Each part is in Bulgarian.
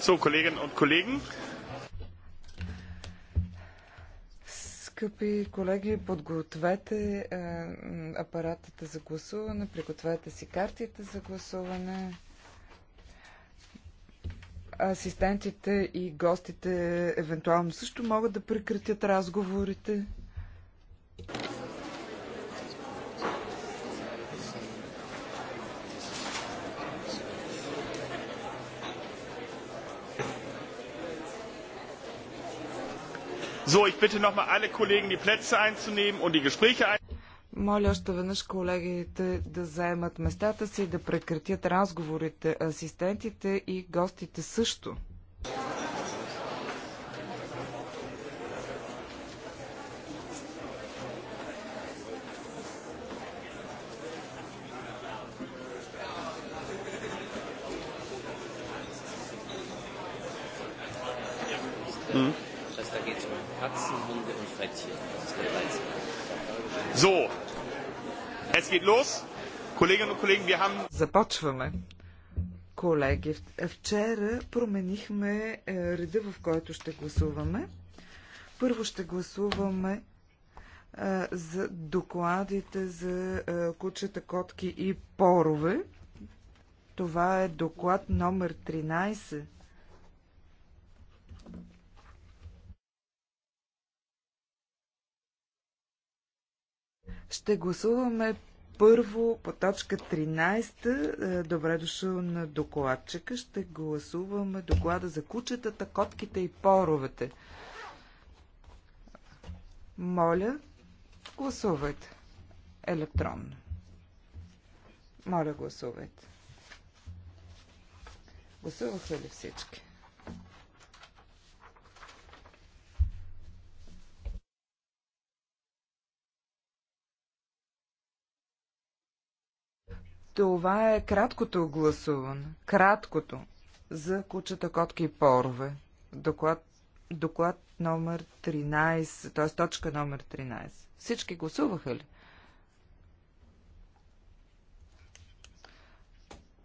So, Kolleginnen und Kollegen. Скъпи колеги, подгответе е, апаратите за гласуване, пригответе си картите за гласуване. Асистентите и гостите евентуално също могат да прекратят разговорите. So, ich bitte nochmal alle Kollegen, die Plätze einzunehmen und die Gespräche einzunehmen. Моля още веднъж колегите да заемат местата си, да прекратят разговорите, асистентите и гостите също. Започваме. Колеги, вчера променихме е, реда, в който ще гласуваме. Първо ще гласуваме е, за докладите за е, кучета, котки и порове. Това е доклад номер 13. ще гласуваме първо, по точка 13, е, добре дошъл на докладчика, ще гласуваме доклада за кучетата, котките и поровете. Моля, гласувайте електронно. Моля, гласувайте. Гласуваха ли всички? Това е краткото гласуване. Краткото. За кучета, котки и порове. Доклад, доклад номер 13, т.е. точка номер 13. Всички гласуваха ли?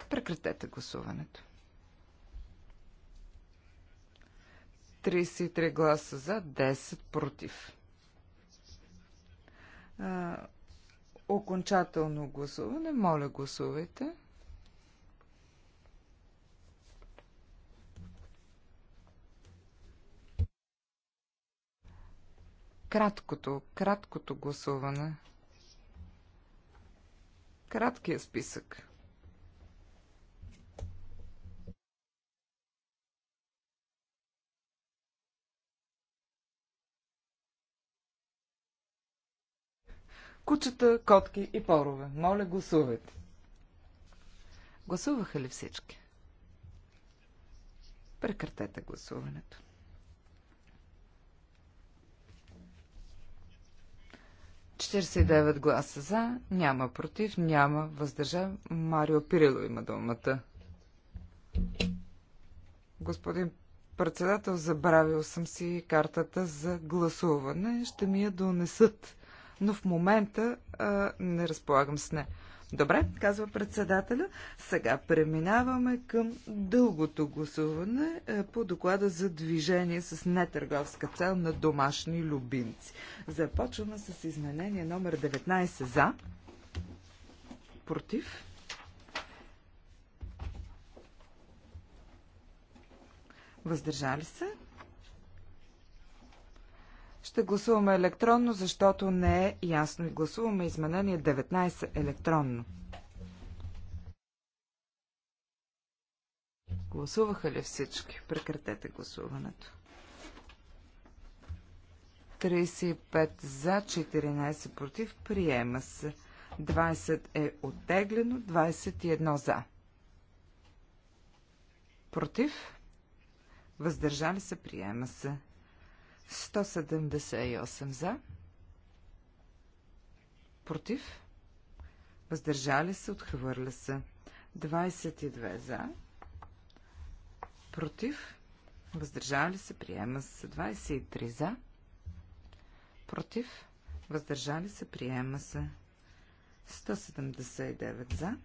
Прекратете гласуването. 33 гласа за, 10 против окончателно гласуване. Моля, гласувайте. Краткото, краткото гласуване. Краткият списък. кучета, котки и порове. Моля, гласувайте. Гласуваха ли всички? Прекратете гласуването. Четиридесет девет гласа за, няма против, няма въздържа. Марио Пирило има думата. Господин председател, забравил съм си картата за гласуване. Ще ми я донесат но в момента а, не разполагам с нея. Добре, казва председателя. Сега преминаваме към дългото гласуване по доклада за движение с нетърговска цел на домашни любимци. Започваме с изменение номер 19 за. Против. Въздържали се? Ще гласуваме електронно, защото не е ясно. И гласуваме изменение 19 електронно. Гласуваха ли всички? Прекратете гласуването. 35 за, 14 против. Приема се. 20 е оттеглено, 21 за. Против? Въздържали се, приема се. 178 за. Против. Въздържали се, отхвърля се. 22 за. Против. Въздържали се, приема се. 23 за. Против. Въздържали се, приема се. 179 за.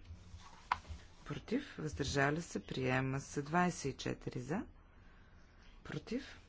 Против. Въздържали се, приема се. 24 за. Против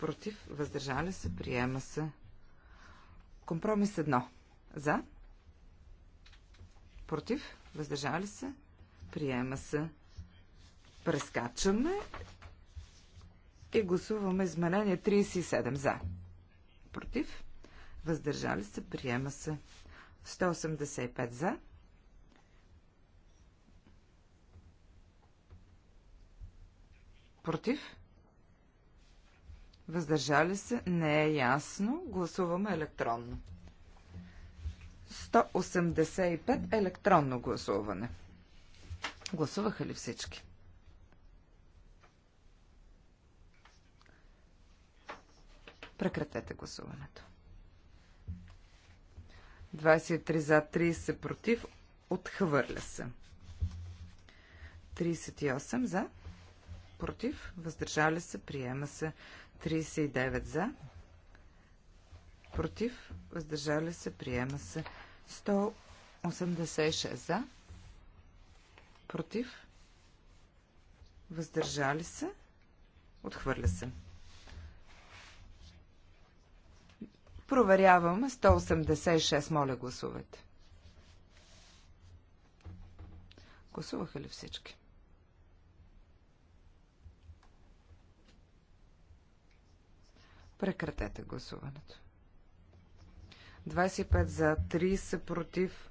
против, въздържали се, приема се. Компромис 1. За, против, въздържали се, приема се. Прескачаме и гласуваме изменение 37 за. Против, въздържали се, приема се. 185 за. Против, Въздържали се? Не е ясно. Гласуваме електронно. 185 електронно гласуване. Гласуваха ли всички? Прекратете гласуването. 23 за, 30 против. Отхвърля се. 38 за, против. Въздържали се. Приема се. 39 за. Против. Въздържали се. Приема се. 186 за. Против. Въздържали се. Отхвърля се. Проверяваме 186. Моля, гласувайте. Гласуваха ли всички? Прекратете гласуването. 25 за, 30 против,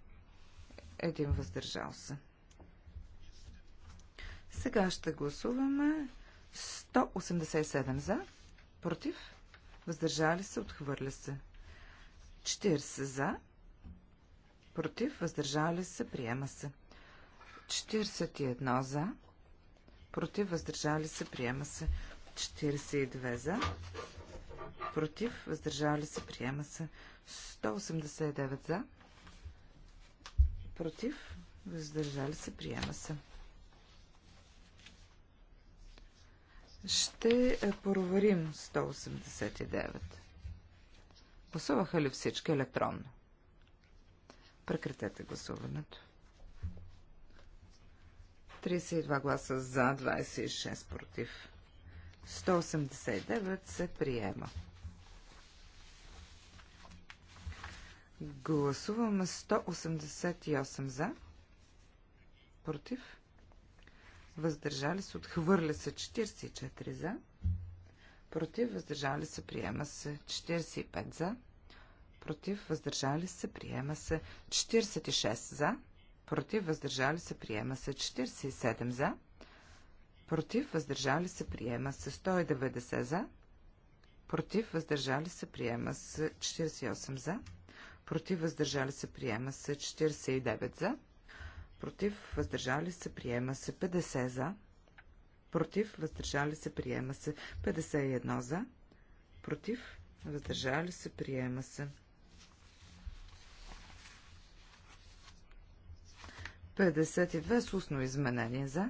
1 въздържал се. Сега ще гласуваме 187 за, против, въздържали се, отхвърля се. 40 за, против, въздържали се, приема се. 41 за, против, въздържали се, приема се. 42 за, против, въздържали се, приема се. 189 за, против, въздържали се, приема се. Ще е, проверим 189. Гласуваха ли всички електронно? Прекратете гласуването. 32 гласа за, 26 против. 189 се приема. Гласуваме 188 за. Против. Въздържали се. Отхвърля се 44 за. Против. Въздържали се. Приема се 45 за. Против. Въздържали се. Приема се 46 за. Против. Въздържали се. Приема се 47 за Против, въздържали се, приема се 190 за. Против, въздържали се, приема се 48 за. Против, въздържали се, приема се 49 за. Против, въздържали се, приема се 50 за. Против, въздържали се, приема се 51 за. Против, въздържали се, приема се 52 с устно изменение за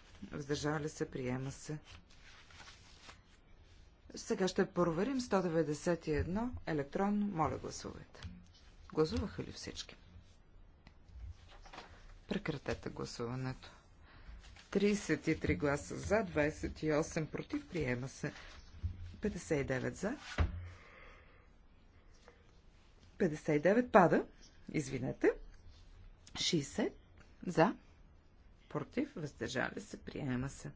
въздържали се, приема се. Сега ще проверим 191 електронно. Моля, гласувайте. Гласуваха ли всички? Прекратете гласуването. 33 гласа за, 28 против, приема се. 59 за. 59 пада. Извинете. 60 за против, въздържали се, приема се.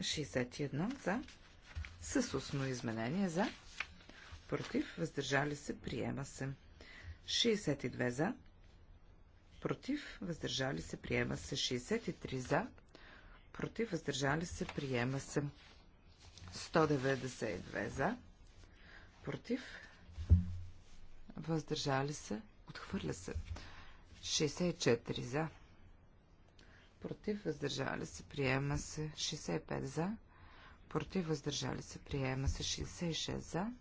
61 за, с устно изменение за, против, въздържали се, приема се. 62 за, против, въздържали се, приема се. 63 за, против, въздържали се, приема се. 192 за, против, въздържали се, отхвърля се. 64 за, против, въздържали се, приема се 65 за, против, въздържали се, приема се 66 за,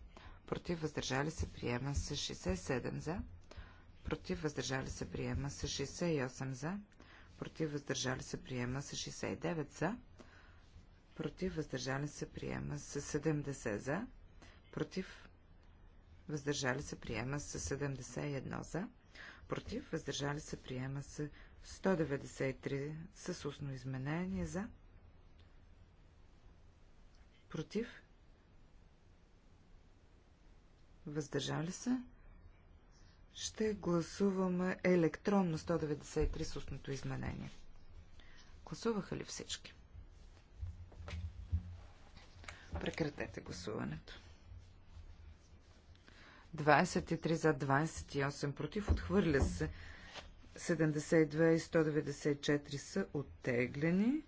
против, въздържали се, приема се 67 за, против, въздържали се, приема се 68 за, против, въздържали се, приема се 69 за, против, въздържали се, приема се 70 за, против, въздържали се, приема се 71 за, против, въздържали се, приема се 193 с устно изменение за. Против. Въздържали се. Ще гласуваме електронно 193 с устното изменение. Гласуваха ли всички? Прекратете гласуването. 23 за 28 против. Отхвърля се. 72 и 194 са оттеглени.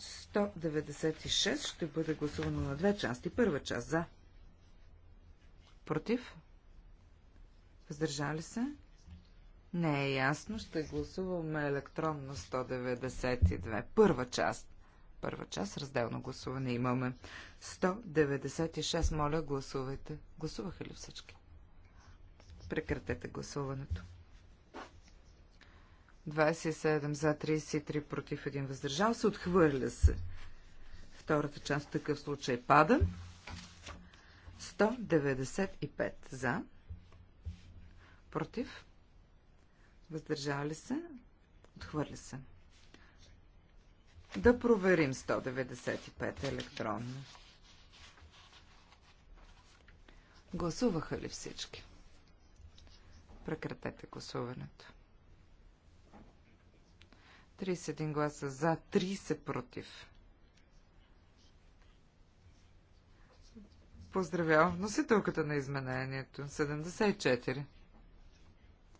196 ще бъде гласувано на две части. Първа част за. Против? Въздържали се? Не е ясно. Ще гласуваме електронно 192. Първа част. Първа част. Разделно гласуване имаме. 196. Моля, гласувайте. Гласуваха ли всички? Прекратете гласуването. 27 за 33 против 1 въздържал се. Отхвърля се. Втората част в такъв случай пада. 195 за. Против. Въздържали се. Отхвърля се. Да проверим 195 електронно. Гласуваха ли всички? Прекратете гласуването. 31 гласа за, 30 против. Поздравявам вносителката на изменението. 74.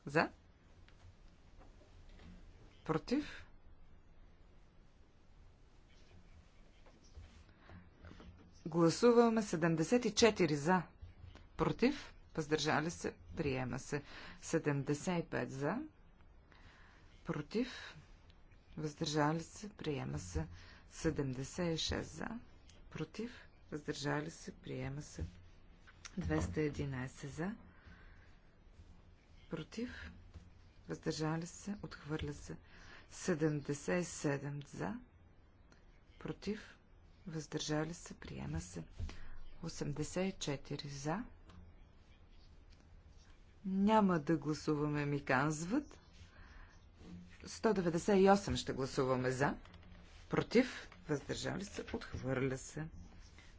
За? Против? Гласуваме 74 за. Против? Въздържали се? приема се. 75 за, против, въздържали се, приема се. 76 за, против, въздържали се, приема се. 211 за, против, въздържали се, отхвърля се. 77 за, против, въздържали се, приема се. 84 за, няма да гласуваме, ми казват. 198 ще гласуваме за. Против. Въздържали се. Отхвърля се.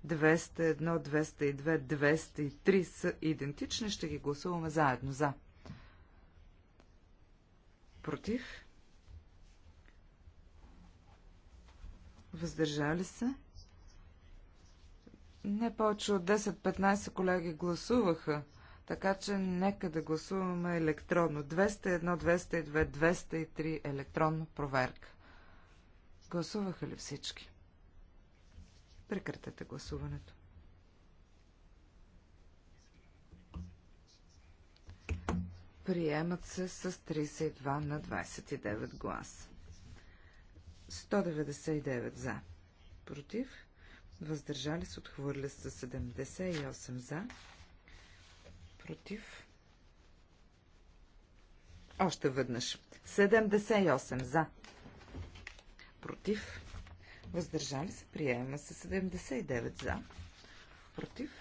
201, 202, 203 са идентични. Ще ги гласуваме заедно. За. Против. Въздържали се. Не повече от 10-15 колеги гласуваха. Така че нека да гласуваме електронно. 201, 202, 203 електронна проверка. Гласуваха ли всички? Прекратете гласуването. Приемат се с 32 на 29 гласа. 199 за. Против. Въздържали се отхвърля с 78 за. Против. Още веднъж. 78 за. Против. Въздържали се. Приема се 79 за. Против.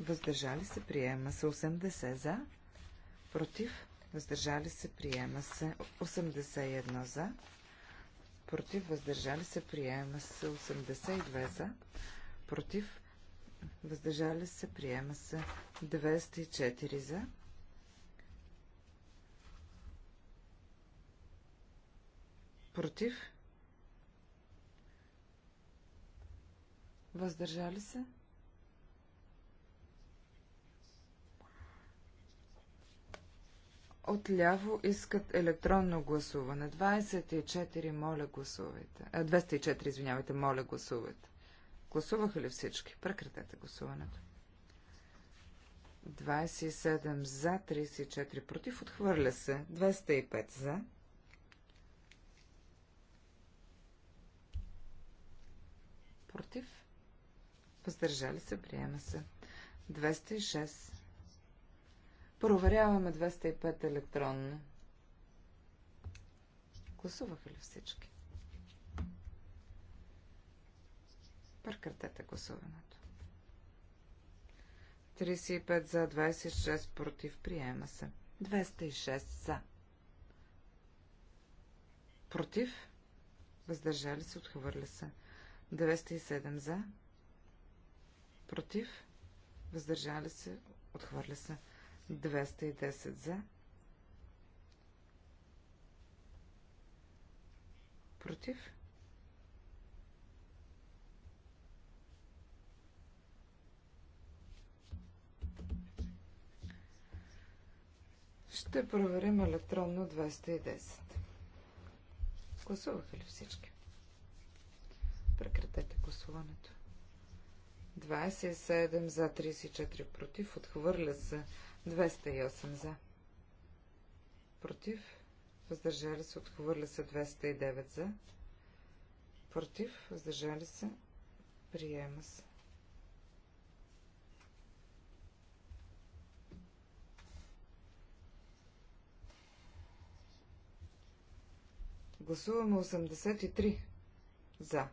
Въздържали се. Приема се 80 за. Против. Въздържали се. Приема се 81 за. Против. Въздържали се. Приема се 82 за. Против въздържали се, приема се 204 за. Против. Въздържали се. Отляво искат електронно гласуване. 24, моля гласувайте. 204, извинявайте, моля гласувайте. Гласуваха ли всички? Прекратете гласуването. 27 за, 34 против, отхвърля се. 205 за. Против. Въздържали се, приема се. 206. Проверяваме 205 електронно. Гласуваха ли всички? Прекратете гласуването. 35 за, 26 против, приема се. 206 за. Против, въздържали се, отхвърля се. 207 за. Против, въздържали се, отхвърля се. 210 за. Против, Ще проверим електронно 210. Гласуваха ли всички? Прекратете гласуването. 27 за, 34 против. Отхвърля се 208 за. Против. Въздържали се. Отхвърля се 209 за. Против. Въздържали се. Приема се. Гласуваме 83 за.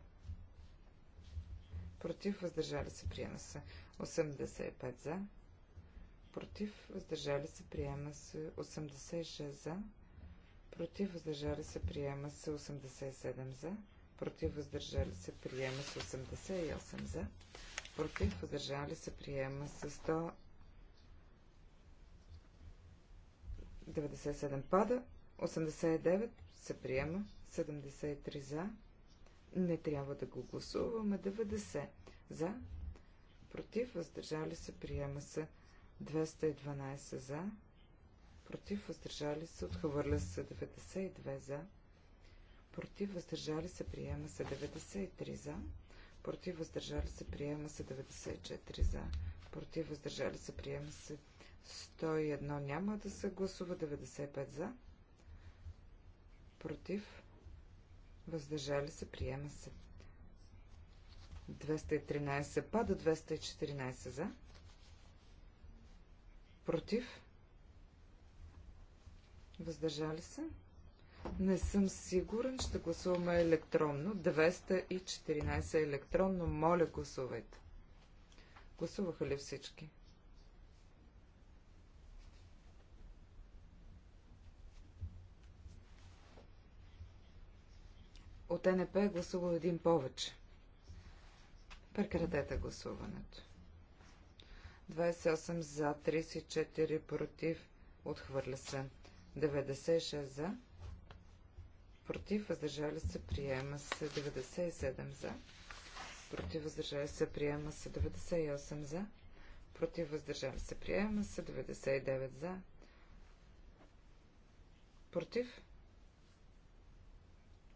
Против, въздържали се, приема се. 85 за. Против, въздържали се, приема се. 86 за. Против, въздържали се, приема се. 87 за. Против, въздържали се, приема се. 88 за. Против, въздържали се, приема се. 100 97 пада. 89 се приема, 73 за. Не трябва да го гласуваме. 90 за. Против, въздържали се, приема се. 212 за. Против, въздържали се, отхвърля се. 92 за. Против, въздържали се, приема се. 93 за. Против, въздържали се, приема се. 94 за. Против, въздържали се, приема се. 101 няма да се гласува. 95 за против, въздържали се, приема се. 213 пада, 214 за, против, въздържали се. Не съм сигурен, ще гласуваме електронно. 214 електронно, моля гласувайте. Гласуваха ли всички? От НП е гласувал един повече. Прекратете гласуването. 28 за, 34 против, отхвърля се. 96 за, против, въздържали се, приема се. 97 за, против, въздържали се, приема се. 98 за, против, въздържали се, приема се. 99 за, против,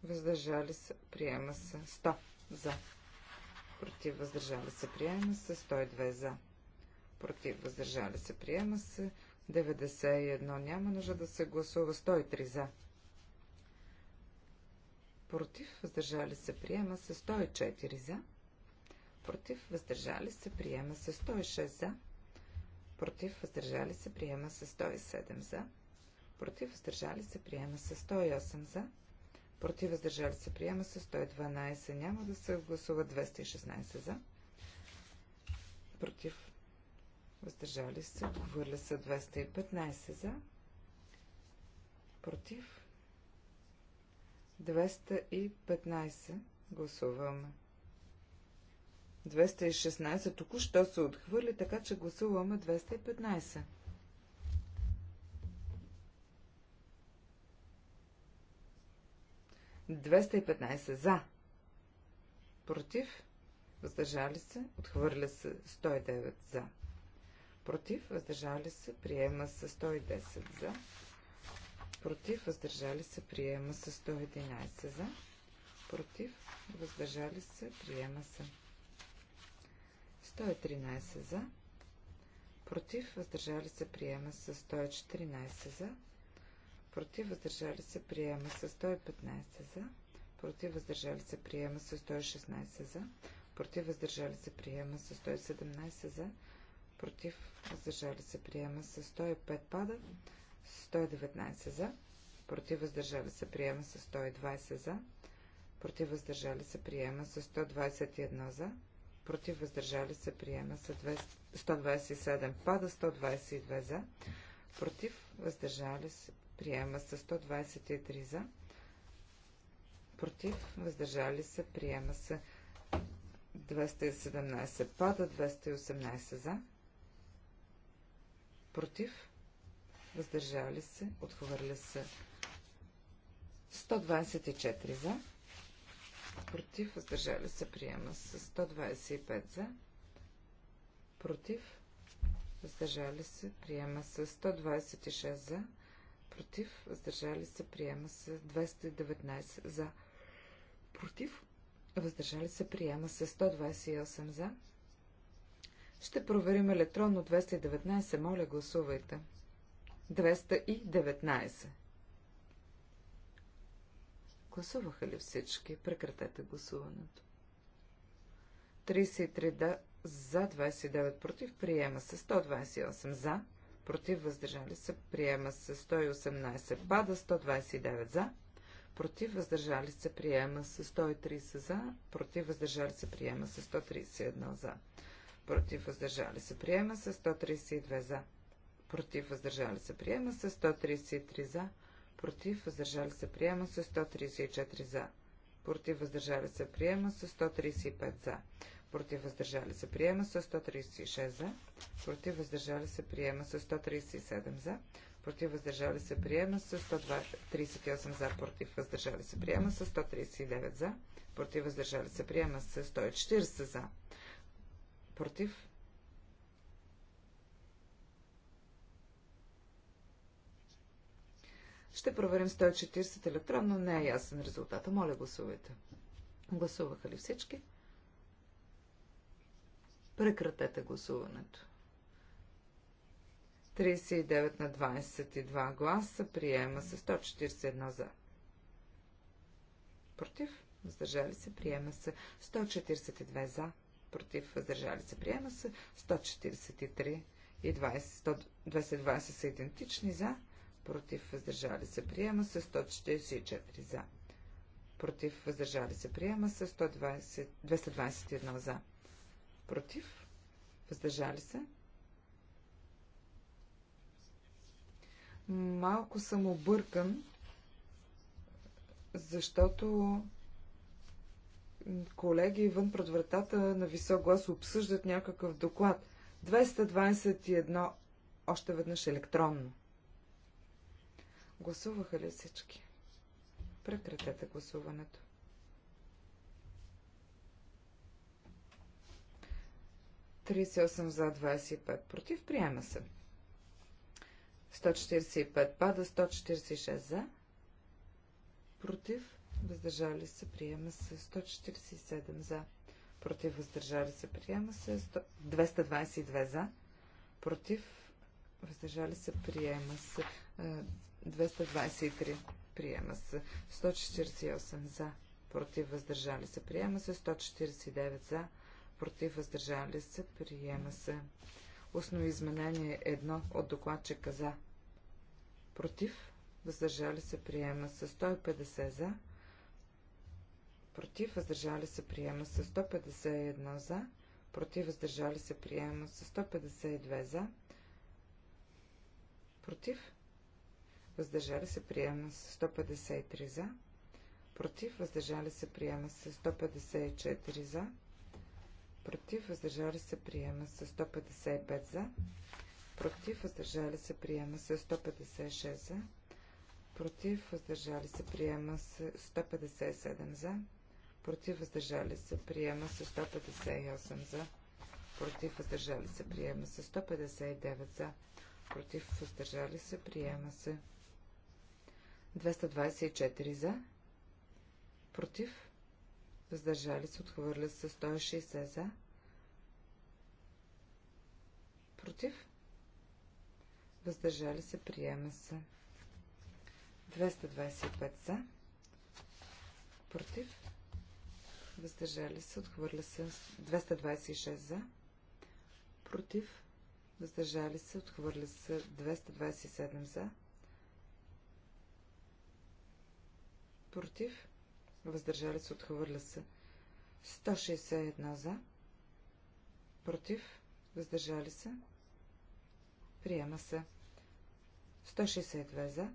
въздържали се, приема се 100 за, против, въздържали се, приема се 102 за, против, въздържали се, приема се 91 няма нужда да се гласува 103 за. Против, въздържали се, приема се 104 за. Против, въздържали се, приема се 106 за. Против, въздържали се, приема се 107 за. Против, въздържали се, приема се 108 за против, въздържали се, приема се 112, няма да се гласува 216 за, против, въздържали се, отхвърля се 215 за, против, 215 гласуваме. 216 току-що се отхвърли, така че гласуваме 215. 215 за. Против. Въздържали се. Отхвърля се 109 за. Против. Въздържали се. Приема се 110 за. Против. Въздържали се. Приема се 111 за. Против. Въздържали се. Приема се. 113 за. Против. Въздържали се. Приема се 114 за против въздържали се, приема се 115 за, против въздържали се, приема се 116 за, против въздържали се, приема се 117 за, против въздържали се, приема се 105 пада, 119 за, против въздържали се, приема се 120 за, против въздържали се, приема се 121 за, против въздържали се, приема се 127 пада, 122 за, против въздържали се, приема се 123 за, против, въздържали се, приема се 217 пада, 218 за, против, въздържали се, отхвърля се 124 за, против, въздържали се, приема се 125 за, против, въздържали се, приема се 126 за, против, въздържали се, приема се 219 за, против, въздържали се, приема се 128 за. Ще проверим електронно 219, моля гласувайте. 219. Гласуваха ли всички? Прекратете гласуването. 33 да, за, 29 против, приема се 128 за, против, въздържали се, приема се 118, пада 129 за, против, въздържали се, приема се 130 за, против, въздържали се, приема се 131 за, против, въздържали се, приема се 132 за, против, въздържали се, приема се 133 за, против, въздържали се, приема се 134 за, против, въздържали се, приема се 135 за, против въздържали се приема с 136 за, против въздържали се приема с 137 за, против въздържали се приема с 138 за, против въздържали се приема с 139 за, против въздържали се приема с 140 за, против Ще проверим 140 електронно, не е ясен резултата. Моля гласувайте. Гласуваха ли всички? Прекратете гласуването. 39 на 22 гласа приема се 141 за. Против? Въздържали се, приема се 142 за. Против? Въздържали се, приема се 143 и 20, 220 са идентични за. Против? Въздържали се, приема се 144 за. Против? Въздържали се, приема се 120, 221 за Против? Въздържали се? Малко съм объркан, защото колеги вън пред вратата на висок глас обсъждат някакъв доклад. 221 още веднъж електронно. Гласуваха ли всички? Прекратете гласуването. 38 за 25 против. Приема се. 145 пада, 146 за. Против. Въздържали се. Приема се. 147 за. Против. Въздържали се. Приема се. 222 за. Против. Въздържали се. Приема се. 223. Е, приема се. 148 за. Против. Въздържали се. Приема се. 149 за против, въздържали се, приема се. Устно изменение едно от докладчика за, против, въздържали се, приема се. 150 за, против, въздържали се, приема се. 151 за, против, въздържали се, приема се. 152 за, против, въздържали се, приема се. 153 за, против, въздържали се, приема се 154 за, против, въздържали се, приема се 155 за, против, въздържали се, приема се 156 за, против, въздържали се, приема се 157 за, против, въздържали се, приема се 158 за, против, въздържали се, приема се 159 за, против, въздържали се, приема се 224 за, против, въздържали се, отхвърля се 160 за, против, въздържали се, приема се 225 за, против, въздържали се, отхвърля се 226 за, против, въздържали се, отхвърля се 227 за, против, въздържали се, отхвърля се. 161 за, против, въздържали се, приема се. 162 за,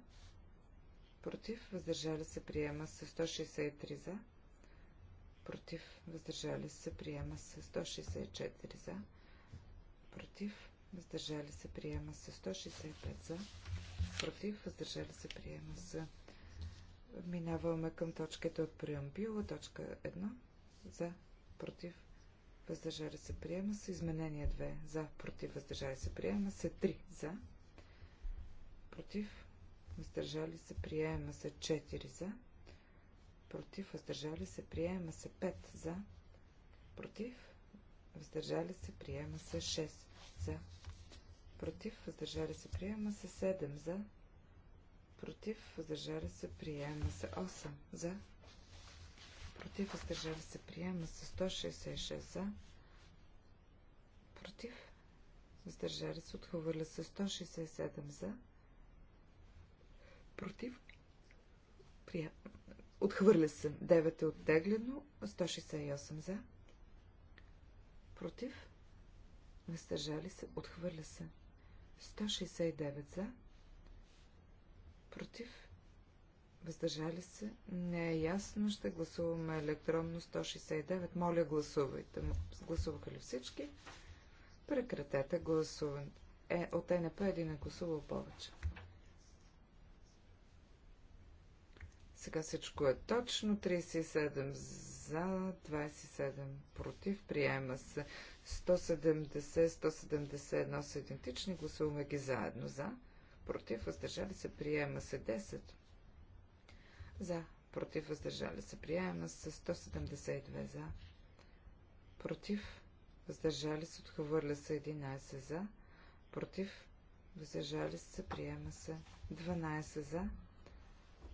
против, въздържали се, приема се. 163 за, против, въздържали се, приема се. 164 за, против, въздържали се, приема се. 165 за, против, въздържали се, приема се. Минаваме към точката от преамбила. Точка 1. За, против, въздържали се, приема се. Изменение 2. За, против, въздържали се, приема се. 3. За, против, въздържали се, приема се. 4. За, против, въздържали се, приема се. 5. За, против, въздържали се, приема се. 6. За, против, въздържали се, приема се. 7. За, против, въздържали се, приема се 8 за, против, въздържали се, приема се 166 за, против, въздържали се, отхвърля се 167 за, против, приема. Отхвърля се. 9 е оттеглено. 168 за. Против. Въздържали се. Отхвърля се. 169 за. Против. Въздържали се? Не е ясно. Ще гласуваме електронно 169. Моля, гласувайте. Гласуваха ли всички? Прекратете гласуването. Е, от НП един е гласувал повече. Сега всичко е точно. 37 за, 27 против. Приема се 170, 171 са идентични. Гласуваме ги заедно за против, въздържали се, приема се 10. За, против, въздържали се, приема се 172 за, против, въздържали се, отхвърля се 11 за, против, въздържали се, приема се 12 за,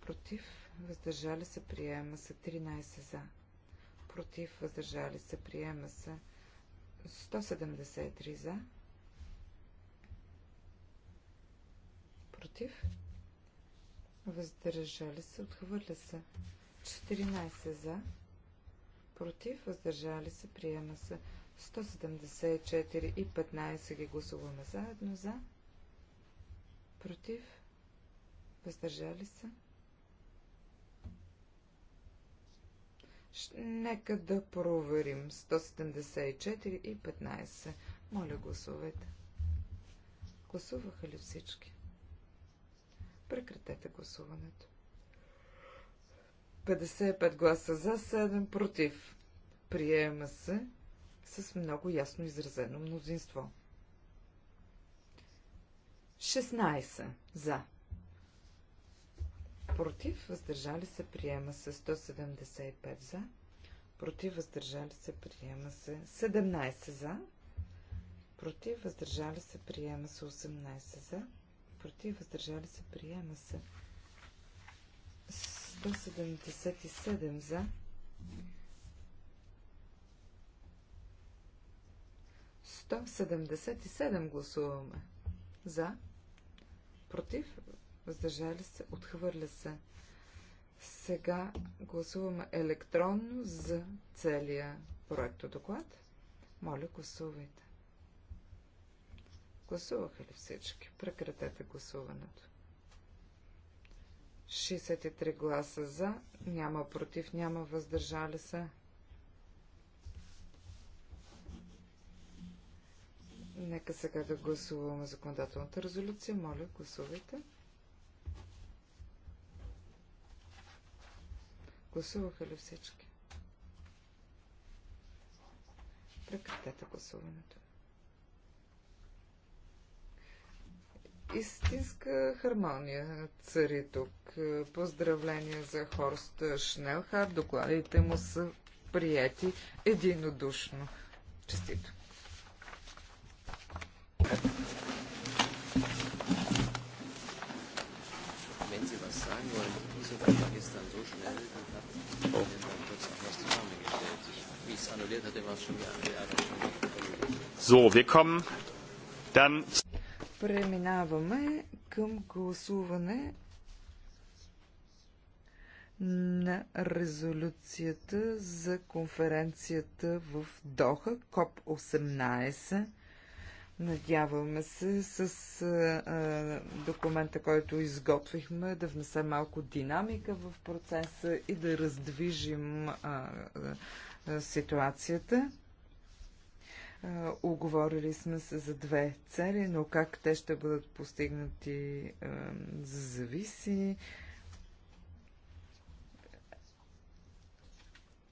против, въздържали се, приема се 13 за, против, въздържали се, приема се 173 за, против, въздържали се, отхвърля се. 14 за, против, въздържали се, приема се. 174 и 15 ги гласуваме заедно за, против, въздържали се. Нека да проверим 174 и 15. Моля, гласувайте. Гласуваха ли всички? Прекратете гласуването. 55 гласа за, 7 против. Приема се с много ясно изразено мнозинство. 16 за. Против, въздържали се, приема се 175 за. Против, въздържали се, приема се 17 за. Против, въздържали се, приема се 18 за против, въздържали се, приема се. 177 за. 177 гласуваме. За. Против. Въздържали се. Отхвърля се. Сега гласуваме електронно за целия проекто доклад. Моля, гласувайте. Гласуваха ли всички? Прекратете гласуването. 63 гласа за, няма против, няма въздържали се. Нека сега да гласуваме законодателната резолюция. Моля, гласувайте. Гласуваха ли всички? Прекратете гласуването. истинска хармония цари тук. Поздравления за Хорст Шнелхард. Докладите му са прияти единодушно. Честито. Преминаваме към гласуване на резолюцията за конференцията в Доха, КОП-18. Надяваме се с а, документа, който изготвихме, да внесе малко динамика в процеса и да раздвижим а, а, ситуацията. Оговорили сме се за две цели, но как те ще бъдат постигнати зависи.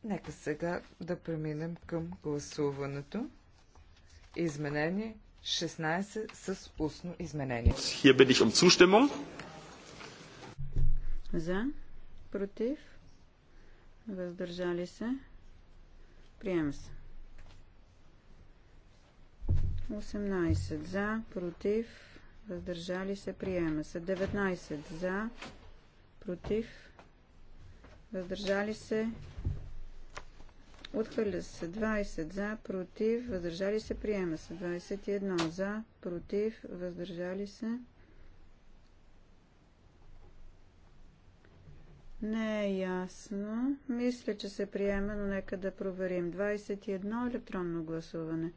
Нека сега да преминем към гласуването. Изменение 16 с устно изменение. Hier bin ich um Zustimmung. За, против, въздържали се, приема се. 18 за, против, въздържали се, приема се. 19 за, против, въздържали се, отхвърля се. 20 за, против, въздържали се, приема се. 21 за, против, въздържали се. Не е ясно. Мисля, че се приема, но нека да проверим. 21 електронно гласуване. 21.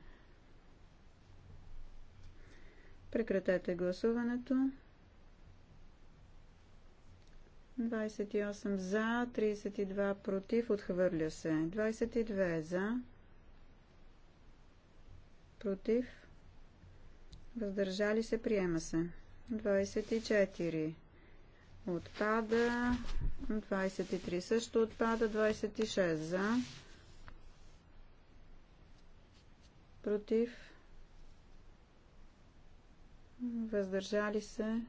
Прекратете гласуването. 28 за, 32 против, отхвърля се. 22 за, против, въздържали се, приема се. 24 отпада, 23 също отпада, 26 за, против, въздържали се,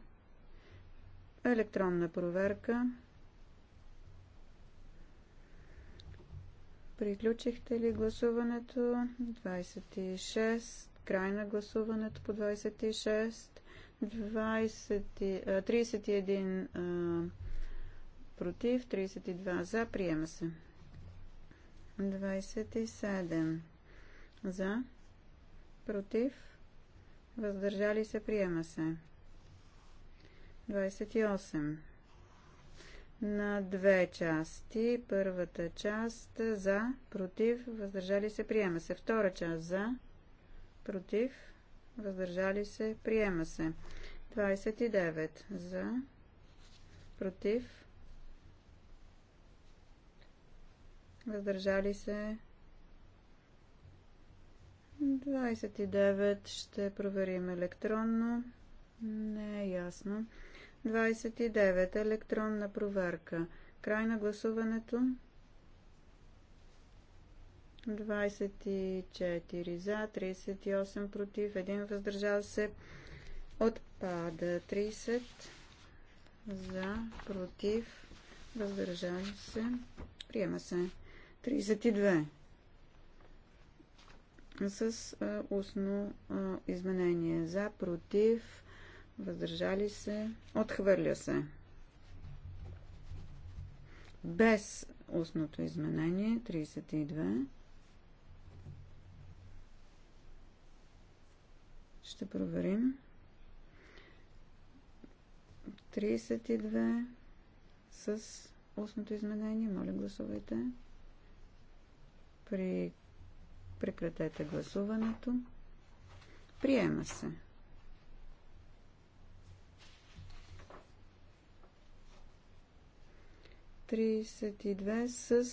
електронна проверка. Приключихте ли гласуването? 26. Край на гласуването по 26. 31 против, 32 за. Приема се. 27 за. Против. Въздържали се, приема се. 28. На две части. Първата част за, против, въздържали се, приема се. Втора част за, против, въздържали се, приема се. 29. За, против, въздържали се, 29 ще проверим електронно. Не е ясно. 29 електронна проверка. Край на гласуването. 24 за, 38 против, 1 въздържал се. Отпада 30 за, против, въздържал се. Приема се. 32 с устно изменение. За, против, въздържали се, отхвърля се. Без устното изменение 32. Ще проверим. 32 с устното изменение. Моля, гласувайте. При Прекратете гласуването. Приема се. Тридесет и две с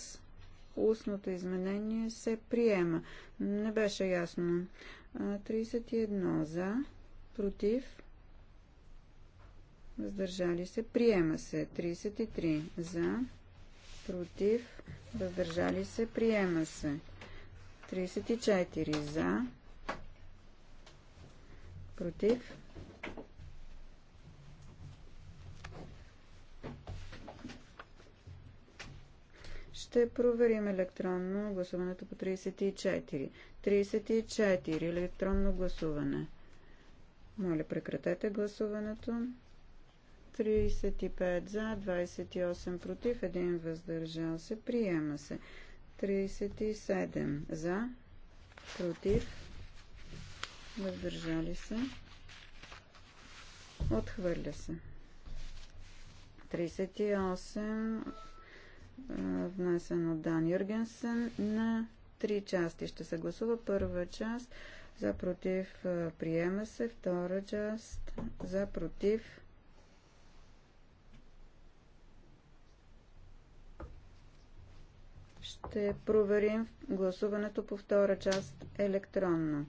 устното изменение се приема. Не беше ясно. 31 за, против, въздържали се, приема се. 33 за, против, въздържали се, приема се. 34 за, против. Ще проверим електронно гласуването по 34. 34 електронно гласуване. Моля, прекратете гласуването. 35 за, 28 против, 1 въздържал се. Приема се. 37 за, против, въздържали се, отхвърля се. 38 внесен от Дан Юргенсен на три части. Ще се гласува първа част за против приема се, втора част за против Ще проверим гласуването по втора част електронно.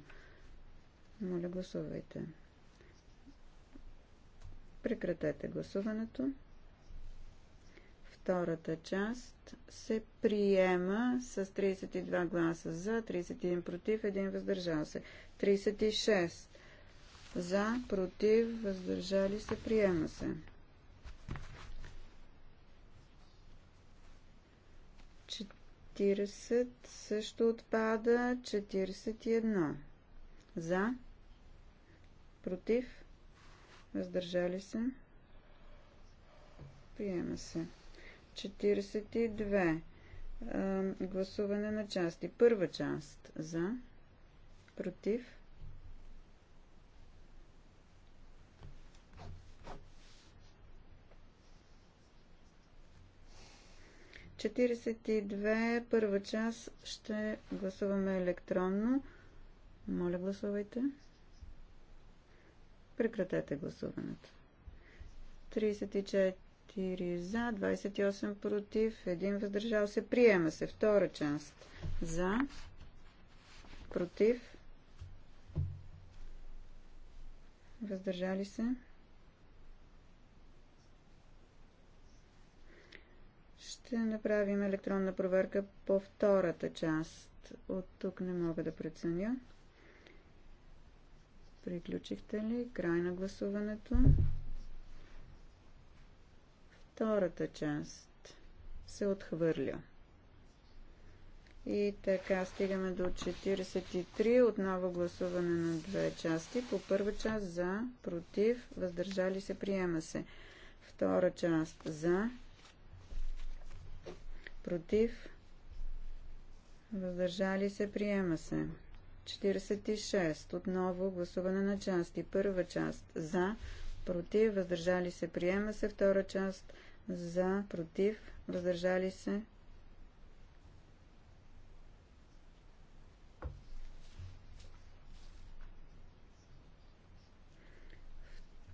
Моля, гласувайте. Прекратете гласуването. Втората част се приема с 32 гласа за, 31 против, 1 въздържал се. 36 за, против, въздържали се, приема се. 40 също отпада. 41. За. Против. Въздържали се. Приема се. 42. Гласуване на части. Първа част. За. Против. 42, първа част, ще гласуваме електронно. Моля, гласувайте. Прекратете гласуването. 34 за, 28 против, 1 въздържал се. Приема се втора част. За, против, въздържали се. Ще направим електронна проверка по втората част. От тук не мога да преценя. Приключихте ли? Край на гласуването. Втората част се отхвърля. И така стигаме до 43. Отново гласуване на две части. По първа част за, против, въздържали се, приема се. Втора част за, против, въздържали се, приема се. 46. Отново гласуване на части. Първа част за, против, въздържали се, приема се. Втора част за, против, въздържали се.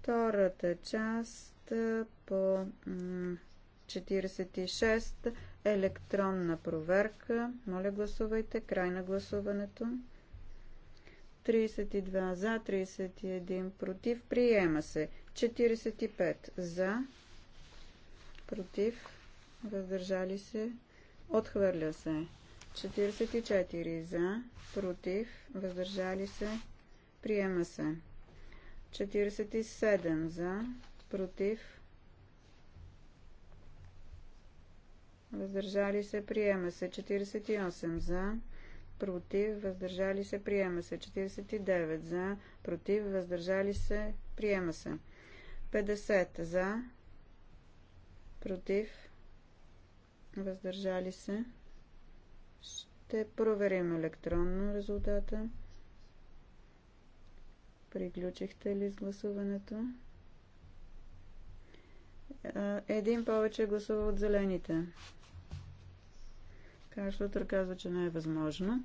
Втората част по 46 електронна проверка. Моля гласувайте. Край на гласуването. 32 за, 31 против. Приема се. 45 за, против, въздържали се, отхвърля се. 44 за, против, въздържали се, приема се. 47 за, против, въздържали се, приема се 48 за, против, въздържали се, приема се 49 за, против, въздържали се, приема се 50 за, против, въздържали се. Ще проверим електронно резултата. Приключихте ли с гласуването? Е, един повече гласува от зелените. Кашлютър казва, че не е възможно.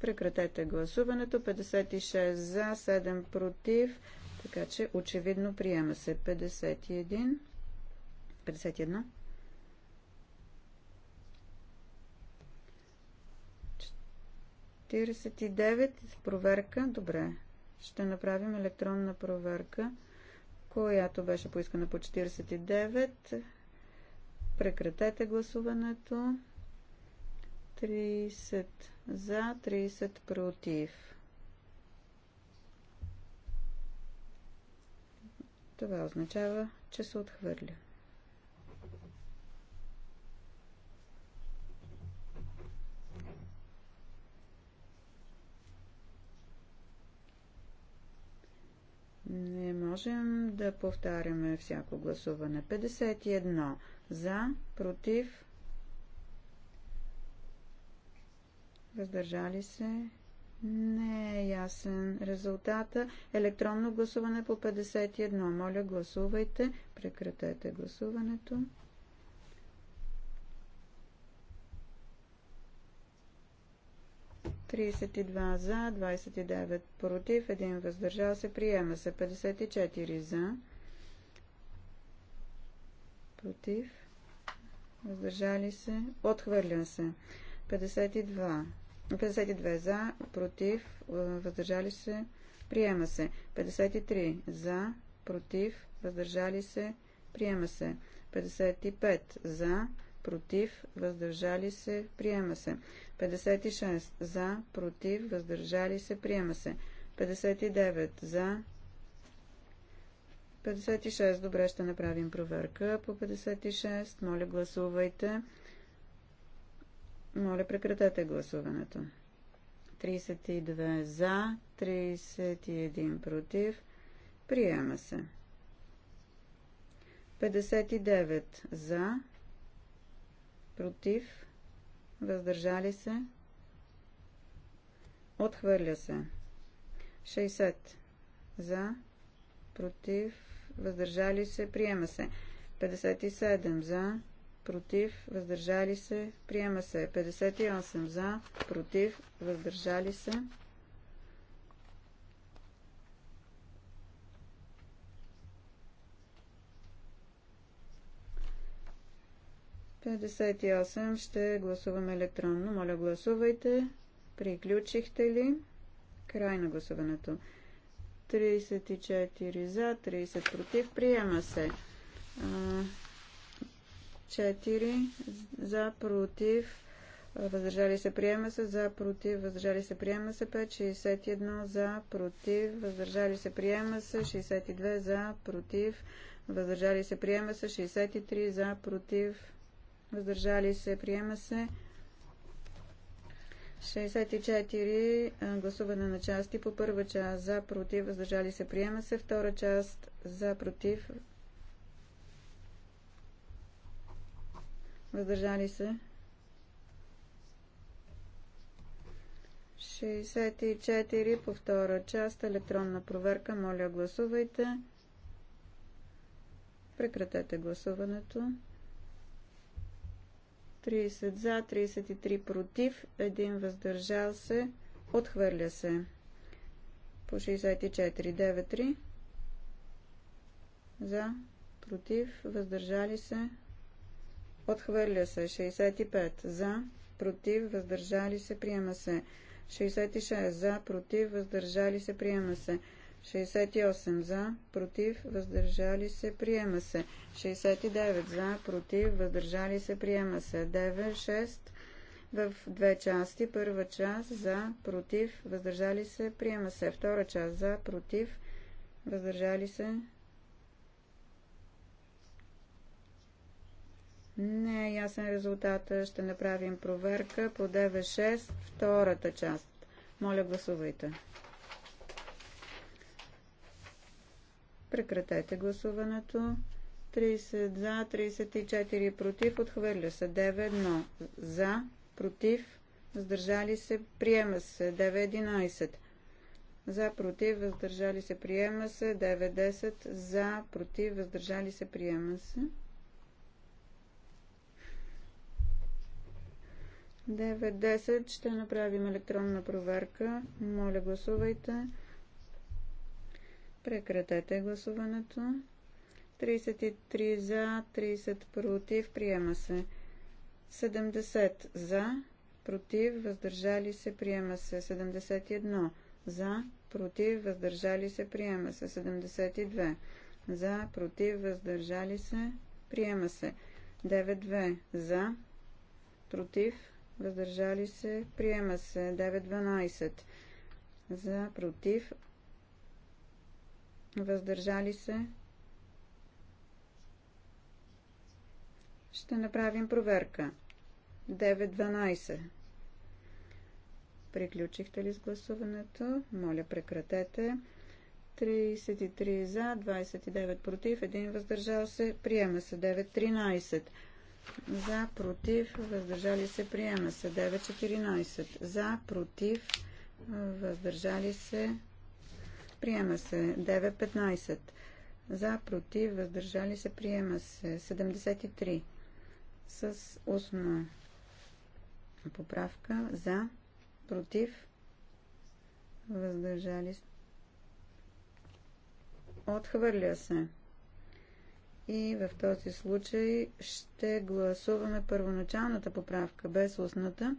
Прекратете гласуването. 56 за, 7 против. Така че очевидно приема се 51. 51. 49. Проверка. Добре. Ще направим електронна проверка, която беше поискана по 49. Прекратете гласуването. 30 за, 30 против. Това означава, че се отхвърля. Не можем да повтаряме всяко гласуване. 51 за, против, Въздържали се. Не е ясен резултата. Електронно гласуване по 51. Моля, гласувайте. Прекратете гласуването. за, 29 против, 1 въздържал се, приема се 54 за, против, въздържали се, отхвърля се 52 52 е, за, против, въздържали се, приема се. 53 за, против, въздържали се, приема се. 55 за, против, въздържали се, приема се. 56 за, против, въздържали се, приема се. 59 за, 56, добре ще направим проверка по 56, моля гласувайте. Моля, прекратете гласуването. 32 за, 31 против. Приема се. 59 за, против, въздържали се, отхвърля се. 60 за, против, въздържали се, приема се. 57 за, против, въздържали се, приема се 58 за, против, въздържали се. 58 ще гласуваме електронно. Моля, гласувайте. Приключихте ли? Край на гласуването. 34 за, 30 против. Приема се. 4 за против въздържали се приема се за против въздържали се приема се 5 61 за против въздържали се приема се 62 за против въздържали се приема се 63 за против въздържали се приема се 64 гласуване на части по първа част за против въздържали се приема се втора част за против въздържали се. 64 по втора част електронна проверка. Моля, гласувайте. Прекратете гласуването. 30 за, 33 против, 1 въздържал се, отхвърля се. По 64, 9-3 за, против, въздържали се, Отхвърля се. 65. За. Против. Въздържали се. Приема се. 66. За. Против. Въздържали се. Приема се. 68 за, против, въздържали се, приема се. 69 за, против, въздържали се, приема се. 9, 6 в две части. Първа част за, против, въздържали се, приема се. Втора част за, против, въздържали се, Не е ясен резултата. Ще направим проверка по 9.6, втората част. Моля, гласувайте. Прекратете гласуването. 30 за, 34 против. Отхвърля се 9-1 за, против, въздържали се, приема се 9-11. За, против, въздържали се, приема се 9-10. За, против, въздържали се, приема се. 9.10 ще направим електронна проверка. Моля, гласувайте. Прекратете гласуването. 33 за, 30 против. Приема се. 70 за, против, въздържали се, приема се. 71 за, против, въздържали се, приема се. 72 за, против, въздържали се, приема се. 9.2 за, против, въздържали се, приема се 9-12 за, против, въздържали се. Ще направим проверка. 9-12. Приключихте ли с гласуването? Моля, прекратете. 33 за, 29 против, 1 въздържал се, приема се 9-13. За, против, въздържали се, приема се. 9.14. За, против, въздържали се, приема се. 9.15. За, против, въздържали се, приема се. 73. С устна поправка. За, против, въздържали се. Отхвърля се. И в този случай ще гласуваме първоначалната поправка без устната.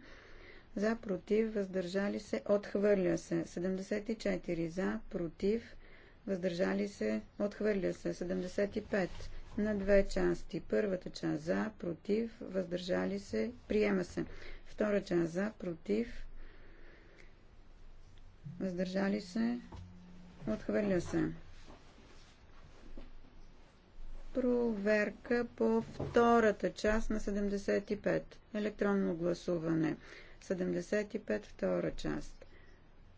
За, против, въздържали се, отхвърля се. 74 за, против, въздържали се, отхвърля се. 75 на две части. Първата част за, против, въздържали се, приема се. Втора част за, против, въздържали се, отхвърля се проверка по втората част на 75. Електронно гласуване. 75 втора част.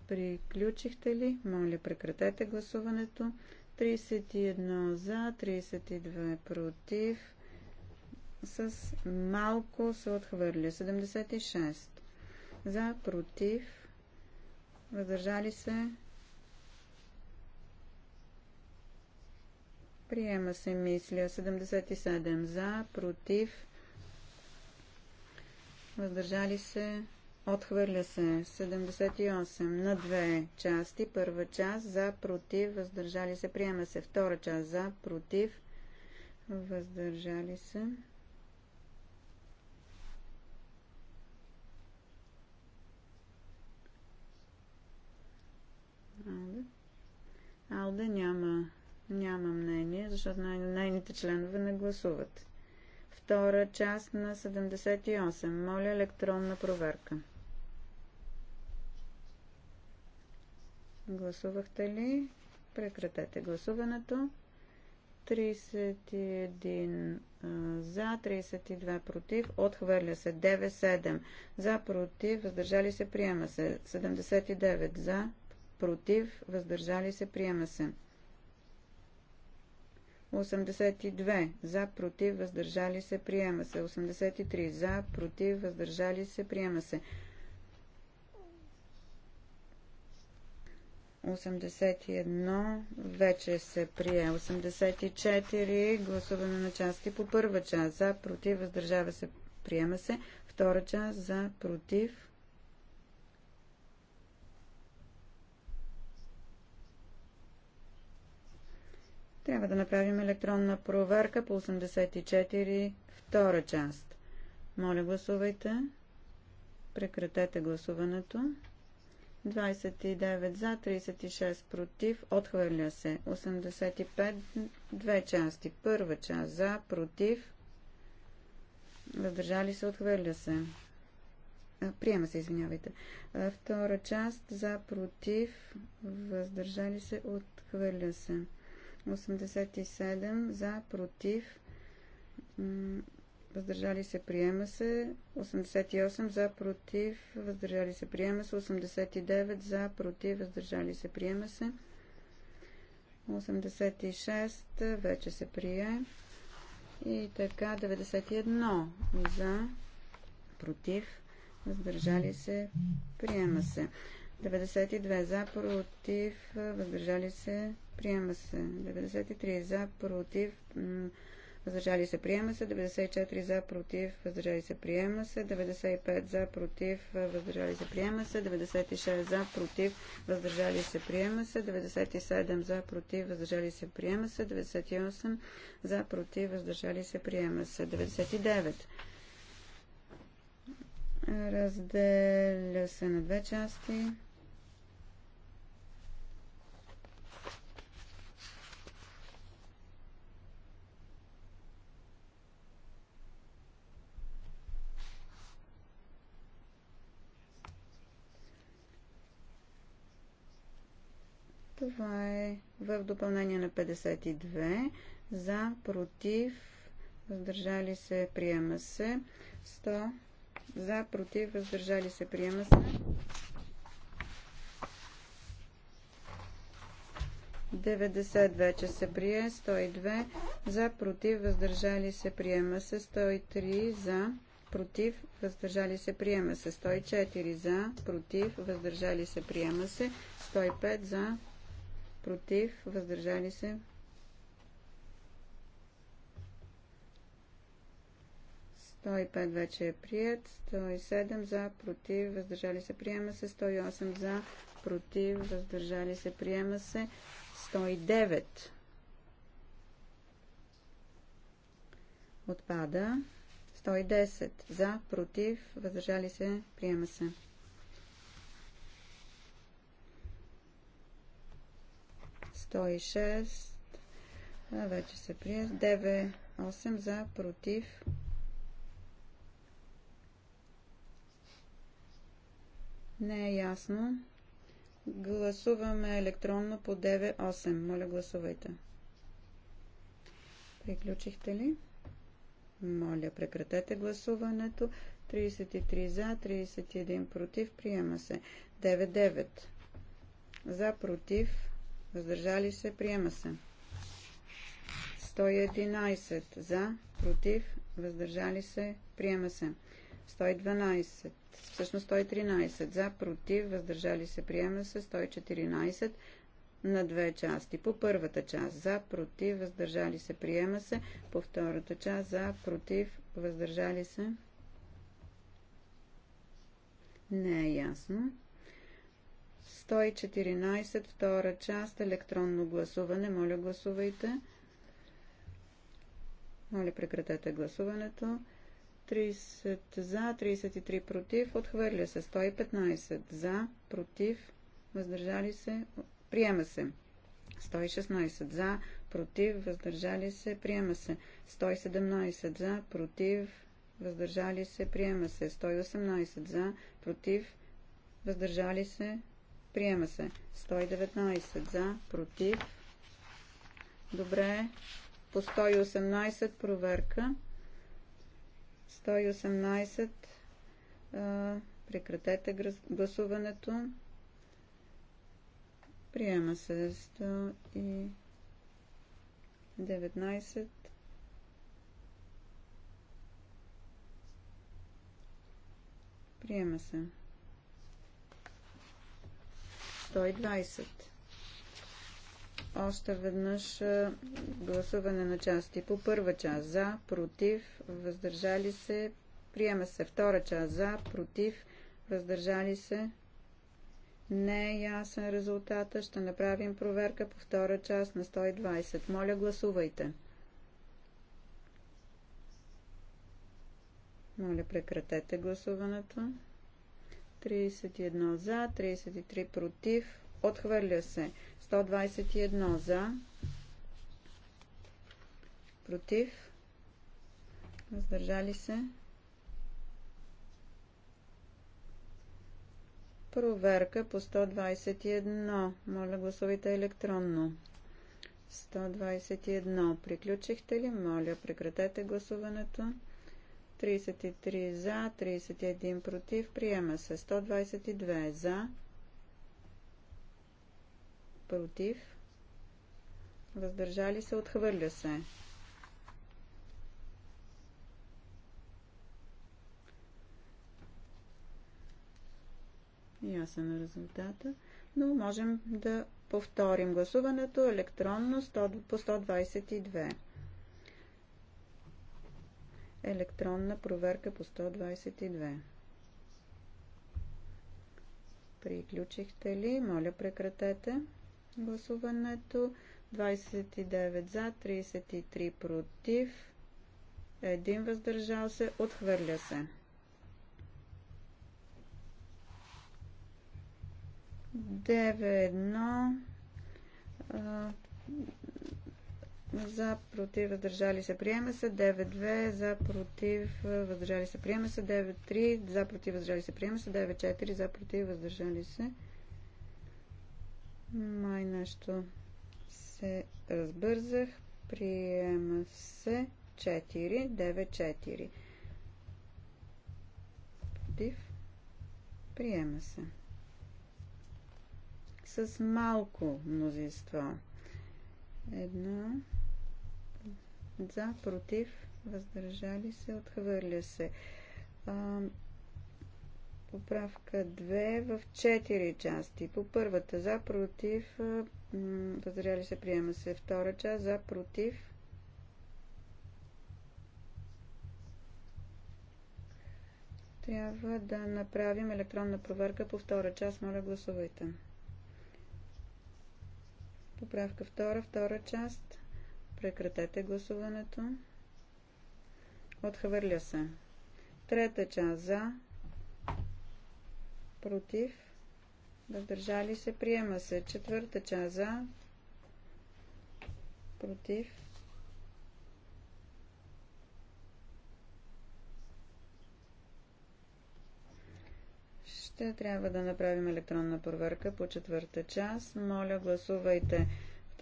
Приключихте ли? Моля, прекратете гласуването. 31 за, 32 против. С малко се отхвърли. 76. За, против. Въздържали се. Приема се мисля 77 за, против, въздържали се, отхвърля се 78 на две части. Първа част за, против, въздържали се, приема се. Втора част за, против, въздържали се. Алда. Алда няма няма мнение, защото нейните членове не гласуват. Втора част на 78. Моля електронна проверка. Гласувахте ли? Прекратете гласуването. 31 за, 32 против, отхвърля се 97 за, против, въздържали се, приема се 79 за, против, въздържали се, приема се 82 за, против, въздържали се, приема се. 83 за, против, въздържали се, приема се. 81 вече се прие. 84 гласуване на части по първа част за, против, въздържава се, приема се. Втора част за, против, Трябва да направим електронна проверка по 84 втора част. Моля гласувайте. Прекратете гласуването. 29 за, 36 против. Отхвърля се. 85 две части. Първа част за, против. Въздържали се, отхвърля се. Приема се, извинявайте. Втора част за, против. Въздържали се, отхвърля се. 87 за, против, въздържали се, приема се. 88 за, против, въздържали се, приема се. 89 за, против, въздържали се, приема се. 86 вече се прие. И така 91 за, против, въздържали се, приема се. 92 за, против, въздържали се, приема се. 93 за, против, въздържали се, приема се. 94 за, против, въздържали се, приема се. 95 за, против, въздържали се, приема се. 96 за, против, въздържали се, приема се. 97 за, против, въздържали се, приема се. 98 за, против, въздържали се, приема се. 99 Разделя се на две части. Това е в допълнение на 52. За, против, въздържали се, приема се. 100. За, против, въздържали се, приема се. 90 вече се прие, 102 за, против, въздържали се, приема се, 103 за, против, въздържали се, приема се, 104 за, против, въздържали се, приема се, 105 за, против, въздържали се. Сто и вече е прият, 107 за, против, въздържали се, приема се, 108 за, против, въздържали се, приема се, 109 отпада, 110 за, против, въздържали се, приема се. 106 вече се прие. 9 8 за, против. Не е ясно. Гласуваме електронно по 9-8. Моля, гласувайте. Приключихте ли? Моля, прекратете гласуването. 33 за, 31 против. Приема се. 9-9. За, против въздържали се, приема се. 111 за, против, въздържали се, приема се. 112, всъщност 113 за, против, въздържали се, приема се. 114 на две части. По първата част за, против, въздържали се, приема се. По втората част за, против, въздържали се. Не е ясно. 114, втора част, електронно гласуване. Моля, гласувайте. Моля, прекратете гласуването. 30 за, 33 против. Отхвърля се 115 за, против, въздържали се. Приема се. 116 за, против, въздържали се, приема се. 117 за, против, въздържали се, приема се. 118 за, против, въздържали се, Приема се. 119 за, против. Добре. По 118 проверка. 118. Прекратете гласуването. Приема се 119. Приема се. 120. Още веднъж гласуване на части по първа част за, против, въздържали се, приема се втора част за, против, въздържали се. Не е ясен резултата. Ще направим проверка по втора част на 120. Моля, гласувайте. Моля, прекратете гласуването. 31 за, 33 против, отхвърля се. 121 за, против, въздържали се. Проверка по 121. Моля гласувайте електронно. 121. Приключихте ли? Моля, прекратете гласуването. 33 за, 31 против, приема се 122 за, против, въздържали се, отхвърля се. Ясен е резултата, но можем да повторим гласуването електронно 100, по 122 електронна проверка по 122. Приключихте ли? Моля, прекратете гласуването. 29 за, 33 против, 1 въздържал се, отхвърля се. Деве едно за против въздържали се приема се 9-2 за против въздържали се приема се 9-3 за против въздържали се приема се 9-4 за против въздържали се май нещо се разбързах приема се 4 9-4 против приема се с малко мнозинство едно за, против, въздържали се, отхвърля се. А, поправка 2 в 4 части. По първата за, против, въздържали се, приема се. Втора част за, против, Трябва да направим електронна проверка по втора част. Моля, гласувайте. Поправка втора, втора част. Прекратете гласуването. Отхвърля се. Трета част за. Против. Въздържали се. Приема се. Четвърта част за. Против. Ще трябва да направим електронна проверка по четвърта част. Моля, гласувайте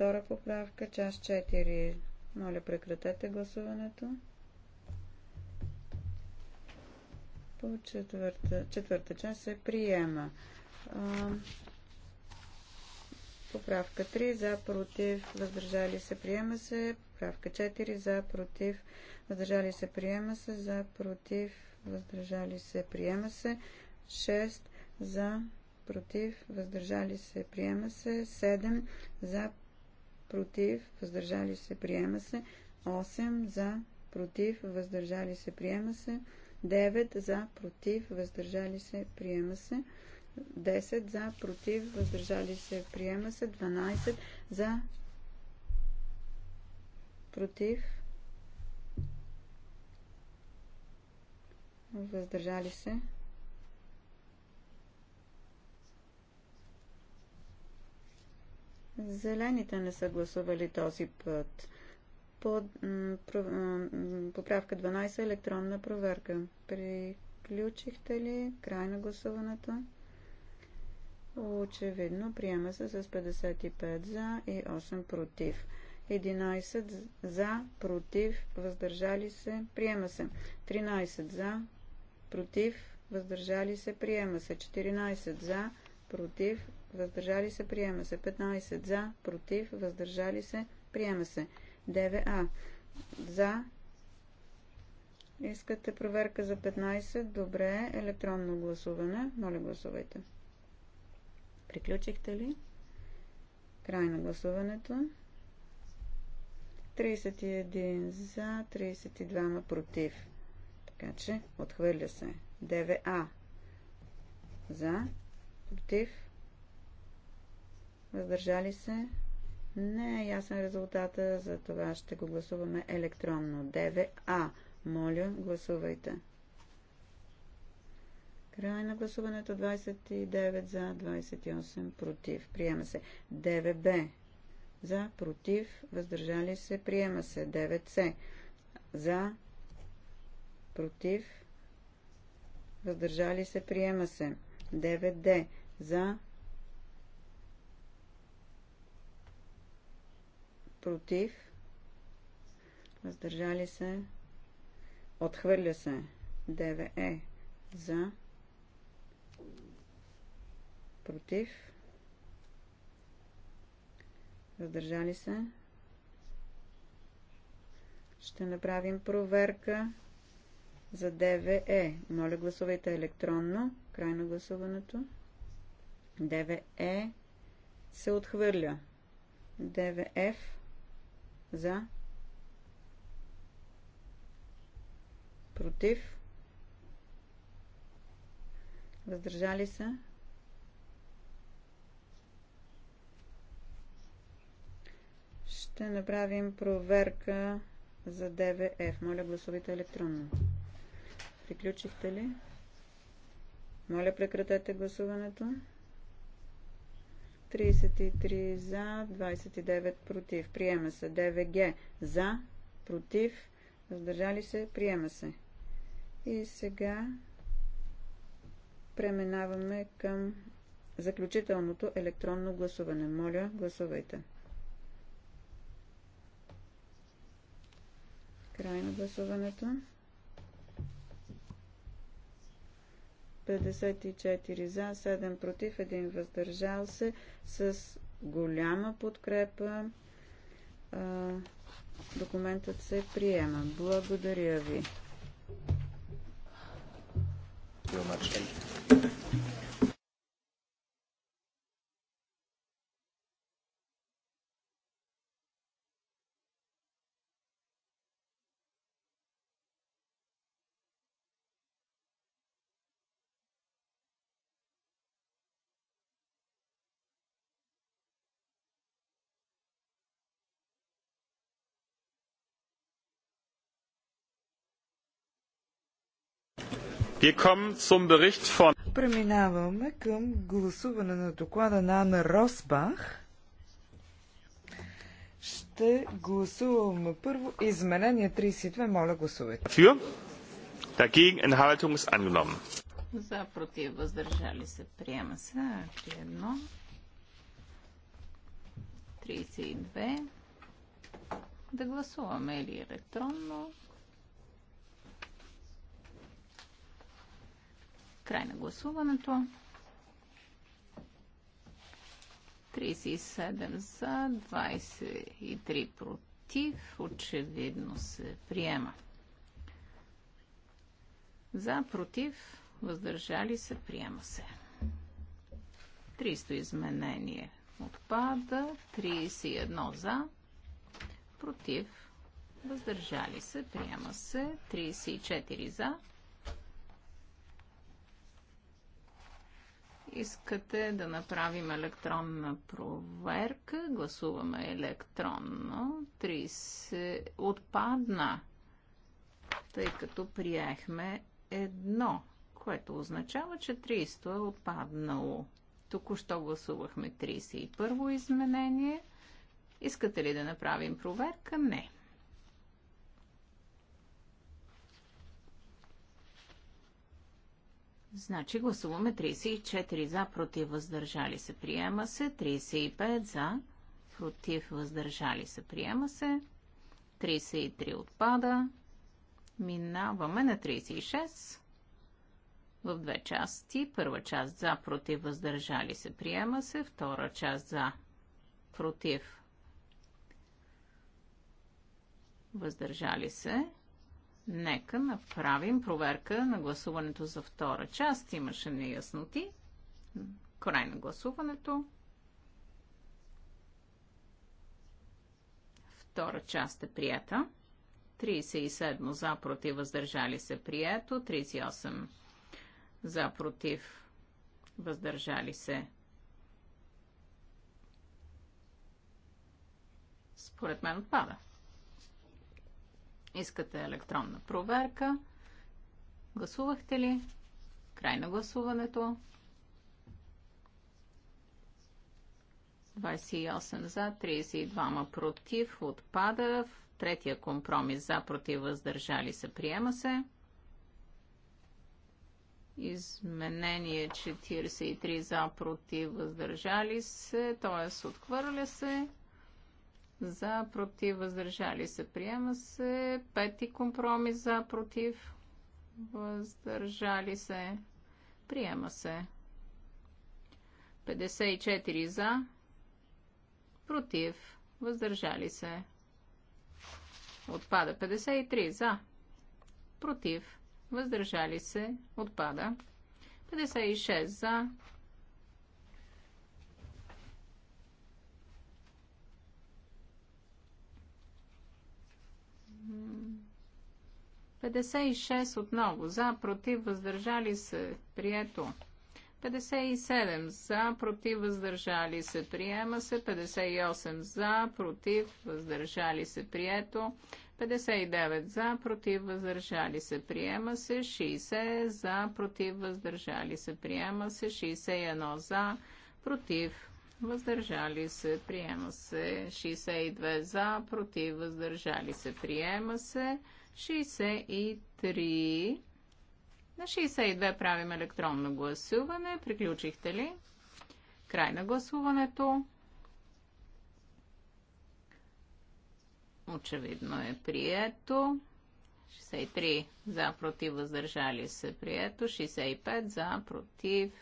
Втора поправка, част 4. Моля, прекратете гласуването. По четвърта, четвърта част се приема. А, поправка 3 за против, въздържали се, приема се. Поправка 4 за против, въздържали се, приема се. За против, въздържали се, приема се. 6 за против, въздържали се, приема се. 7 за против, въздържали се, приема се. 8 за, против, въздържали се, приема се. 9 за, против, въздържали се, приема се. 10 за, против, въздържали се, приема се. 12 за, против, въздържали се, Зелените не са гласували този път. По, поправка 12 електронна проверка. Приключихте ли? Край на гласуването. Очевидно приема се с 55 за и 8 против. 11 за, против, въздържали се, приема се. 13 за, против, въздържали се, приема се. 14 за, против, въздържали се, приема се. 15 за, против, въздържали се, приема се. 9а за. Искате проверка за 15. Добре, електронно гласуване. Моля, гласувайте. Приключихте ли? Край на гласуването. 31 за, 32 на против. Така че отхвърля се. 9А за, против, въздържали се. Не е ясен резултата, за това ще го гласуваме електронно. 9А. Моля, гласувайте. Край на гласуването 29 за, 28 против. Приема се. 9Б. За, против, въздържали се. Приема се. 9С. За, против, въздържали се. Приема се. 9Д. За, против, въздържали се, отхвърля се, ДВЕ за, против, въздържали се. Ще направим проверка за ДВЕ. Моля, гласувайте електронно. Край на гласуването. ДВЕ се отхвърля. ДВФ за, против, въздържали се. Ще направим проверка за ДВФ. Моля, гласувайте електронно. Приключихте ли? Моля, прекратете гласуването. 33 за, 29 против. Приема се. ДВГ за, против, въздържали се, приема се. И сега преминаваме към заключителното електронно гласуване. Моля, гласувайте. Край на гласуването. 54 за, 7 против, 1 въздържал се с голяма подкрепа. Документът се приема. Благодаря ви. Thank Преминаваме към гласуване на доклада на Анна Росбах. Ще гласуваме първо изменение 32. Моля, гласувайте. Für? Dagegen Enthaltung ist angenommen. За, против, въздържали се. Приема се. 31. 32. Да гласуваме или електронно. Край на гласуването. 37 за, 23 против. Очевидно се приема. За, против, въздържали се, приема се. 300 изменение отпада, 31 за, против, въздържали се, приема се, 34 за, Искате да направим електронна проверка. Гласуваме електронно. 30 отпадна, тъй като приехме едно, което означава, че 30 е отпаднало. Току-що гласувахме 31 изменение. Искате ли да направим проверка? Не. Значи гласуваме 34 за, против, въздържали се, приема се. 35 за, против, въздържали се, приема се. 33 отпада. Минаваме на 36 в две части. Първа част за, против, въздържали се, приема се. Втора част за, против, въздържали се, Нека направим проверка на гласуването за втора част. Имаше неясноти. Край на гласуването. Втора част е прията. 37 за, против, въздържали се, прието. 38 за, против, въздържали се. Според мен отпада. Искате електронна проверка. Гласувахте ли? Край на гласуването. 28 за, 32 против, отпада. В третия компромис за, против, въздържали се, приема се. Изменение 43 за, против, въздържали се, т.е. отхвърля се за, против, въздържали се, приема се. Пети компромис за, против, въздържали се, приема се. 54 за, против, въздържали се. Отпада 53 за, против, въздържали се, отпада. 56 за, 56 отново. За, против, въздържали се. Прието. 57 за, против, въздържали се, приема се. 58 за, против, въздържали се, прието. 59 за, против, въздържали се, приема се. 60 за, против, въздържали се, приема се. 61 за, против, въздържали се, приема се. 62 за, против, въздържали се, приема се. 63. На 62 правим електронно гласуване. Приключихте ли? Край на гласуването. Очевидно е прието. 63 за, против, въздържали се, прието. 65 за, против,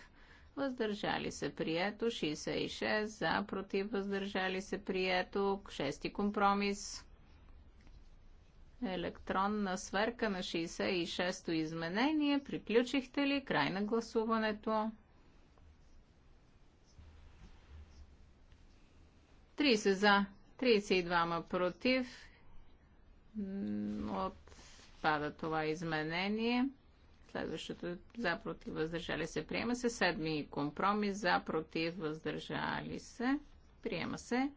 въздържали се, прието. 66 за, против, въздържали се, прието. Шести компромис електронна сверка на 66-то изменение. Приключихте ли? Край на гласуването. 30 за, 32 ма против. Отпада това изменение. Следващото за против въздържали се приема се. Седми компромис за против въздържали се приема се.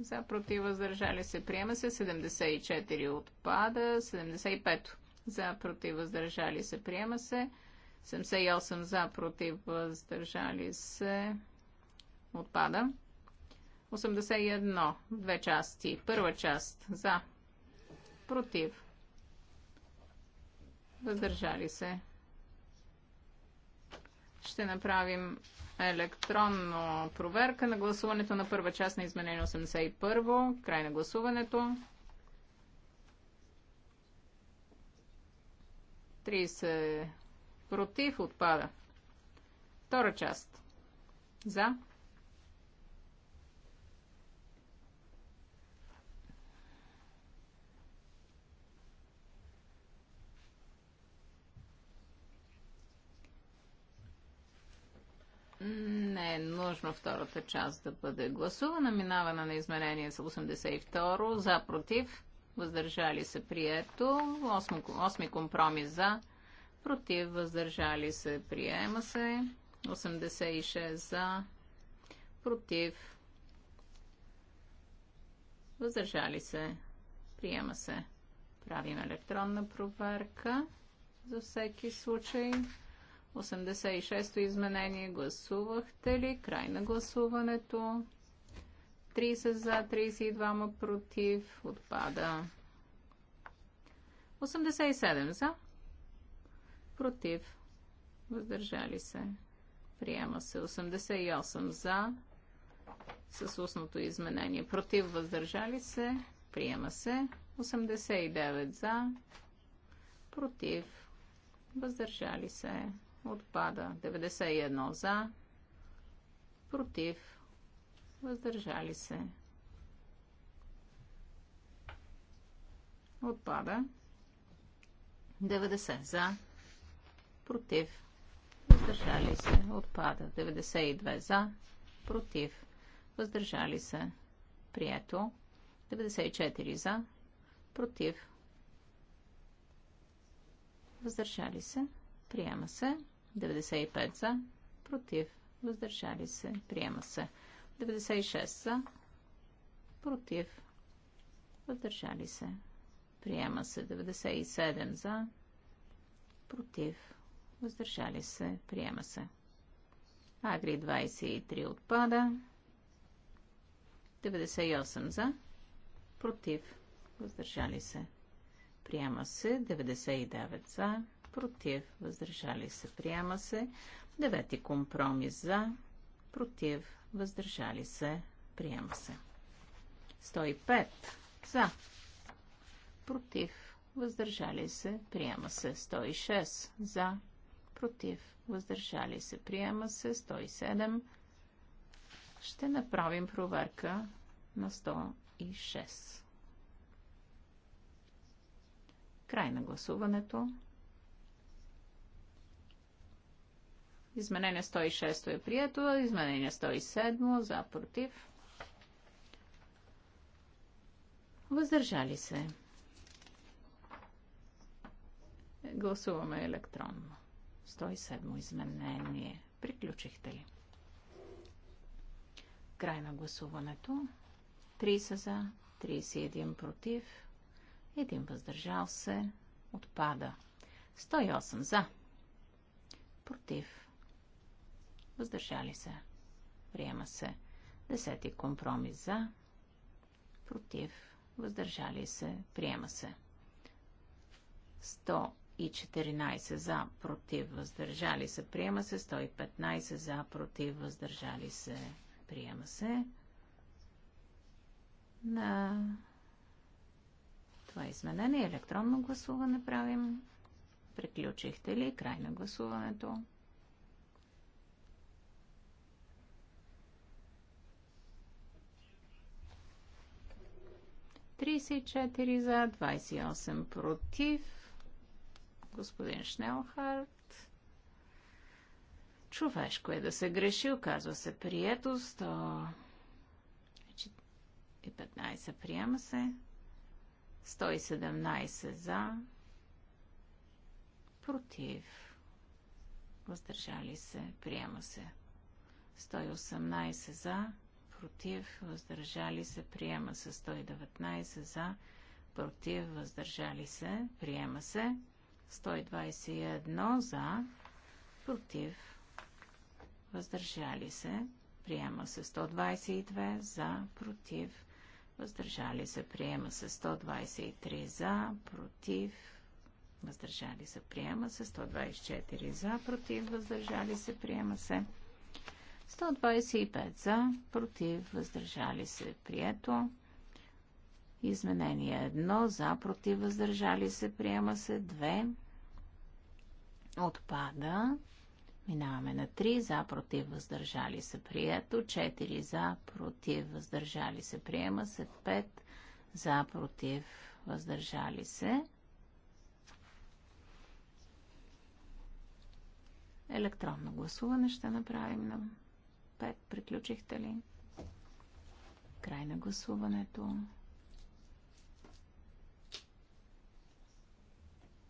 За, против, въздържали се. Приема се. 74 отпада. 75 за, против, въздържали се. Приема се. 78 за, против, въздържали се. Отпада. 81. Две части. Първа част. За. Против. Въздържали се. Ще направим електронно проверка на гласуването на първа част на изменение 81. Край на гласуването. 30 против отпада. Втора част. За. Не е нужно втората част да бъде гласувана. Минаване на изменение с 82. За против. Въздържали се прието. Осми, осми компромис за. Против. Въздържали се. Приема се. 86 за. Против. Въздържали се. Приема се. Правим електронна проверка за всеки случай. 86-то изменение. Гласувахте ли? Край на гласуването. 30 за, 32 против. Отпада. 87 за. Против. Въздържали се. Приема се. 88 за. С устното изменение. Против. Въздържали се. Приема се. 89 за. Против. Въздържали се. Отпада. 91 за. Против. Въздържали се. Отпада. 90 за. Против. Въздържали се. Отпада. 92 за. Против. Въздържали се. Прието. 94 за. Против. Въздържали се. Приема се. 95 за, против, въздържали се, приема се. 96 за, против, въздържали се, приема се. 97 за, против, въздържали се, приема се. Агри 23 отпада. 98 за, против, въздържали се, приема се. 99 за, против, въздържали се, приема се. Девети компромис за, против, въздържали се, приема се. 105 за, против, въздържали се, приема се. 106 за, против, въздържали се, приема се. 107 ще направим проверка на 106. Край на гласуването. Изменение 106 е прието. Изменение 107 за против. Въздържали се. Гласуваме електронно. 107 изменение. Приключихте ли? Край на гласуването. 30 за, 31 против, Един въздържал се. Отпада. 108 за. Против въздържали се, приема се. Десети компромис за, против, въздържали се, приема се. 114 за, против, въздържали се, приема се. 115 за, против, въздържали се, приема се. На това изменение електронно гласуване правим. Приключихте ли край на гласуването? 34 за, 28 против. Господин Шнелхарт. Човешко е да се греши, оказва се прието. 115 приема се. 117 за. Против. Въздържали се. Приема се. 118 за против, въздържали се, приема се 119 за, против, въздържали се, приема се 121 за, против, въздържали се, приема се 122 за, против, въздържали се, приема се 123 за, против, въздържали се, приема се 124 за, против, въздържали се, приема се 125 за, против, въздържали се, прието. Изменение 1 за, против, въздържали се, приема се 2. Отпада. Минаваме на 3 за, против, въздържали се, прието. 4 за, против, въздържали се, приема се 5 за, против, въздържали се. Електронно гласуване ще направим на 5. Приключихте ли? Край на гласуването.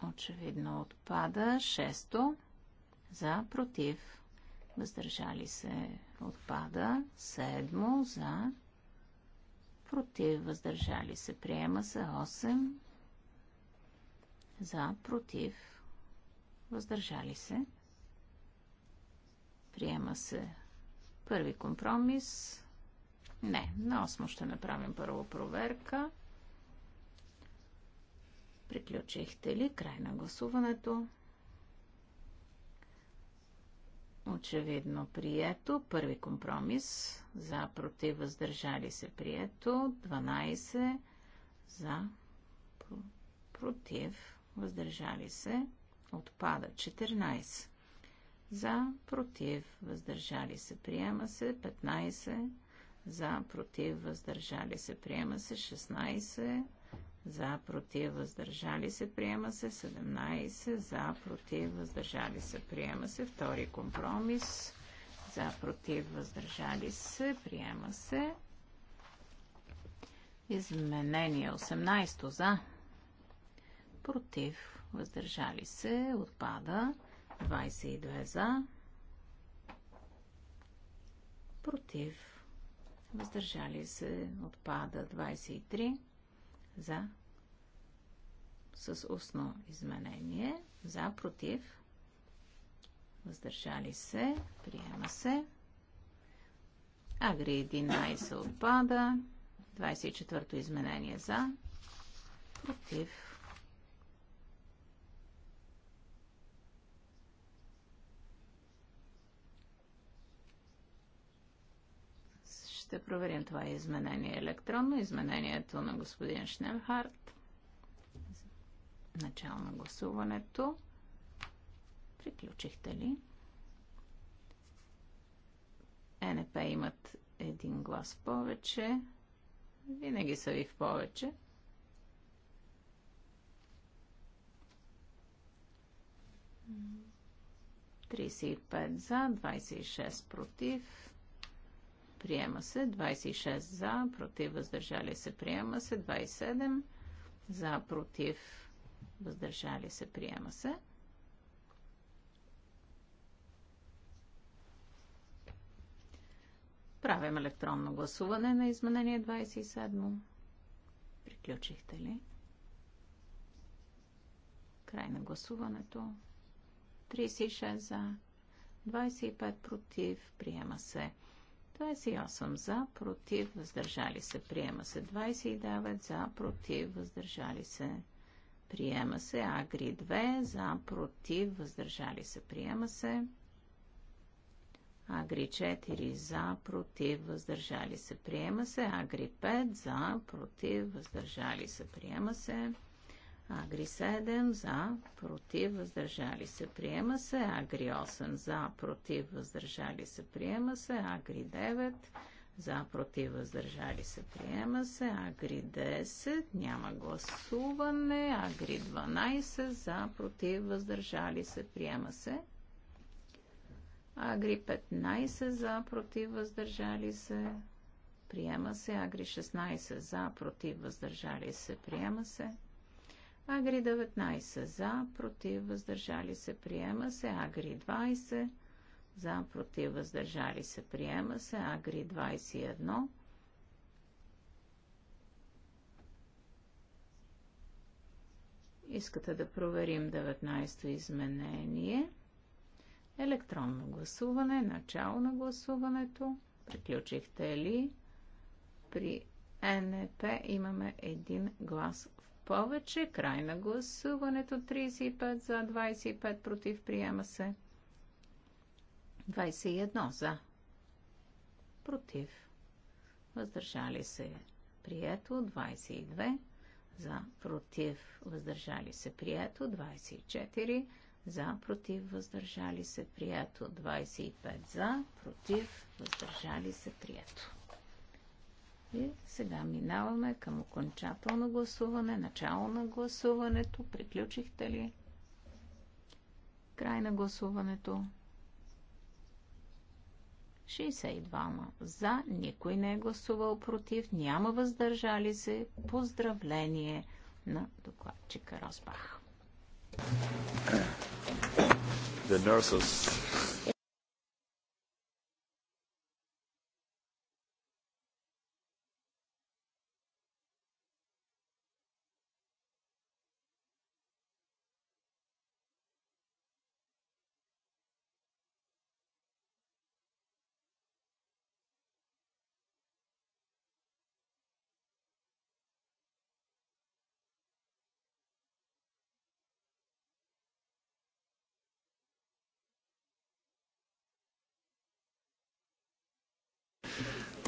Очевидно отпада. Шесто. За, против. Въздържали се. Отпада. Седмо. За. Против. Въздържали се. Приема се. 8. За, против. Въздържали се. Приема се Първи компромис. Не, на 8 ще направим първо проверка. Приключихте ли? Край на гласуването. Очевидно прието. Първи компромис. За, против, въздържали се прието. 12. За, против, въздържали се. Отпада. 14 за, против, въздържали се, приема се 15, за, против, въздържали се, приема се 16, за, против, въздържали се, приема се 17, за, против, въздържали се, приема се втори компромис, за, против, въздържали се, приема се изменение 18 за, против, въздържали се, отпада 22 за. Против. Въздържали се. Отпада 23 за. С устно изменение. За. Против. Въздържали се. Приема се. Агри 11 отпада. 24-то изменение за. Против Ще проверим това изменение електронно. Изменението на господин Шневхарт. Начало на гласуването. Приключихте ли? Е, НП имат един глас повече. Винаги са ви в повече. Тридесет за, 26 против. Приема се. 26 за, против, въздържали се. Приема се. 27 за, против, въздържали се. Приема се. Правим електронно гласуване на изменение 27. Приключихте ли? Край на гласуването. 36 за, 25 против. Приема се. 28 за, против, въздържали се, приема се. 29 за, против, въздържали се, приема се. Агри 2 за, против, въздържали се, приема се. Агри 4 за, против, въздържали се, приема се. Агри 5 за, против, въздържали се, приема се. Агри 7 за, против, въздържали се, приема се. Агри 8 за, против, въздържали се, приема се. Агри 9 за, против, въздържали се, приема се. Агри 10 няма гласуване. Агри 12 за, против, въздържали се, приема се. Агри 15 за, против, въздържали се, приема се. Агри 16 за, против, въздържали се, приема се. Агри 19 за, против, въздържали се, приема се. Агри 20 за, против, въздържали се, приема се. Агри 21 Искате да проверим 19-то изменение. Електронно гласуване, начало на гласуването. Приключихте ли? При НП имаме един глас повече. Край на гласуването. 35 за, 25 против. Приема се. 21 за. Против. Въздържали се. Прието. 22 за. Против. Въздържали се. Прието. 24 за. Против. Въздържали се. Прието. 25 за. Против. Въздържали се. Прието. И сега минаваме към окончателно гласуване, начало на гласуването. Приключихте ли? Край на гласуването. 62 за, никой не е гласувал против, няма въздържали се. Поздравление на докладчика Росбах. The nurses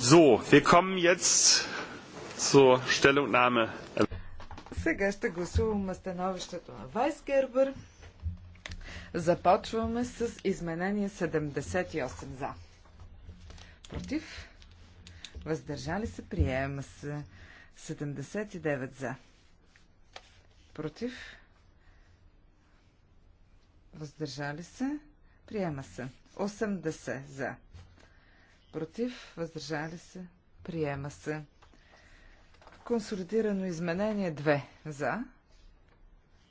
So, wir kommen jetzt zur Stellungnahme. Сега ще гласуваме становището на Вайс Гербър. Започваме с изменение 78 за. Против. Въздържали се. Приема се. 79 за. Против. Въздържали се. Приема се. 80 за против, въздържали се, приема се. Консолидирано изменение 2 за,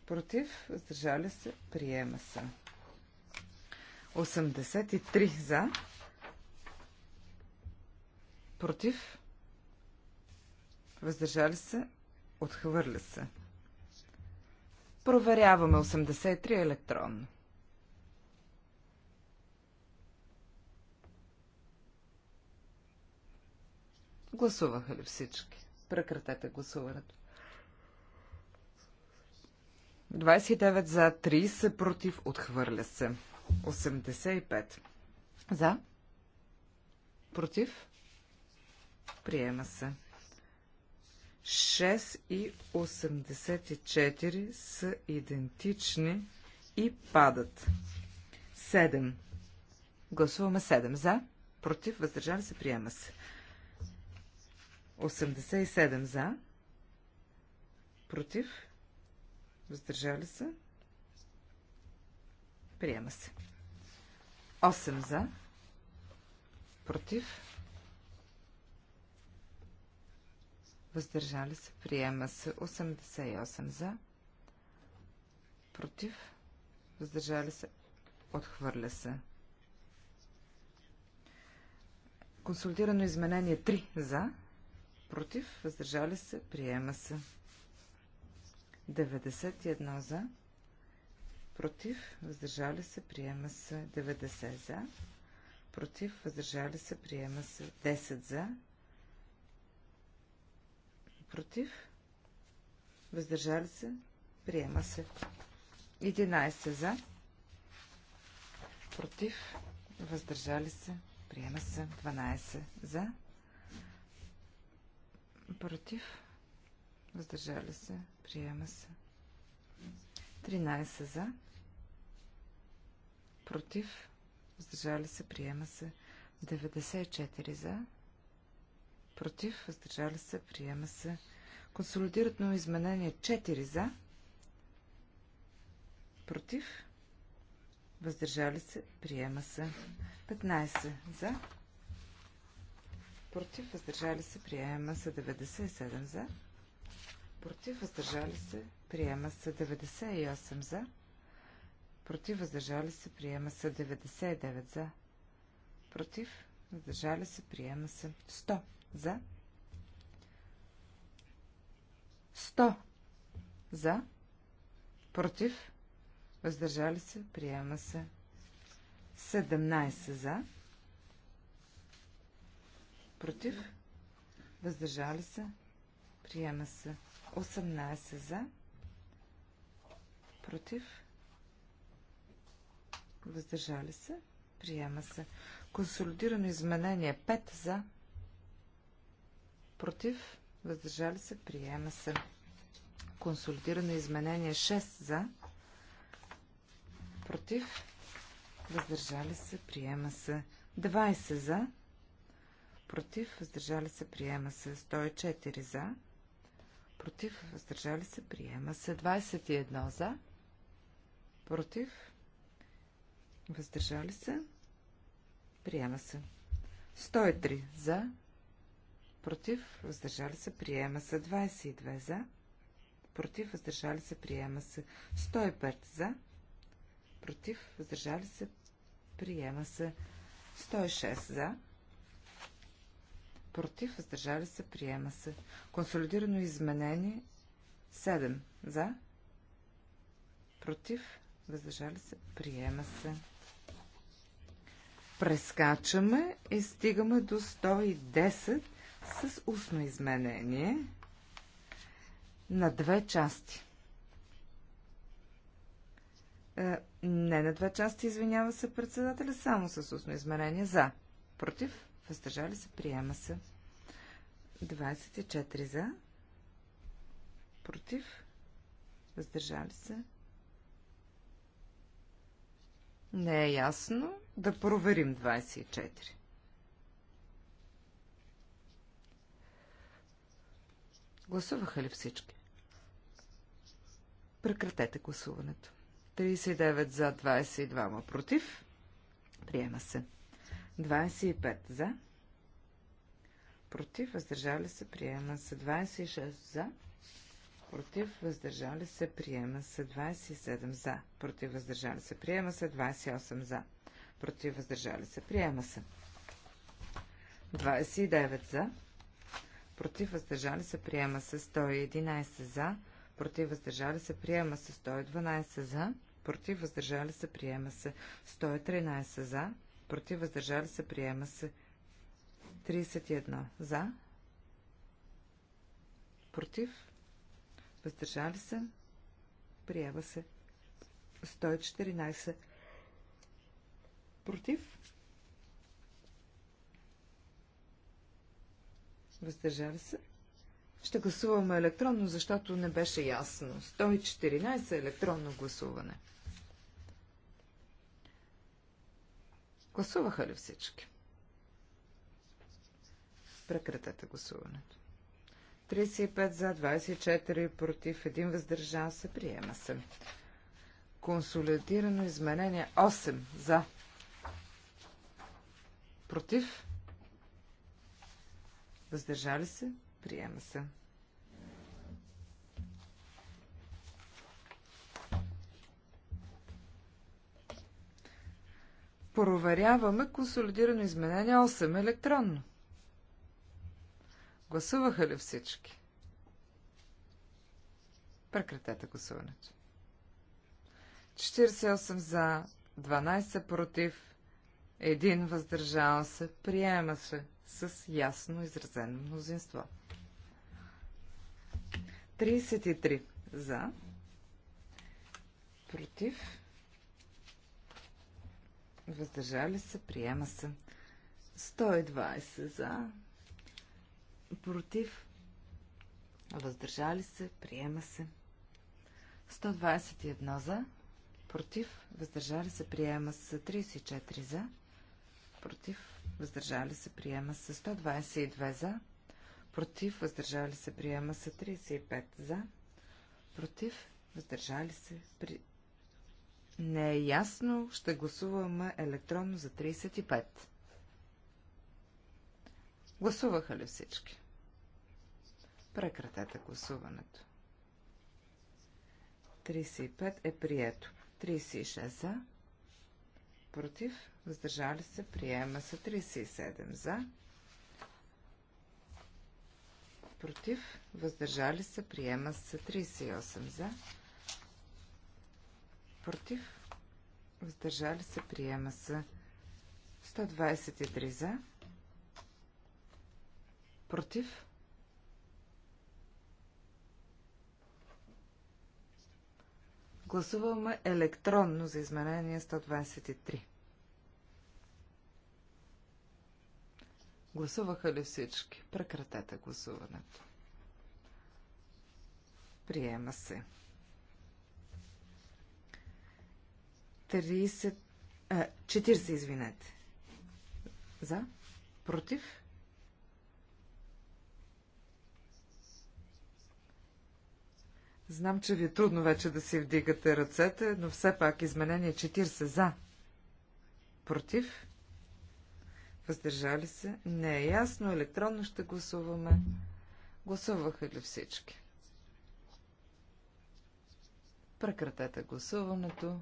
против, въздържали се, приема се. 83 за, против, въздържали се, отхвърля се. Проверяваме 83 електронно. Гласуваха ли всички? Прекратете гласуването. 29 за, 30 против, отхвърля се. 85 за, против, приема се. 6 и 84 са идентични и падат. 7. Гласуваме 7 за, против, въздържали се, приема се. 87 за, против, въздържали се, приема се. 8 за, против, въздържали се, приема се. 88 за, против, въздържали се, отхвърля се. Консолидирано изменение 3 за, против, въздържали се, приема се. 91 за, против, въздържали се, приема се. 90 за, против, въздържали се, приема се. 10 за, против, въздържали се, приема се. 11 за, против, въздържали се, приема се. 12 за, Против. Въздържали се. Приема се. 13 за. Против. Въздържали се. Приема се. 94 за. Против. Въздържали се. Приема се. Консолидирано изменение 4 за. Против. Въздържали се. Приема се. 15 за против, въздържали се, приема се 97 за, против, въздържали се, приема се 98 за, против, въздържали се, приема се 99 за, против, въздържали се, приема се 100 за, 100 за, против, въздържали се, приема се 17 за, против, въздържали се, приема се 18 за, против, въздържали се, приема се. Консолидирано изменение 5 за, против, въздържали се, приема се. Консолидирано изменение 6 за, против, въздържали се, приема се. 20 за, против, въздържали се, приема се 104 за, против, въздържали се, приема се 21 за, против, въздържали се, приема се 103 за, против, въздържали се, приема се 22 за, против, въздържали се, приема се 105 за, против, въздържали се, приема се 106 за, против, въздържали се, приема се. Консолидирано изменение 7 за, против, въздържали се, приема се. Прескачаме и стигаме до 110 с устно изменение на две части. Е, не на две части, извинява се председателя, само с устно изменение за. Против? въздържали се, приема се. 24 за, против, въздържали се. Не е ясно. Да проверим 24. Гласуваха ли всички? Прекратете гласуването. 39 за 22 против. Приема се. 25 за. Против, въздържали се, приема се. 26 за. Против, въздържали се, приема се. 27 за. Против, въздържали се, приема се. 28 за. Против, въздържали се, приема се. 29 за. Против, въздържали се, приема се. 111 за. Против, въздържали се, приема се. 112 за. Против, въздържали се, приема се. 113 за против, въздържали се, приема се. 31 за, против, въздържали се, приема се. 114 против, въздържали се. Ще гласуваме електронно, защото не беше ясно. 114 електронно гласуване. Гласуваха ли всички? Прекратете гласуването. 35 за, 24 против, 1 въздържан се, приема се. Консолидирано изменение 8 за. Против? Въздържали се? Приема се. Проверяваме консолидирано изменение 8 електронно. Гласуваха ли всички? Прекратете гласуването. 48 за, 12 против, 1 въздържал се, приема се с ясно изразено мнозинство. 33 за, против, въздържали се, приема се. 120 за, против, въздържали се, приема се. 121 за, против, въздържали се, приема се. 34 за, против, въздържали се, приема се. 122 за, против, въздържали се, приема се. 35 за, против, въздържали се, не е ясно, ще гласуваме електронно за 35. Гласуваха ли всички? Прекратете гласуването. 35 е прието. 36 за. Против. Въздържали се. Приема се. 37 за. Против. Въздържали се. Приема се. 38 за против, въздържали се, приема се. 123 за, против, Гласуваме електронно за изменение 123. Гласуваха ли всички? Прекратете гласуването. Приема се. 30, а, 40, извинете. За? Против? Знам, че ви е трудно вече да си вдигате ръцете, но все пак изменение 40 за. Против? Въздържали се? Не е ясно. Електронно ще гласуваме. Гласуваха ли всички? Прекратете гласуването.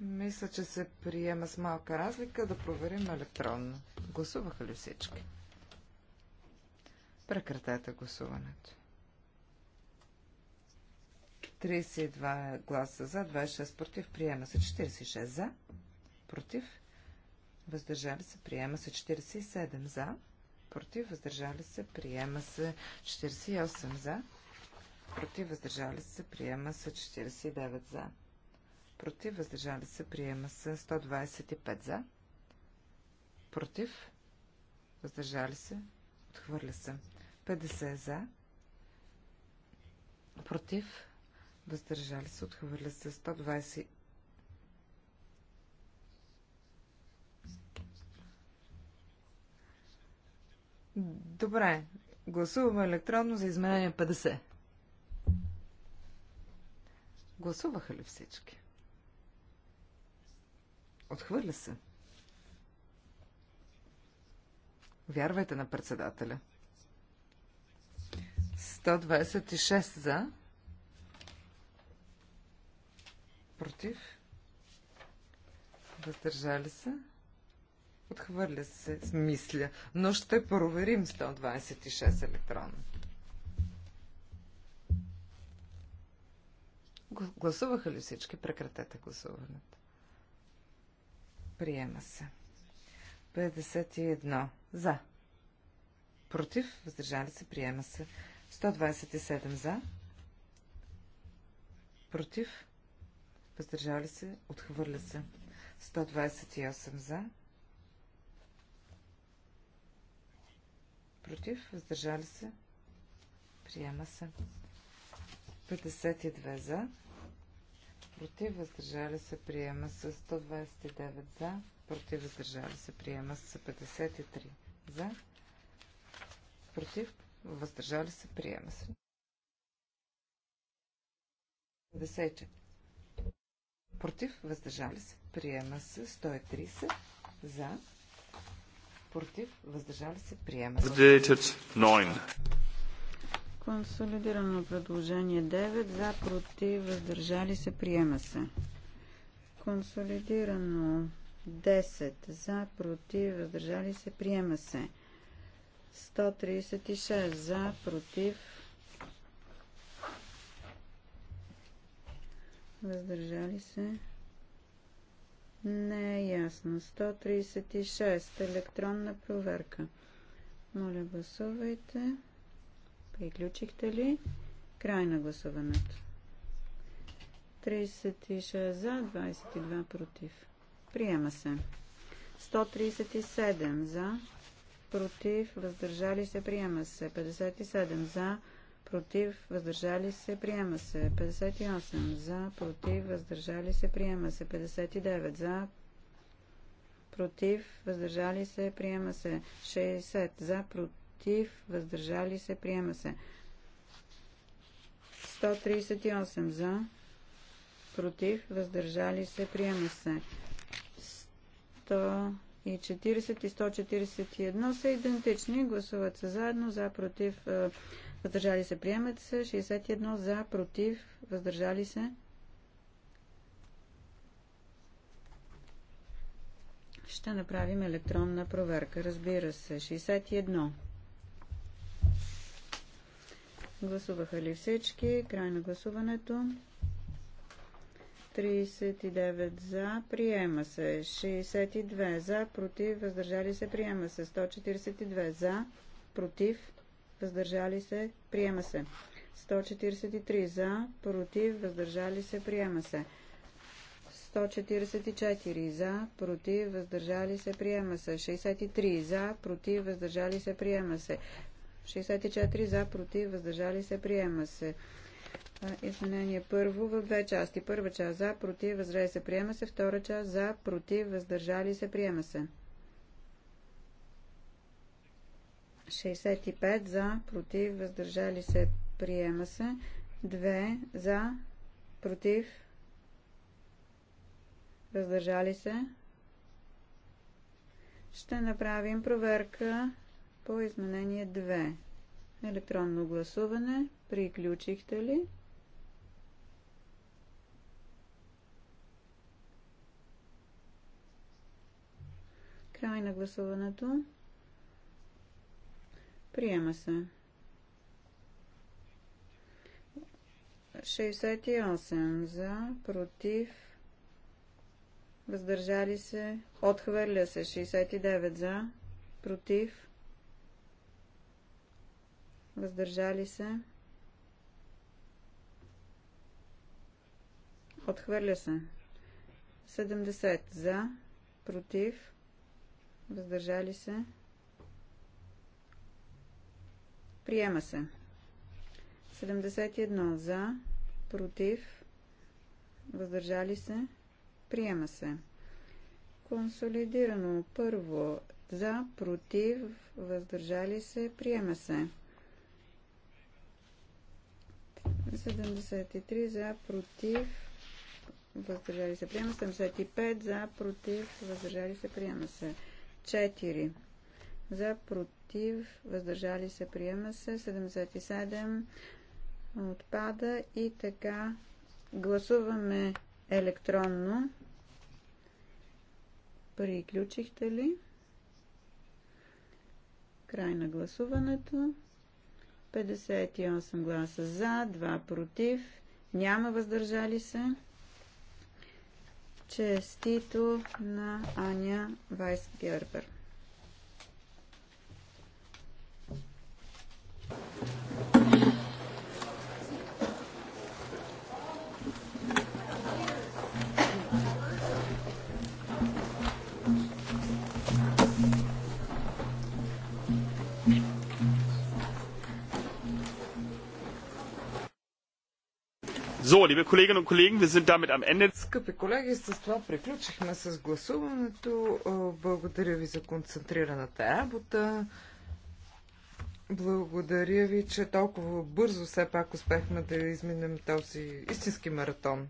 Мисля, че се приема с малка разлика да проверим електронно. Гласуваха ли всички? Прекратете гласуването. 32 гласа за, 26 против, приема се 46 за, против, въздържали се, приема се 47 за, против, въздържали се, приема се 48 за, против, въздържали се, приема се 49 за против, въздържали се, приема се 125 за, против, въздържали се, отхвърля се 50 за, против, въздържали се, отхвърля се 120 Добре, гласуваме електронно за изменение 50. Гласуваха ли всички? Отхвърля се. Вярвайте на председателя. 126 за. Против. Въздържали се. Отхвърля се, мисля. Но ще проверим 126 електронно. Гласуваха ли всички? Прекратете гласуването. Приема се. 51. За. Против. Въздържали се. Приема се. 127 за. Против. Въздържали се. Отхвърля се. 128 за. Против. Въздържали се. Приема се. 52 за против, въздържали се, приема се 129 за, против, въздържали се, приема се 53 за, против, въздържали се, приема се. 54. Против, въздържали се, приема се 130 за, против, въздържали се, приема се. Консолидирано предложение 9 за против въздържали се приема се. Консолидирано 10 за против въздържали се приема се. 136 за против въздържали се. Не е ясно. 136 електронна проверка. Моля гласувайте. Приключихте ли? Край на гласуването. 36 за, 22 против. Приема се. 137 за, против, въздържали се, приема се. 57 за, против, въздържали се, приема се. 58 за, против, въздържали се, приема се. 59 за, против, въздържали се, приема се. 60 за, против против, въздържали се, приема се. 138 за, против, въздържали се, приема се. 140 и 141 са идентични, гласуват се заедно, за, против, е, въздържали се, приемат се. 61 за, против, въздържали се. Ще направим електронна проверка, разбира се. 61. Гласуваха ли всички? Край на гласуването. 39 за, приема се. 62 за, против, въздържали се, приема се. 142 за, против, въздържали се, приема се. 143 за, против, въздържали се, приема се. 144 за, против, въздържали се, приема се. 63 за, против, въздържали се, приема се. 64 за, против, въздържали се, приема се. Изменение първо в две части. Първа част за, против, въздържали се, приема се. Втора част за, против, въздържали се, приема се. 65 за, против, въздържали се, приема се. 2 за, против, въздържали се. Ще направим проверка по изменение 2. Електронно гласуване. Приключихте ли? Край на гласуването. Приема се. 68 за, против, въздържали се, отхвърля се 69 за, против, въздържали се, отхвърля се. 70 за, против, въздържали се, приема се. 71 за, против, въздържали се, приема се. Консолидирано първо за, против, въздържали се, приема се. 73 за, против, въздържали се, приема се. 75 за, против, въздържали се, приема се. 4 за, против, въздържали се, приема се. 77 отпада и така гласуваме електронно. Приключихте ли? Край на гласуването. 58 гласа за, 2 против, няма въздържали се. Честито на Аня Вайс Гербер. So, liebe Kolleginnen und Kollegen, wir sind damit am Ende. Скъпи колеги, с това приключихме с гласуването. Благодаря ви за концентрираната работа. Благодаря ви, че толкова бързо все пак успехме да изминем този истински маратон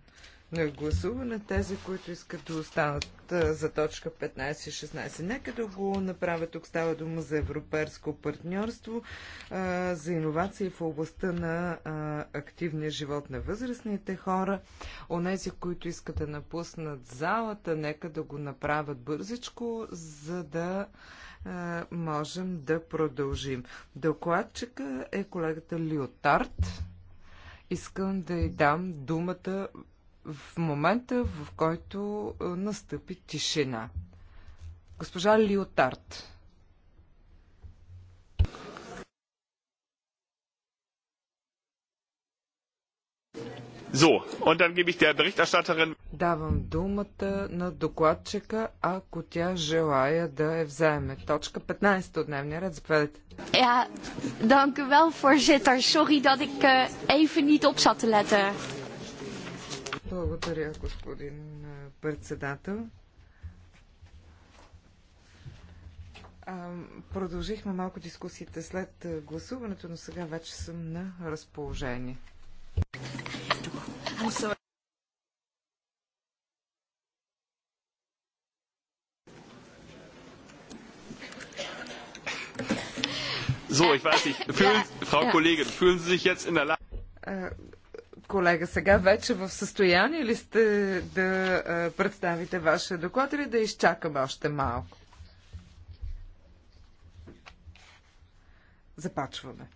на гласуване тези, които искат да останат за точка 15 и 16. Нека да го направя. Тук става дума за европейско партньорство, за иновации в областта на активния живот на възрастните хора. Онези, които искат да напуснат залата, нека да го направят бързичко, за да можем да продължим. Докладчика е колегата Лиотард. Искам да й дам думата в момента, в който настъпи тишина. Госпожа Лиотарт. So, und dann gebe ich der Berichterstatterin. Давам думата на докладчика, ако тя желая да я вземе. Точка 15 от дневния ред. Заповядайте. Ja, dank u wel, voorzitter. Sorry dat ik uh, even niet op zat te letten. Благодаря, господин председател. Продължихме малко дискусиите след гласуването, но сега вече съм на разположение. So, ich weiß nicht, fühlen, Frau Kollegin, fühlen Sie sich jetzt in der Lage? колега, сега вече в състояние ли сте да представите вашия доклад или да изчакаме още малко? Започваме.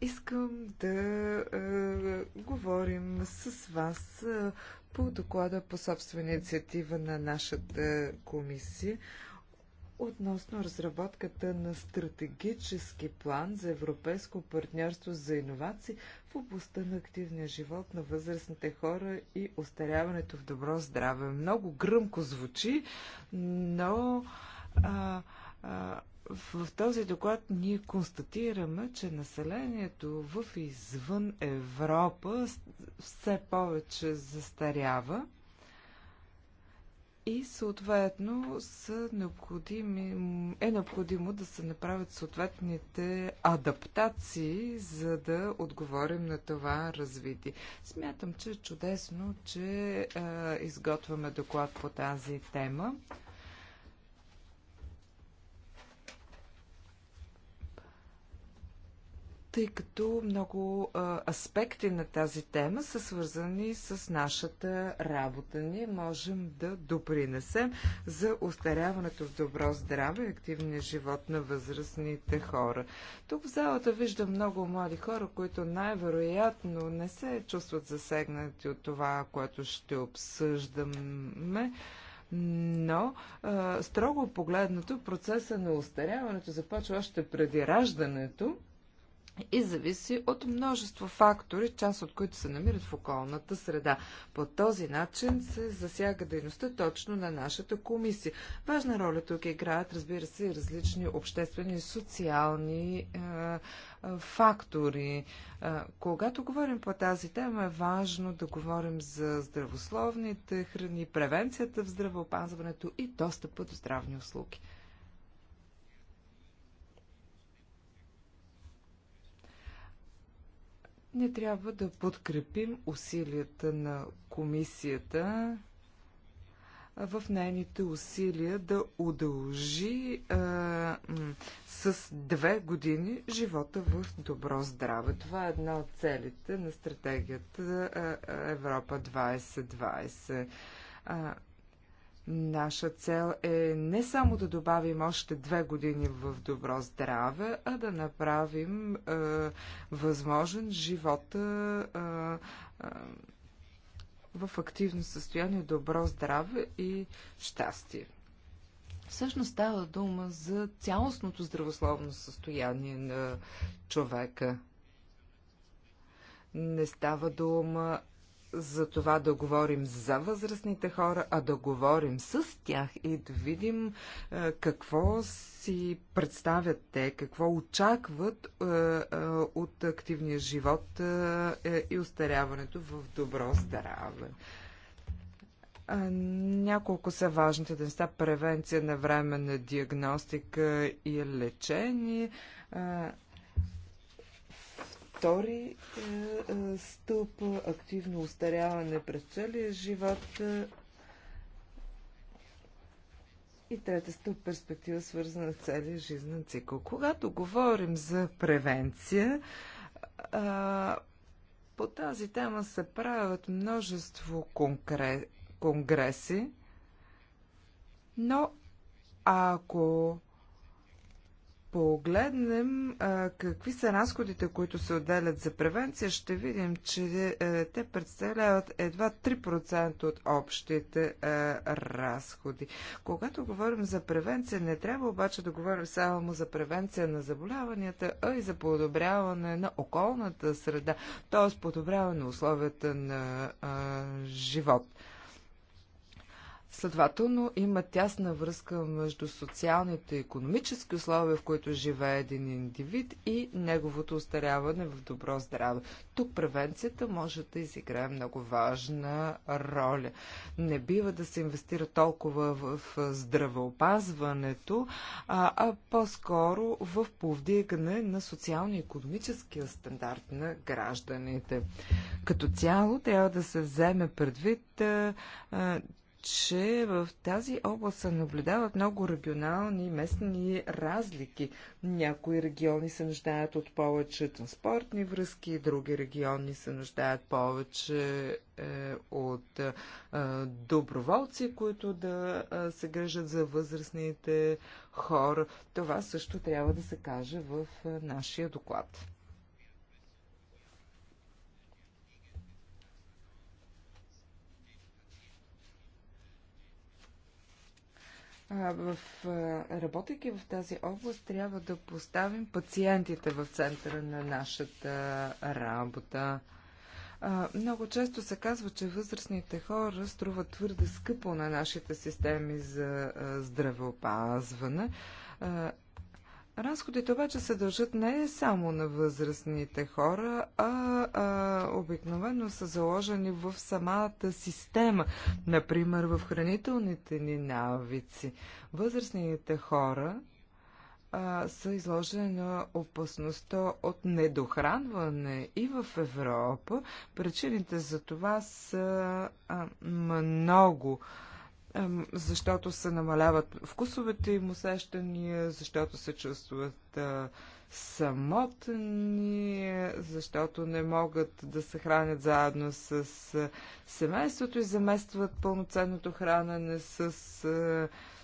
Искам да е, говорим с вас е, по доклада по собствена инициатива на нашата комисия относно разработката на стратегически план за европейско партньорство за иновации в областта на активния живот на възрастните хора и остаряването в добро здраве. Много гръмко звучи, но а, а, в този доклад ние констатираме, че населението в извън Европа все повече застарява и съответно са необходими, е необходимо да се направят съответните адаптации, за да отговорим на това развитие. Смятам, че е чудесно, че е, изготвяме доклад по тази тема. тъй като много а, аспекти на тази тема са свързани с нашата работа. Ние можем да допринесем за устаряването в добро здраве и активния живот на възрастните хора. Тук в залата виждам много млади хора, които най-вероятно не се чувстват засегнати от това, което ще обсъждаме но а, строго погледнато процеса на устаряването започва още преди раждането и зависи от множество фактори, част от които се намират в околната среда. По този начин се засяга дейността точно на нашата комисия. Важна роля тук играят, разбира се, различни обществени и социални е, е, фактори. Е, когато говорим по тази тема, е важно да говорим за здравословните храни, превенцията в здравеопазването и достъпа до здравни услуги. Ние трябва да подкрепим усилията на комисията в нейните усилия да удължи а, с две години живота в добро здраве. Това е една от целите на стратегията Европа 2020. А, Наша цел е не само да добавим още две години в добро здраве, а да направим е, възможен живота е, е, в активно състояние, добро здраве и щастие. Всъщност става дума за цялостното здравословно състояние на човека. Не става дума за това да говорим за възрастните хора, а да говорим с тях и да видим е, какво си представят те, какво очакват е, е, от активния живот и устаряването в добро здраве. Няколко са важните неща. Превенция на време на диагностика и лечение Втори е, е, стълб активно устаряване през целия живот и трета стъп перспектива, свързана с целия жизнен цикъл. Когато говорим за превенция, е, по тази тема се правят множество конгреси, но ако погледнем а, какви са разходите, които се отделят за превенция, ще видим, че а, е, те представляват едва 3% от общите а, е, разходи. Когато говорим за превенция, не трябва обаче да говорим само за превенция на заболяванията, а и за подобряване на околната среда, т.е. подобряване на условията на а, е, живот. Следователно има тясна връзка между социалните и економически условия, в които живее един индивид и неговото устаряване в добро здраве. Тук превенцията може да изиграе много важна роля. Не бива да се инвестира толкова в здравеопазването, а, а по-скоро в повдигане на социално-економическия стандарт на гражданите. Като цяло трябва да се вземе предвид, че в тази област се наблюдават много регионални и местни разлики. Някои региони се нуждаят от повече транспортни връзки, други региони се нуждаят повече е, от е, доброволци, които да е, се грежат за възрастните хора. Това също трябва да се каже в е, нашия доклад. в, работейки в тази област, трябва да поставим пациентите в центъра на нашата работа. Много често се казва, че възрастните хора струват твърде скъпо на нашите системи за здравеопазване. Разходите обаче се дължат не само на възрастните хора, а, а обикновено са заложени в самата система, например в хранителните ни навици. Възрастните хора а, са изложени на опасността от недохранване и в Европа. Причините за това са а, много защото се намаляват вкусовете им усещания, защото се чувстват а, самотни, защото не могат да се хранят заедно с семейството и заместват пълноценното хранене с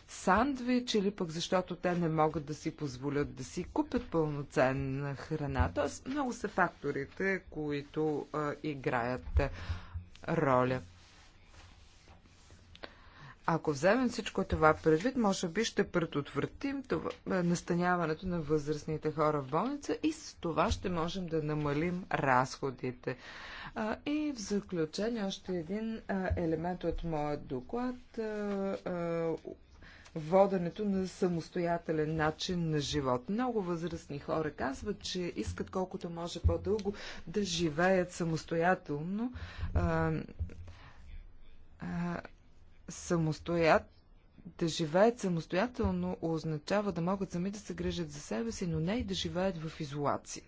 сандвич или пък защото те не могат да си позволят да си купят пълноценна храна. Тоест много са факторите, които а, играят роля. Ако вземем всичко това предвид, може би ще предотвратим това, е, настаняването на възрастните хора в болница и с това ще можем да намалим разходите. и в заключение още един елемент от моят доклад. воденето на самостоятелен начин на живот. Много възрастни хора казват, че искат колкото може по-дълго да живеят самостоятелно. а, самостоят, да живеят самостоятелно означава да могат сами да се грижат за себе си, но не и да живеят в изолация.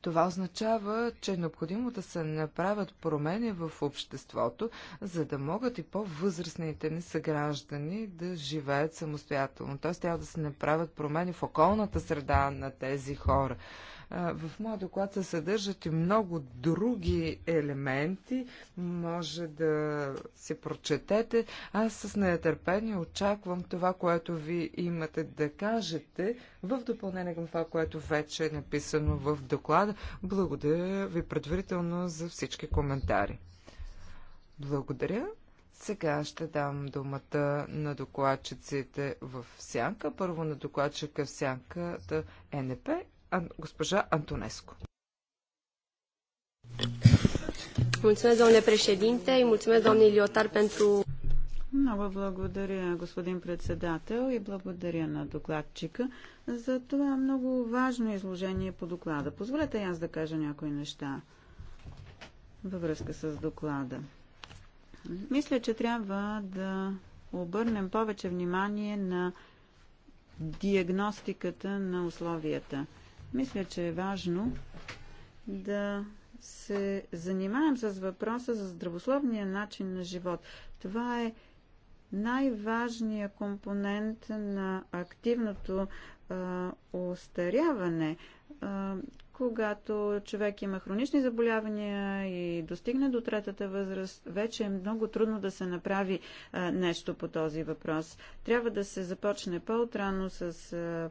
Това означава, че е необходимо да се направят промени в обществото, за да могат и по-възрастните ни съграждани да живеят самостоятелно. Т.е. трябва да се направят промени в околната среда на тези хора. В моя доклад се съдържат и много други елементи. Може да се прочетете. Аз с нетърпение очаквам това, което ви имате да кажете в допълнение към това, което вече е написано в доклада. Благодаря ви предварително за всички коментари. Благодаря. Сега ще дам думата на докладчиците в сянка. Първо на докладчика в сянката ЕНП Ан... госпожа Антонеско. Mulțumesc, domnule președinte, îi mulțumesc, domnului Лиотар, pentru... Много благодаря, господин председател, и благодаря на докладчика за това много важно изложение по доклада. Позволете аз да кажа някои неща във връзка с доклада. Мисля, че трябва да обърнем повече внимание на диагностиката на условията – мисля, че е важно да се занимаем с въпроса за здравословния начин на живот. Това е най-важният компонент на активното а, устаряване. А, когато човек има хронични заболявания и достигне до третата възраст, вече е много трудно да се направи а, нещо по този въпрос. Трябва да се започне по утрано с а,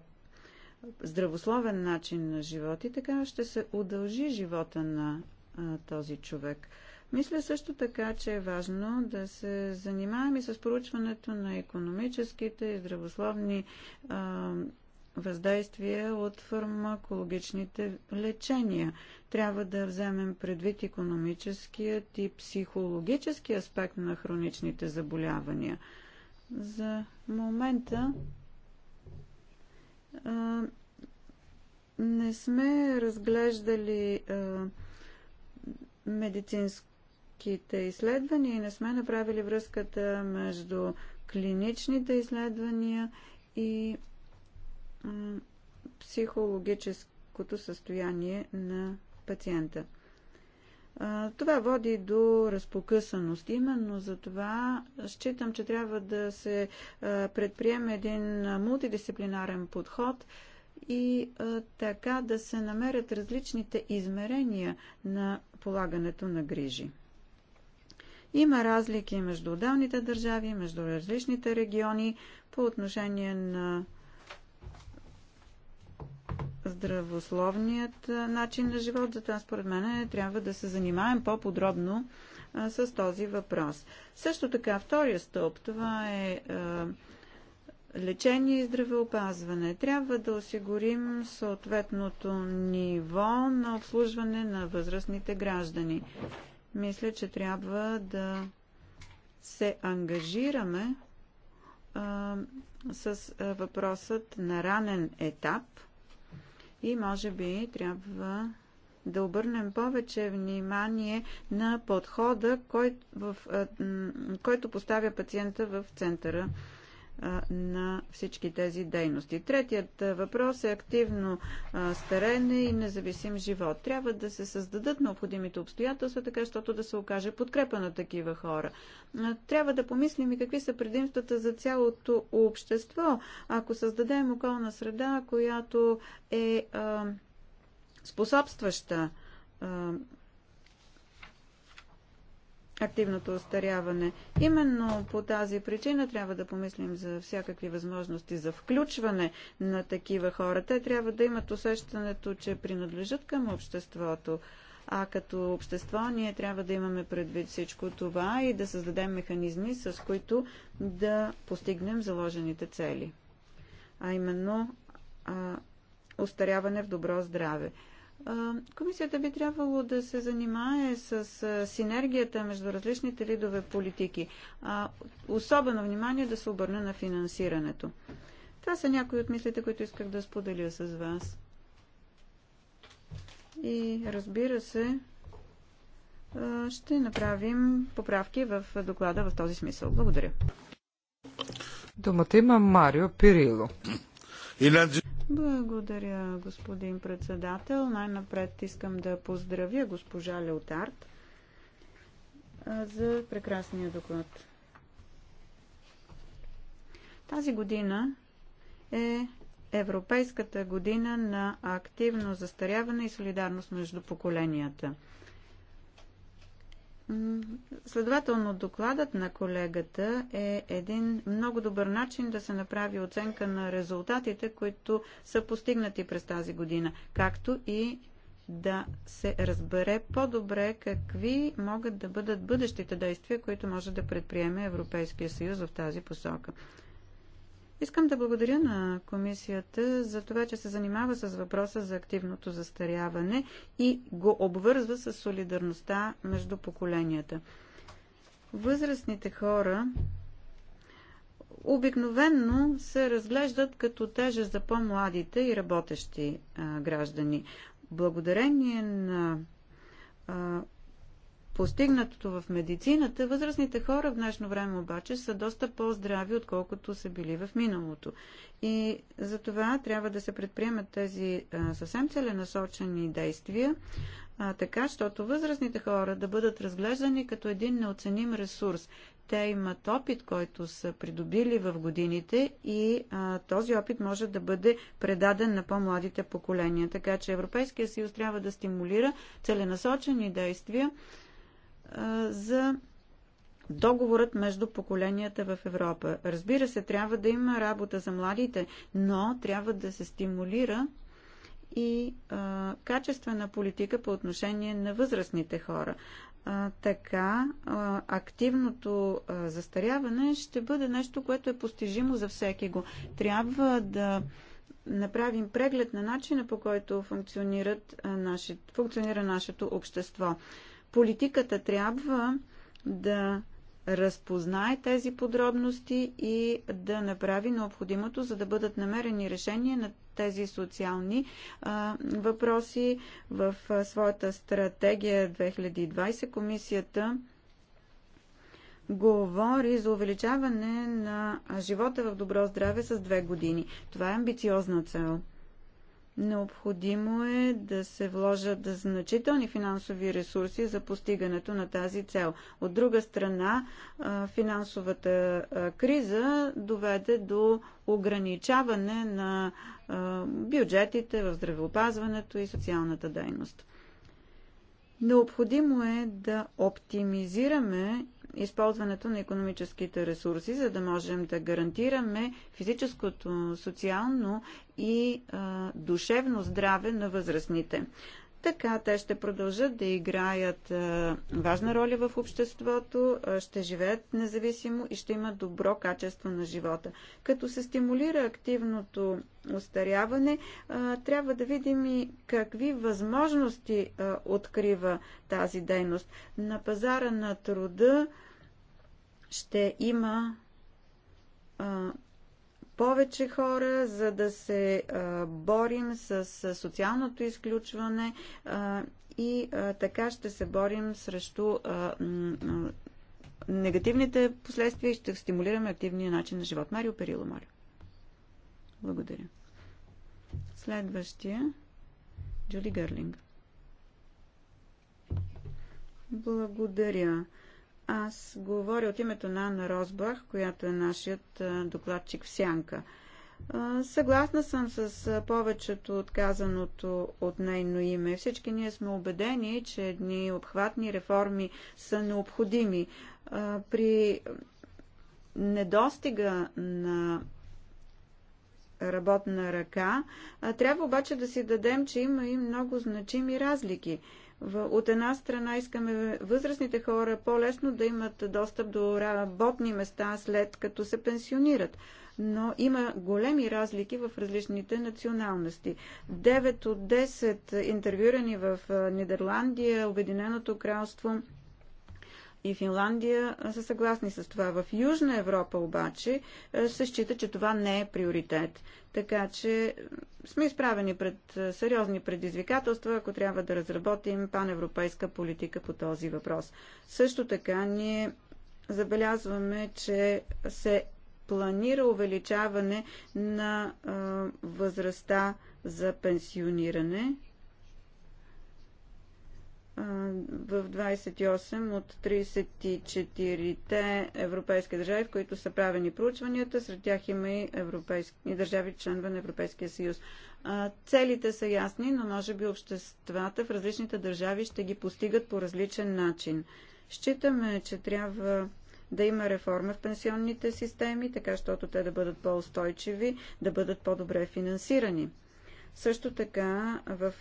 здравословен начин на живот и така ще се удължи живота на а, този човек. Мисля също така, че е важно да се занимаваме с проучването на економическите и здравословни а, въздействия от фармакологичните лечения. Трябва да вземем предвид економическият и психологически аспект на хроничните заболявания. За момента не сме разглеждали медицинските изследвания и не сме направили връзката между клиничните изследвания и психологическото състояние на пациента. Това води до разпокъсаност. Именно за това считам, че трябва да се предприеме един мултидисциплинарен подход и така да се намерят различните измерения на полагането на грижи. Има разлики между отделните държави, между различните региони по отношение на здравословният начин на живот. Затова според мен трябва да се занимаем по-подробно с този въпрос. Също така, втория стълб, това е лечение и здравеопазване. Трябва да осигурим съответното ниво на обслужване на възрастните граждани. Мисля, че трябва да се ангажираме а, с въпросът на ранен етап – и може би трябва да обърнем повече внимание на подхода, кой, в, който поставя пациента в центъра на всички тези дейности. Третият въпрос е активно старене и независим живот. Трябва да се създадат необходимите обстоятелства, така защото да се окаже подкрепа на такива хора. Трябва да помислим и какви са предимствата за цялото общество, ако създадем околна среда, която е способстваща активното остаряване. Именно по тази причина трябва да помислим за всякакви възможности за включване на такива хора. Те трябва да имат усещането, че принадлежат към обществото. А като общество ние трябва да имаме предвид всичко това и да създадем механизми, с които да постигнем заложените цели. А именно а, устаряване в добро здраве. Комисията би трябвало да се занимае с синергията между различните лидове политики. Особено внимание да се обърне на финансирането. Това са някои от мислите, които исках да споделя с вас. И разбира се, ще направим поправки в доклада в този смисъл. Благодаря. Думата има Марио Пирило. Благодаря, господин председател. Най-напред искам да поздравя госпожа Леотард за прекрасния доклад. Тази година е Европейската година на активно застаряване и солидарност между поколенията. Следователно, докладът на колегата е един много добър начин да се направи оценка на резултатите, които са постигнати през тази година, както и да се разбере по-добре какви могат да бъдат бъдещите действия, които може да предприеме Европейския съюз в тази посока. Искам да благодаря на комисията за това, че се занимава с въпроса за активното застаряване и го обвързва с солидарността между поколенията. Възрастните хора обикновенно се разглеждат като тежест за по-младите и работещи а, граждани. Благодарение на постигнатото в медицината, възрастните хора в днешно време обаче са доста по-здрави, отколкото са били в миналото. И за това трябва да се предприемат тези а, съвсем целенасочени действия, а, така, защото възрастните хора да бъдат разглеждани като един неоценим ресурс. Те имат опит, който са придобили в годините и а, този опит може да бъде предаден на по-младите поколения. Така че Европейския съюз трябва да стимулира целенасочени действия, за договорът между поколенията в Европа. Разбира се, трябва да има работа за младите, но трябва да се стимулира и а, качествена политика по отношение на възрастните хора. А, така, а, активното а, застаряване ще бъде нещо, което е постижимо за всеки го. Трябва да направим преглед на начина по който функционират, а, наши, функционира нашето общество. Политиката трябва да разпознае тези подробности и да направи необходимото, за да бъдат намерени решения на тези социални а, въпроси. В а, своята стратегия 2020 комисията говори за увеличаване на живота в добро здраве с две години. Това е амбициозна цел. Необходимо е да се вложат значителни финансови ресурси за постигането на тази цел. От друга страна, финансовата криза доведе до ограничаване на бюджетите в здравеопазването и социалната дейност. Необходимо е да оптимизираме използването на економическите ресурси, за да можем да гарантираме физическото, социално и а, душевно здраве на възрастните. Така те ще продължат да играят важна роля в обществото, ще живеят независимо и ще имат добро качество на живота. Като се стимулира активното устаряване, трябва да видим и какви възможности открива тази дейност. На пазара на труда ще има повече хора, за да се борим с социалното изключване и така ще се борим срещу негативните последствия и ще стимулираме активния начин на живот. Марио Перило, Марио. Благодаря. Следващия. Джули Гърлинг. Благодаря. Аз говоря от името на Анна Розбах, която е нашият докладчик в Сянка. Съгласна съм с повечето отказаното от нейно име. Всички ние сме убедени, че едни обхватни реформи са необходими. При недостига на работна ръка, трябва обаче да си дадем, че има и много значими разлики – от една страна искаме възрастните хора по-лесно да имат достъп до работни места след като се пенсионират. Но има големи разлики в различните националности. 9 от 10 интервюрани в Нидерландия, Обединеното кралство, и Финландия са съгласни с това. В Южна Европа обаче се счита, че това не е приоритет. Така че сме изправени пред сериозни предизвикателства, ако трябва да разработим паневропейска политика по този въпрос. Също така ние забелязваме, че се планира увеличаване на а, възрастта за пенсиониране в 28 от 34-те европейски държави, в които са правени проучванията. Сред тях има и, европейски, и държави членове на Европейския съюз. Целите са ясни, но може би обществата в различните държави ще ги постигат по различен начин. Считаме, че трябва да има реформа в пенсионните системи, така щото те да бъдат по-устойчиви, да бъдат по-добре финансирани. Също така в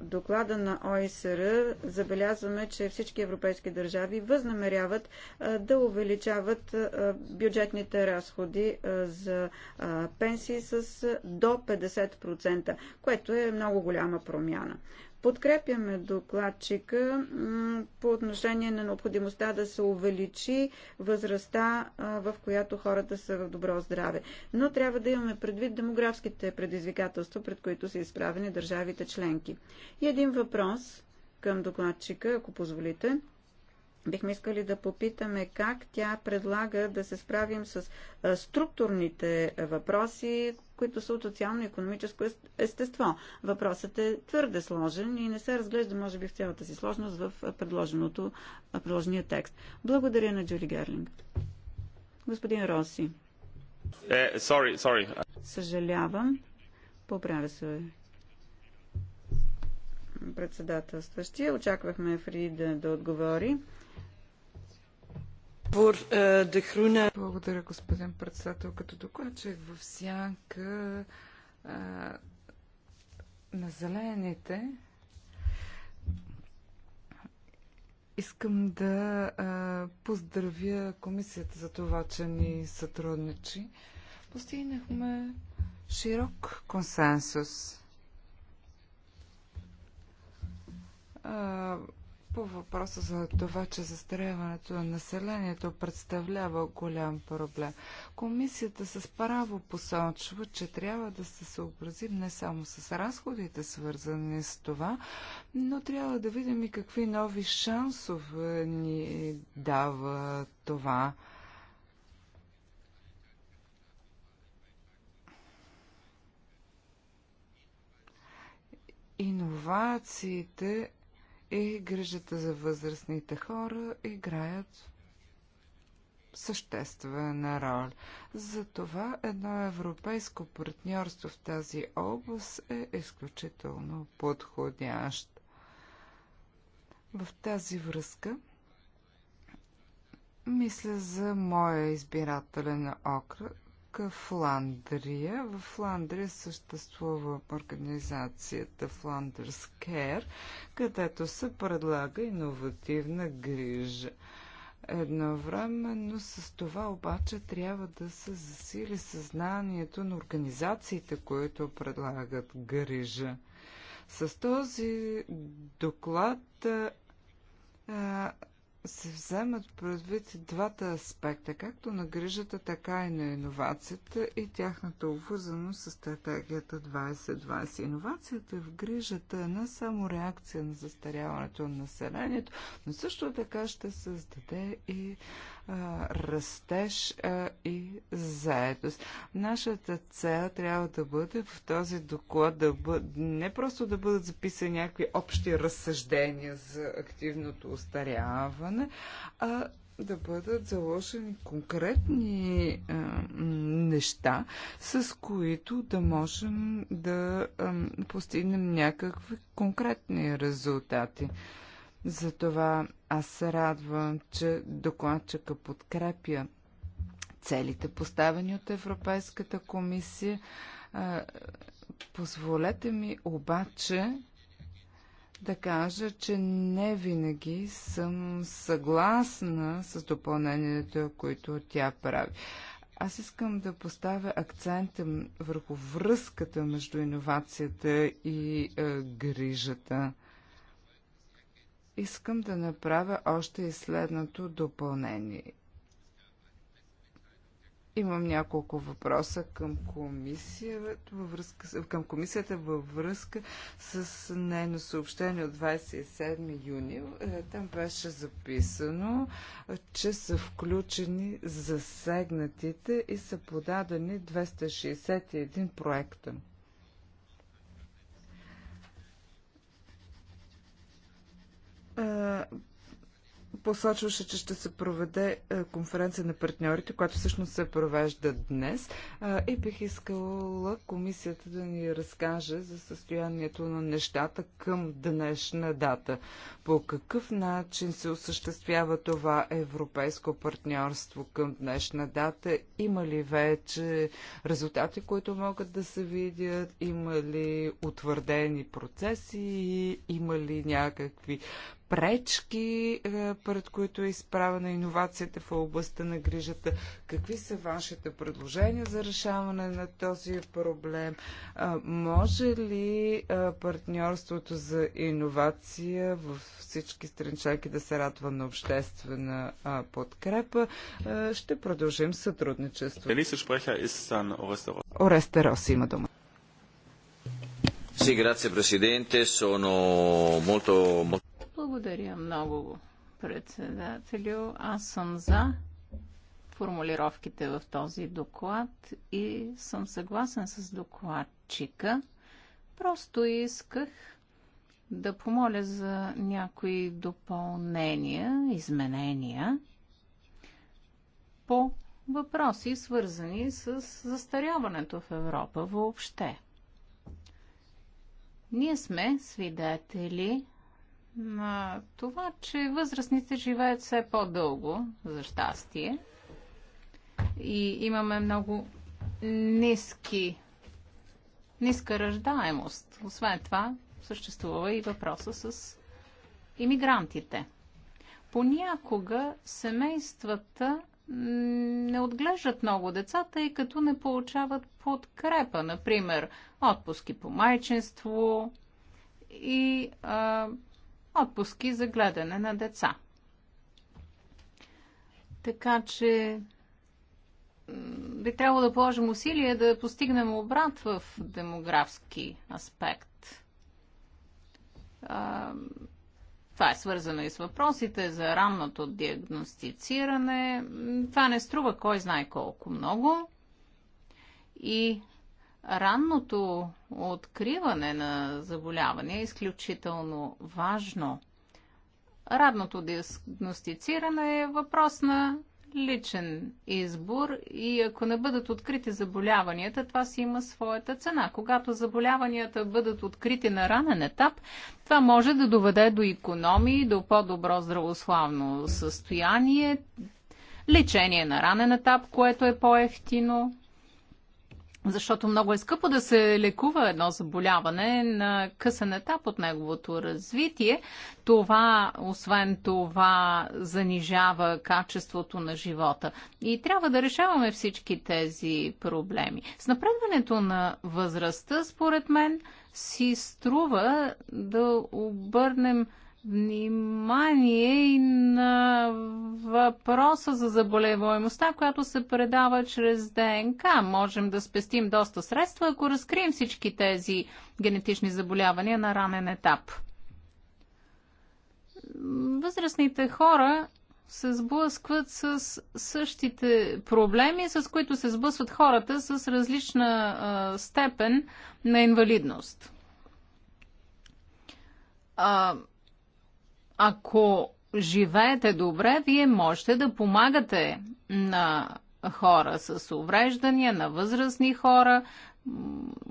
доклада на ОИСР забелязваме, че всички европейски държави възнамеряват да увеличават бюджетните разходи за пенсии с до 50%, което е много голяма промяна. Подкрепяме докладчика по отношение на необходимостта да се увеличи възрастта, в която хората са в добро здраве. Но трябва да имаме предвид демографските предизвикателства, пред които са изправени държавите членки. И един въпрос към докладчика, ако позволите. Бихме искали да попитаме как тя предлага да се справим с структурните въпроси, които са от социално-економическо естество. Въпросът е твърде сложен и не се разглежда, може би, в цялата си сложност в предложения текст. Благодаря на Джули Герлинг. Господин Роси. Е, sorry, sorry. Съжалявам. Поправя се председателстващия. Очаквахме да, да отговори. Eh, Благодаря, господин председател. Като докладчик в сянка а, на зелените, искам да а, поздравя комисията за това, че ни сътрудничи. Постигнахме широк консенсус. А, по въпроса за това, че застаряването на населението представлява голям проблем. Комисията с право посочва, че трябва да се съобразим не само с разходите, свързани с това, но трябва да видим и какви нови шансове ни дава това. Иновациите и грижата за възрастните хора играят съществена роля. Затова едно европейско партньорство в тази област е изключително подходящо. В тази връзка мисля за моя избирателен окръг точка Фландрия. В Фландрия съществува организацията Flanders Care, където се предлага иновативна грижа. Едновременно с това обаче трябва да се засили съзнанието на организациите, които предлагат грижа. С този доклад се вземат предвид двата аспекта, както на грижата, така и на иновацията и тяхната обвързаност с стратегията 2020. Иновацията в грижата е не само реакция на застаряването на населението, но също така ще създаде и растеж и заедост. Нашата цел трябва да бъде в този доклад да бъде, не просто да бъдат записани някакви общи разсъждения за активното устаряване, а да бъдат заложени конкретни а, неща, с които да можем да а, постигнем някакви конкретни резултати. Затова аз се радвам, че докладчика подкрепя целите, поставени от Европейската комисия. Позволете ми обаче да кажа, че не винаги съм съгласна с допълнението, които тя прави. Аз искам да поставя акцента върху връзката между иновацията и е, грижата. Искам да направя още и следното допълнение. Имам няколко въпроса към комисията във връзка, към комисията във връзка с нейно съобщение от 27 юни. Е, там беше записано, че са включени засегнатите и са подадени 261 проекта. посочваше, че ще се проведе конференция на партньорите, която всъщност се провежда днес. И бих искала комисията да ни разкаже за състоянието на нещата към днешна дата. По какъв начин се осъществява това европейско партньорство към днешна дата? Има ли вече резултати, които могат да се видят? Има ли утвърдени процеси? Има ли някакви пречки, е, пред които е изправена иновацията в областта на грижата? Какви са вашите предложения за решаване на този проблем? Е, може ли е, партньорството за иновация в всички странчаки да се радва на обществена подкрепа? Ще продължим сътрудничество. Ореста Рос има дума. Sì, grazie Presidente, sono molto, molto... Благодаря много, председателю. Аз съм за формулировките в този доклад и съм съгласен с докладчика. Просто исках да помоля за някои допълнения, изменения по въпроси, свързани с застаряването в Европа въобще. Ние сме свидетели на това, че възрастните живеят все по-дълго, за щастие. И имаме много ниски, ниска ръждаемост. Освен това, съществува и въпроса с иммигрантите. Понякога семействата не отглеждат много децата и като не получават подкрепа, например, отпуски по майчинство и а, отпуски за гледане на деца. Така че би трябвало да положим усилия да постигнем обрат в демографски аспект. Това е свързано и с въпросите за ранното диагностициране. Това не струва кой знае колко много. И Ранното откриване на заболяване е изключително важно. Радното диагностициране е въпрос на личен избор и ако не бъдат открити заболяванията, това си има своята цена. Когато заболяванията бъдат открити на ранен етап, това може да доведе до економии, до по-добро здравославно състояние, лечение на ранен етап, което е по-ефтино защото много е скъпо да се лекува едно заболяване на късен етап от неговото развитие. Това, освен това, занижава качеството на живота. И трябва да решаваме всички тези проблеми. С напредването на възрастта, според мен, си струва да обърнем внимание и на въпроса за заболеваемостта, която се предава чрез ДНК. Можем да спестим доста средства, ако разкрием всички тези генетични заболявания на ранен етап. Възрастните хора се сблъскват с същите проблеми, с които се сблъскват хората с различна а, степен на инвалидност. А, ако живеете добре, вие можете да помагате на хора с увреждания, на възрастни хора.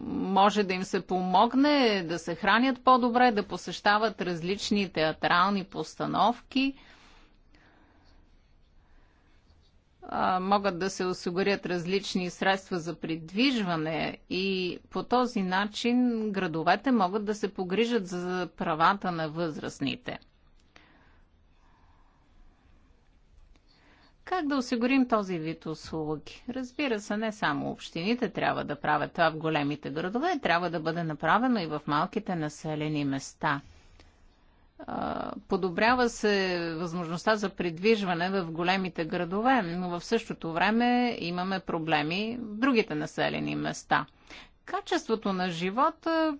Може да им се помогне да се хранят по-добре, да посещават различни театрални постановки. Могат да се осигурят различни средства за придвижване и по този начин градовете могат да се погрижат за правата на възрастните. Как да осигурим този вид услуги? Разбира се, не само общините трябва да правят това в големите градове, трябва да бъде направено и в малките населени места. Подобрява се възможността за придвижване в големите градове, но в същото време имаме проблеми в другите населени места. Качеството на живота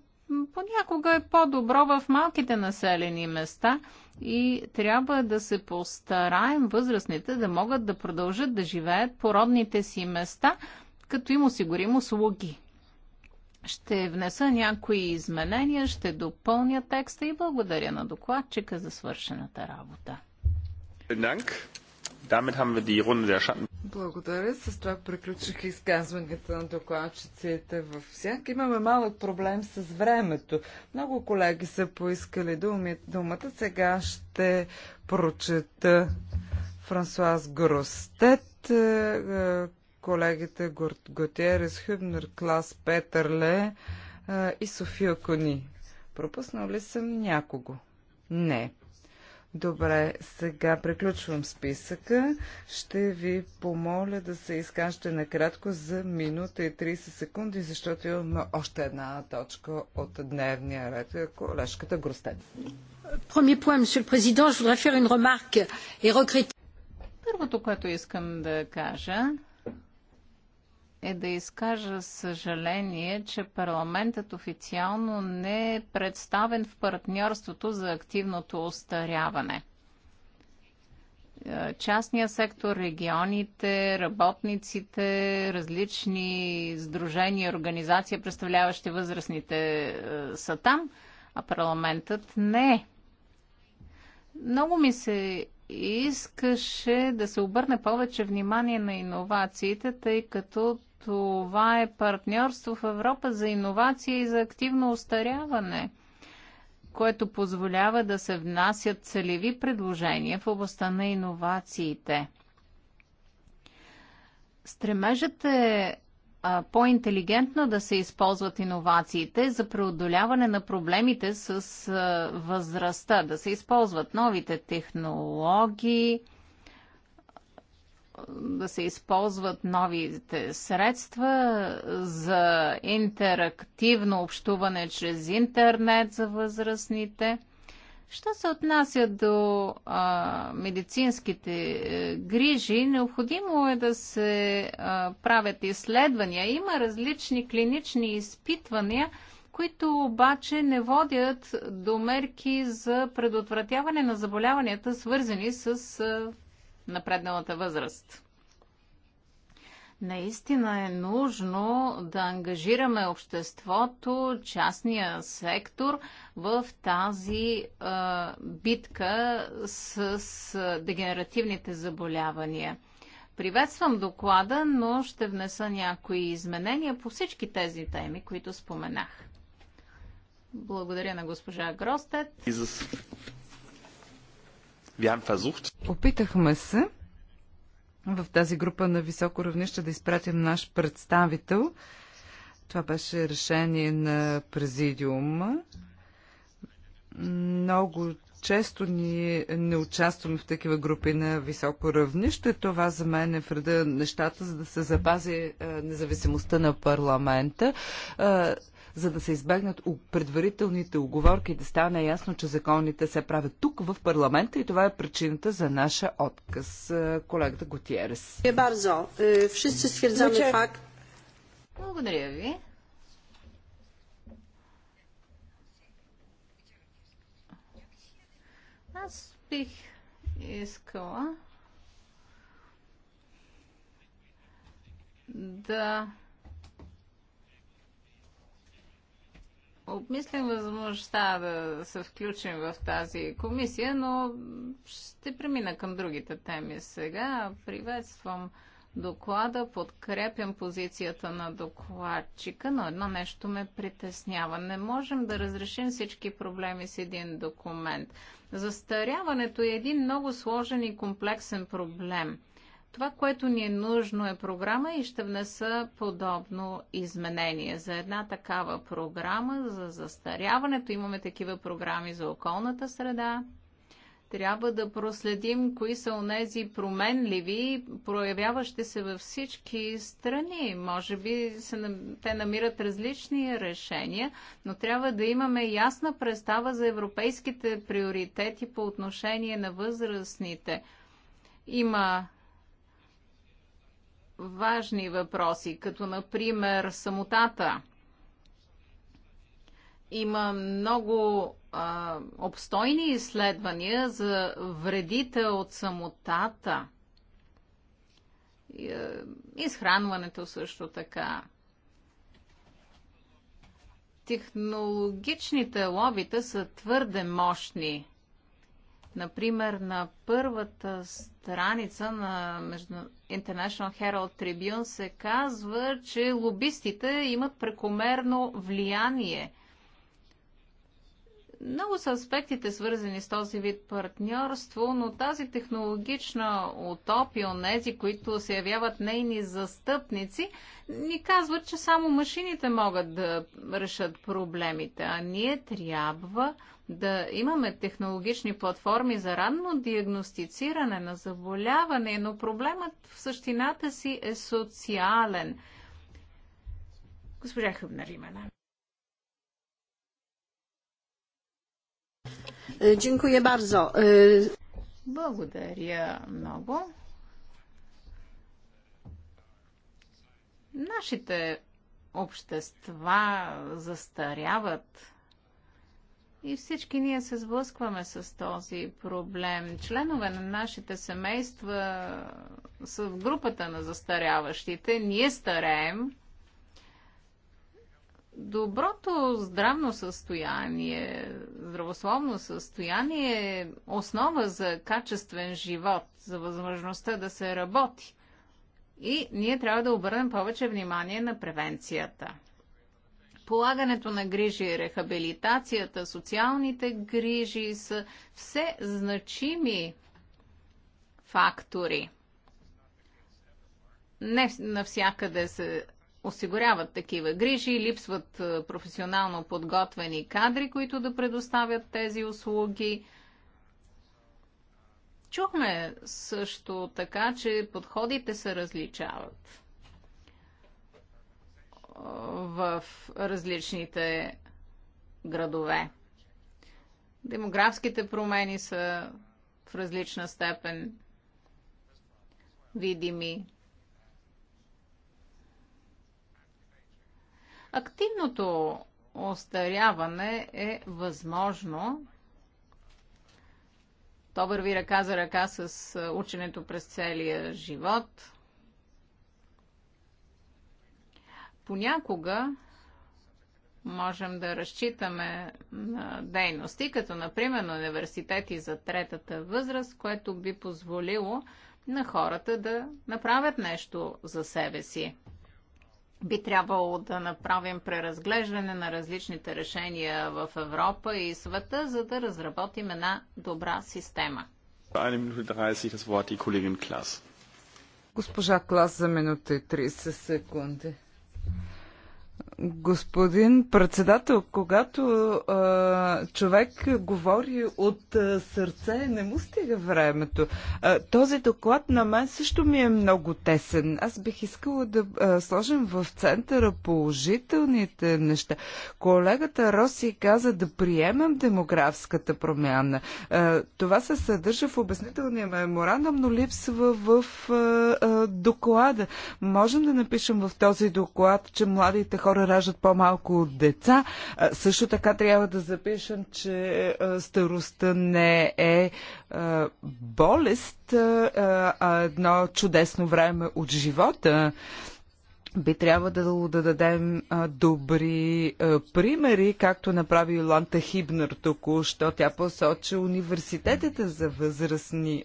понякога е по-добро в малките населени места и трябва да се постараем възрастните да могат да продължат да живеят по родните си места, като им осигурим услуги. Ще внеса някои изменения, ще допълня текста и благодаря на докладчика за свършената работа. Благодаря. С това приключих изказванията на докладчиците във всяк. Имаме малък проблем с времето. Много колеги са поискали думата. Сега ще прочета Франсуаз Гростет, е, е, колегите Готерес, Хюбнер, Клас, Петърле е, и София Кони. Пропуснал ли съм някого? Не. Добре, сега приключвам списъка. Ще ви помоля да се изкажете накратко за минута и 30 секунди, защото имаме още една точка от дневния ред. Колежката Грустен. Първото, което искам да кажа, е да изкажа съжаление, че парламентът официално не е представен в партньорството за активното остаряване. Е, Частния сектор, регионите, работниците, различни сдружения, организации, представляващи възрастните, е, са там, а парламентът не е. Много ми се искаше да се обърне повече внимание на иновациите, тъй като това е партньорство в Европа за иновация и за активно устаряване, което позволява да се внасят целеви предложения в областта на иновациите. Стремежът е по-интелигентно да се използват иновациите за преодоляване на проблемите с а, възрастта, да се използват новите технологии – да се използват новите средства за интерактивно общуване чрез интернет за възрастните. Що се отнася до а, медицинските е, грижи, необходимо е да се а, правят изследвания. Има различни клинични изпитвания, които обаче не водят до мерки за предотвратяване на заболяванията, свързани с а, напредналата възраст. Наистина е нужно да ангажираме обществото, частния сектор в тази а, битка с, с дегенеративните заболявания. Приветствам доклада, но ще внеса някои изменения по всички тези теми, които споменах. Благодаря на госпожа Гростет. Опитахме се в тази група на високо равнище да изпратим наш представител. Това беше решение на президиума. Много често ние не участваме в такива групи на високо равнище. Това за мен е вреда нещата, за да се запази е, независимостта на парламента. Е, за да се избегнат предварителните оговорки и да стане ясно, че законите се правят тук в парламента и това е причината за наша отказ. Е, колегата Готиерес. Е, е, значи- Благодаря ви. Аз бих искала да обмислим възможността да се включим в тази комисия, но ще премина към другите теми сега. Приветствам доклада, подкрепям позицията на докладчика, но едно нещо ме притеснява. Не можем да разрешим всички проблеми с един документ. Застаряването е един много сложен и комплексен проблем. Това, което ни е нужно е програма и ще внеса подобно изменение. За една такава програма за застаряването имаме такива програми за околната среда. Трябва да проследим кои са онези променливи, проявяващи се във всички страни. Може би се, те намират различни решения, но трябва да имаме ясна представа за европейските приоритети по отношение на възрастните. Има важни въпроси, като например самотата. Има много а, обстойни изследвания за вредите от самотата. Изхранването също така. Технологичните лобита са твърде мощни Например, на първата страница на International Herald Tribune се казва, че лобистите имат прекомерно влияние много са аспектите свързани с този вид партньорство, но тази технологична утопия, онези, които се явяват нейни застъпници, ни казват, че само машините могат да решат проблемите, а ние трябва да имаме технологични платформи за ранно диагностициране на заболяване, но проблемът в същината си е социален. Госпожа Хъбнар Имена. E, dziękuję bardzo. E, Благодаря много. Нашите общества застаряват и всички ние се сблъскваме с този проблем. Членове на нашите семейства са в групата на застаряващите. Ние стареем Доброто здравно състояние, здравословно състояние е основа за качествен живот, за възможността да се работи. И ние трябва да обърнем повече внимание на превенцията. Полагането на грижи, рехабилитацията, социалните грижи са все значими фактори. Не навсякъде се осигуряват такива грижи, липсват е, професионално подготвени кадри, които да предоставят тези услуги. Чухме също така, че подходите се различават е, в различните градове. Демографските промени са в различна степен видими. Активното остаряване е възможно. То върви ръка за ръка с ученето през целия живот. Понякога можем да разчитаме на дейности, като например на университети за третата възраст, което би позволило на хората да направят нещо за себе си би трябвало да направим преразглеждане на различните решения в Европа и света, за да разработим една добра система. Госпожа Клас за минута и 30 секунди. Господин председател, когато а, човек говори от а, сърце, не му стига времето. А, този доклад на мен също ми е много тесен. Аз бих искала да а, сложим в центъра положителните неща. Колегата Роси каза да приемем демографската промяна. А, това се съдържа в обяснителния меморандум, но липсва в а, а, доклада. Можем да напишем в този доклад, че младите хора раждат по-малко деца. Също така трябва да запишем, че старостта не е болест, а едно чудесно време от живота би трябва да, дадем добри примери, както направи Ланта Хибнер току-що. Тя посочи университетите за възрастни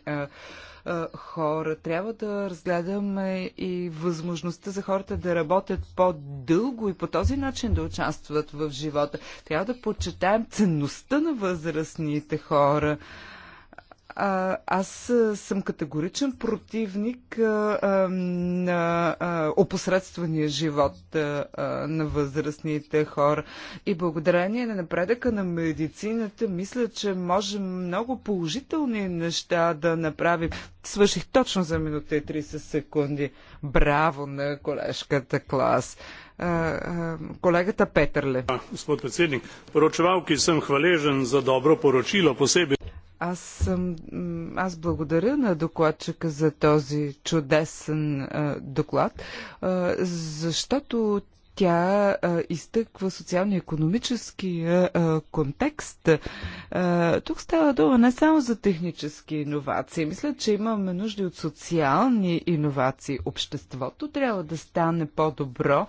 хора. Трябва да разгледаме и възможността за хората да работят по-дълго и по този начин да участват в живота. Трябва да подчетаем ценността на възрастните хора. А, аз съм категоричен противник а, а, на а, опосредствения живот а, на възрастните хора. И благодарение на напредъка на медицината, мисля, че можем много положителни неща да направим. Свърших точно за минута и 30 секунди. Браво на колежката клас колегата Peterle. председник, predsednik, съм хвалежен за добро dobro по себе. Аз, съм, аз благодаря на докладчика за този чудесен а, доклад, а, защото тя а, изтъква социално-економически контекст. А, тук става дума не само за технически иновации. Мисля, че имаме нужди от социални иновации. Обществото трябва да стане по-добро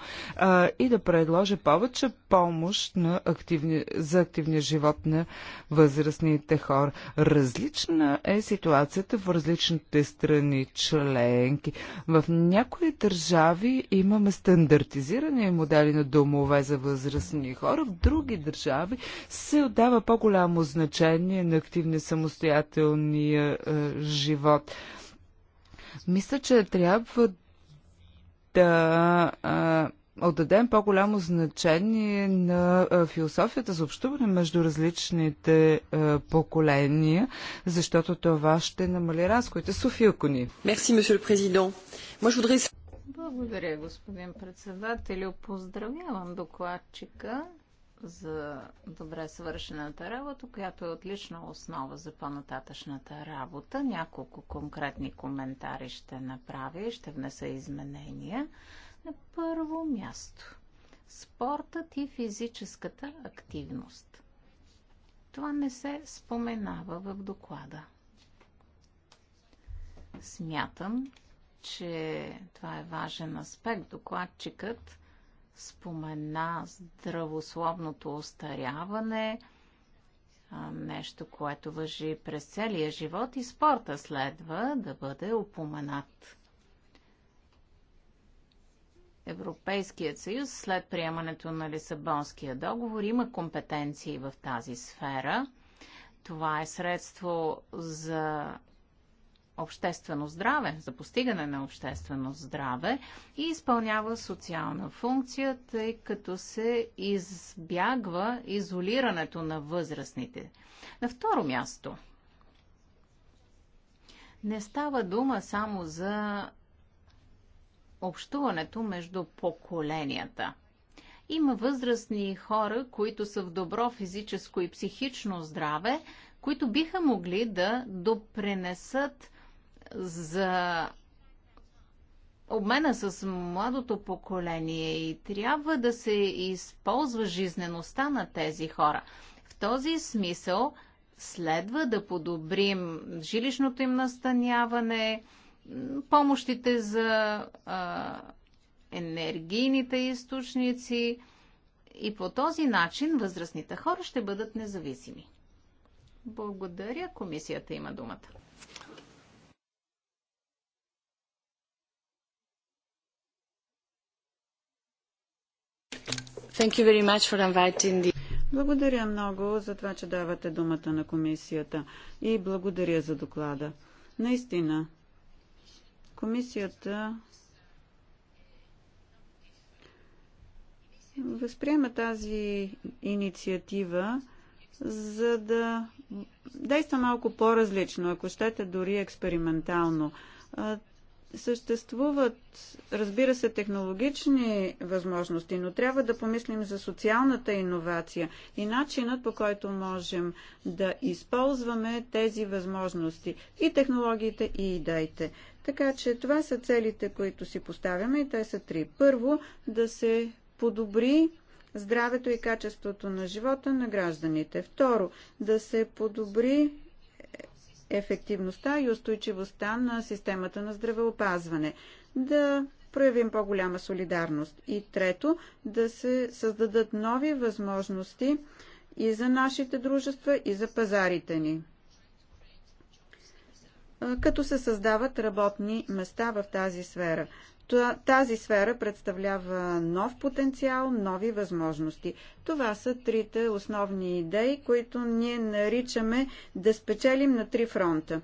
и да предложи повече помощ на активни, за активния живот на възрастните хора. Различна е ситуацията в различните страни членки. В някои държави имаме стандартизирани модели на домове за възрастни хора, в други държави се отдава по-голямо значение на активния самостоятелния е, живот. Мисля, че трябва да Е, отдадем по-голямо значение на философията за общуване между различните поколения, защото това ще намали разходите. София Кони. Мерси, месье президент. Благодаря, господин председател. Поздравявам докладчика за добре свършената работа, която е отлична основа за по-нататъчната работа. Няколко конкретни коментари ще направя и ще внеса изменения. На първо място спортът и физическата активност. Това не се споменава в доклада. Смятам, че това е важен аспект. Докладчикът спомена здравословното остаряване, нещо, което въжи през целия живот и спорта следва да бъде упоменат. Европейският съюз след приемането на Лисабонския договор има компетенции в тази сфера. Това е средство за обществено здраве, за постигане на обществено здраве и изпълнява социална функция, тъй като се избягва изолирането на възрастните. На второ място, не става дума само за общуването между поколенията. Има възрастни хора, които са в добро физическо и психично здраве, които биха могли да допренесат за обмена с младото поколение и трябва да се използва жизнеността на тези хора. В този смисъл следва да подобрим жилищното им настаняване, помощите за а, енергийните източници и по този начин възрастните хора ще бъдат независими. Благодаря. Комисията има думата. Thank you very much for inviting the... Благодаря много за това, че давате думата на комисията и благодаря за доклада. Наистина, Комисията възприема тази инициатива, за да действа малко по-различно, ако щете дори експериментално. Съществуват, разбира се, технологични възможности, но трябва да помислим за социалната иновация и начинът по който можем да използваме тези възможности и технологиите и идеите. Така че това са целите, които си поставяме и те са три. Първо, да се подобри здравето и качеството на живота на гражданите. Второ, да се подобри ефективността и устойчивостта на системата на здравеопазване. Да проявим по-голяма солидарност. И трето, да се създадат нови възможности и за нашите дружества, и за пазарите ни като се създават работни места в тази сфера. Тази сфера представлява нов потенциал, нови възможности. Това са трите основни идеи, които ние наричаме да спечелим на три фронта.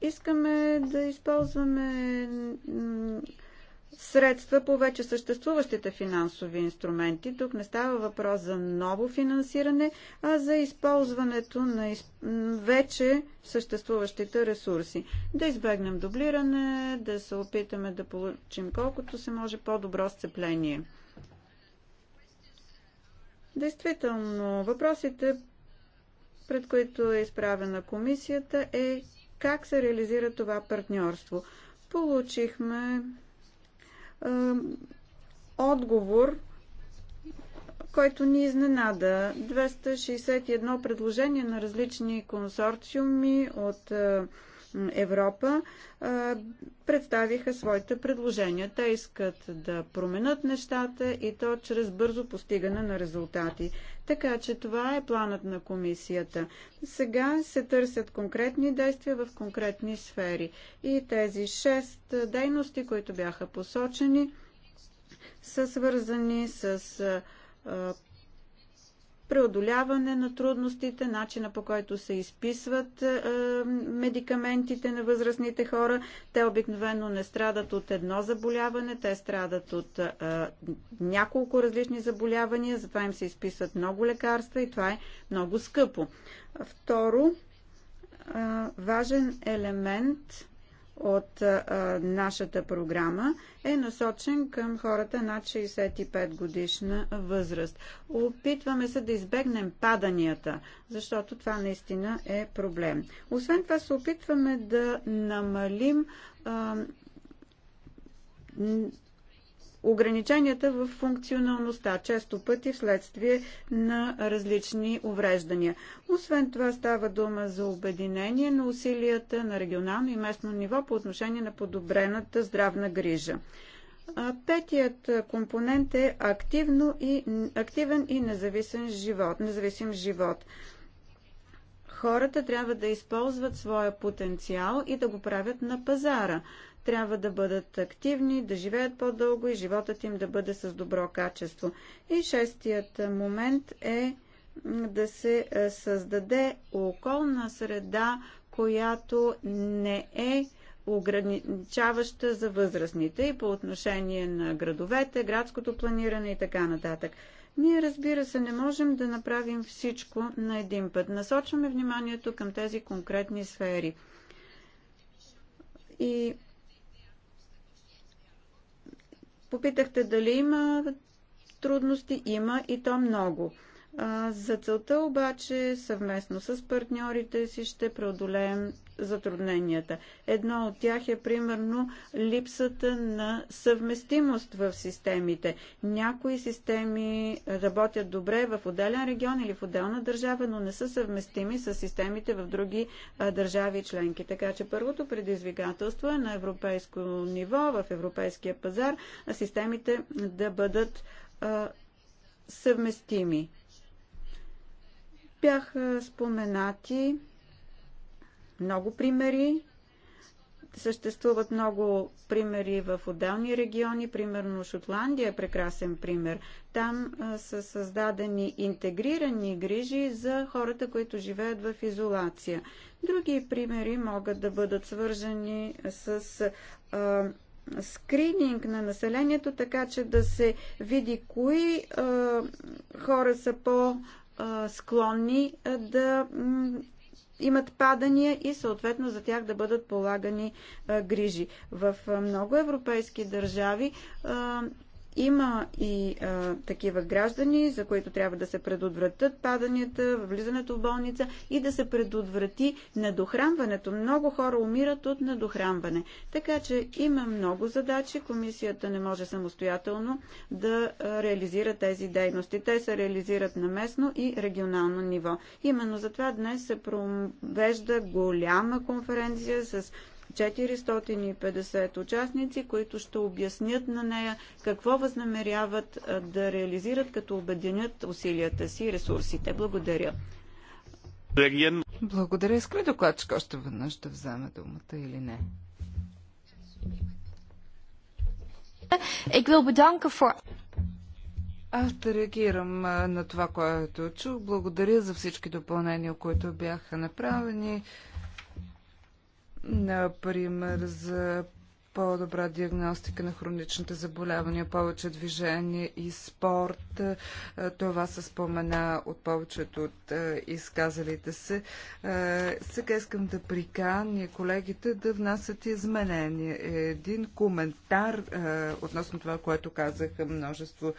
Искаме да използваме средства по вече съществуващите финансови инструменти. Тук не става въпрос за ново финансиране, а за използването на из... вече съществуващите ресурси. Да избегнем дублиране, да се опитаме да получим колкото се може по-добро сцепление. Действително, въпросите, пред които е изправена комисията, е как се реализира това партньорство. Получихме отговор, който ни изненада. 261 предложения на различни консорциуми от Европа представиха своите предложения. Те искат да променят нещата и то чрез бързо постигане на резултати. Така че това е планът на комисията. Сега се търсят конкретни действия в конкретни сфери. И тези шест дейности, които бяха посочени, са свързани с преодоляване на трудностите, начина по който се изписват е, медикаментите на възрастните хора. Те обикновено не страдат от едно заболяване, те страдат от е, няколко различни заболявания, затова им се изписват много лекарства и това е много скъпо. Второ, е, важен елемент от а, нашата програма е насочен към хората над 65 годишна възраст. Опитваме се да избегнем паданията, защото това наистина е проблем. Освен това се опитваме да намалим а, ограниченията в функционалността, често пъти вследствие на различни увреждания. Освен това става дума за обединение на усилията на регионално и местно ниво по отношение на подобрената здравна грижа. Петият компонент е активно и, активен и независим живот. Независим живот. Хората трябва да използват своя потенциал и да го правят на пазара трябва да бъдат активни, да живеят по-дълго и животът им да бъде с добро качество. И шестият момент е да се е, създаде околна среда, която не е ограничаваща за възрастните и по отношение на градовете, градското планиране и така нататък. Ние, разбира се, не можем да направим всичко на един път. Насочваме вниманието към тези конкретни сфери. И Попитахте дали има трудности. Има и то много. За целта обаче съвместно с партньорите си ще преодолеем затрудненията. Едно от тях е примерно липсата на съвместимост в системите. Някои системи работят добре в отделен регион или в отделна държава, но не са съвместими с системите в други държави членки. Така че първото предизвикателство е на европейско ниво, в европейския пазар, системите да бъдат съвместими. Бяха споменати много примери. Съществуват много примери в отделни региони. Примерно Шотландия е прекрасен пример. Там са създадени интегрирани грижи за хората, които живеят в изолация. Други примери могат да бъдат свържени с а, скрининг на населението, така че да се види кои а, хора са по- склонни да имат падания и съответно за тях да бъдат полагани грижи. В много европейски държави има и а, такива граждани, за които трябва да се предотвратят паданията, влизането в болница и да се предотврати недохранването. Много хора умират от недохранване. Така че има много задачи. Комисията не може самостоятелно да реализира тези дейности. Те се реализират на местно и регионално ниво. Именно затова днес се провежда голяма конференция с 450 участници, които ще обяснят на нея какво възнамеряват да реализират, като обединят усилията си и ресурсите. Благодаря. Благодаря. искаме ли докладчик още веднъж да вземе думата или не? Ik wil bedanken voor... Аз да реагирам на това, което чух. Благодаря за всички допълнения, които бяха направени например, за по-добра диагностика на хроничните заболявания, повече движение и спорт. Е, това се спомена от повечето от е, изказалите се. Е, сега искам да приканя колегите да внасят изменения. Един коментар относно това, което казаха множество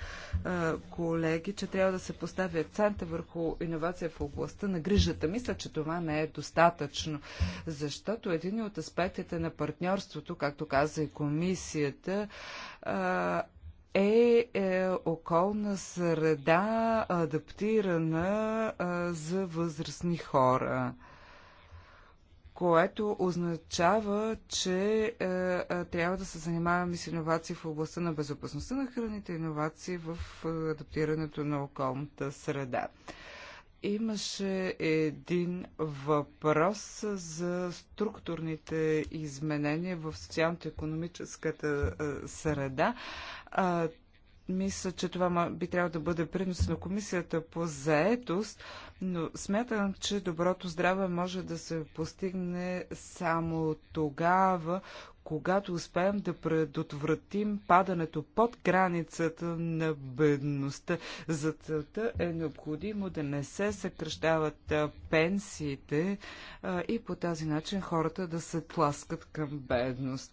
колеги, че трябва да се постави акцента върху иновация в областта на грижата. Мисля, че това не е достатъчно, защото един от аспектите на партньорството, както казах, каза и комисията, е, е, околна среда, адаптирана за възрастни хора което означава, че е, е, трябва да се занимаваме с иновации в областта на безопасността на храните, иновации в е, адаптирането на околната среда. Имаше един въпрос за структурните изменения в социално-економическата среда. А, мисля, че това би трябвало да бъде принос на комисията по заетост, но смятам, че доброто здраве може да се постигне само тогава, когато успеем да предотвратим падането под границата на бедността. За целта е необходимо да не се съкръщават пенсиите и по тази начин хората да се тласкат към бедност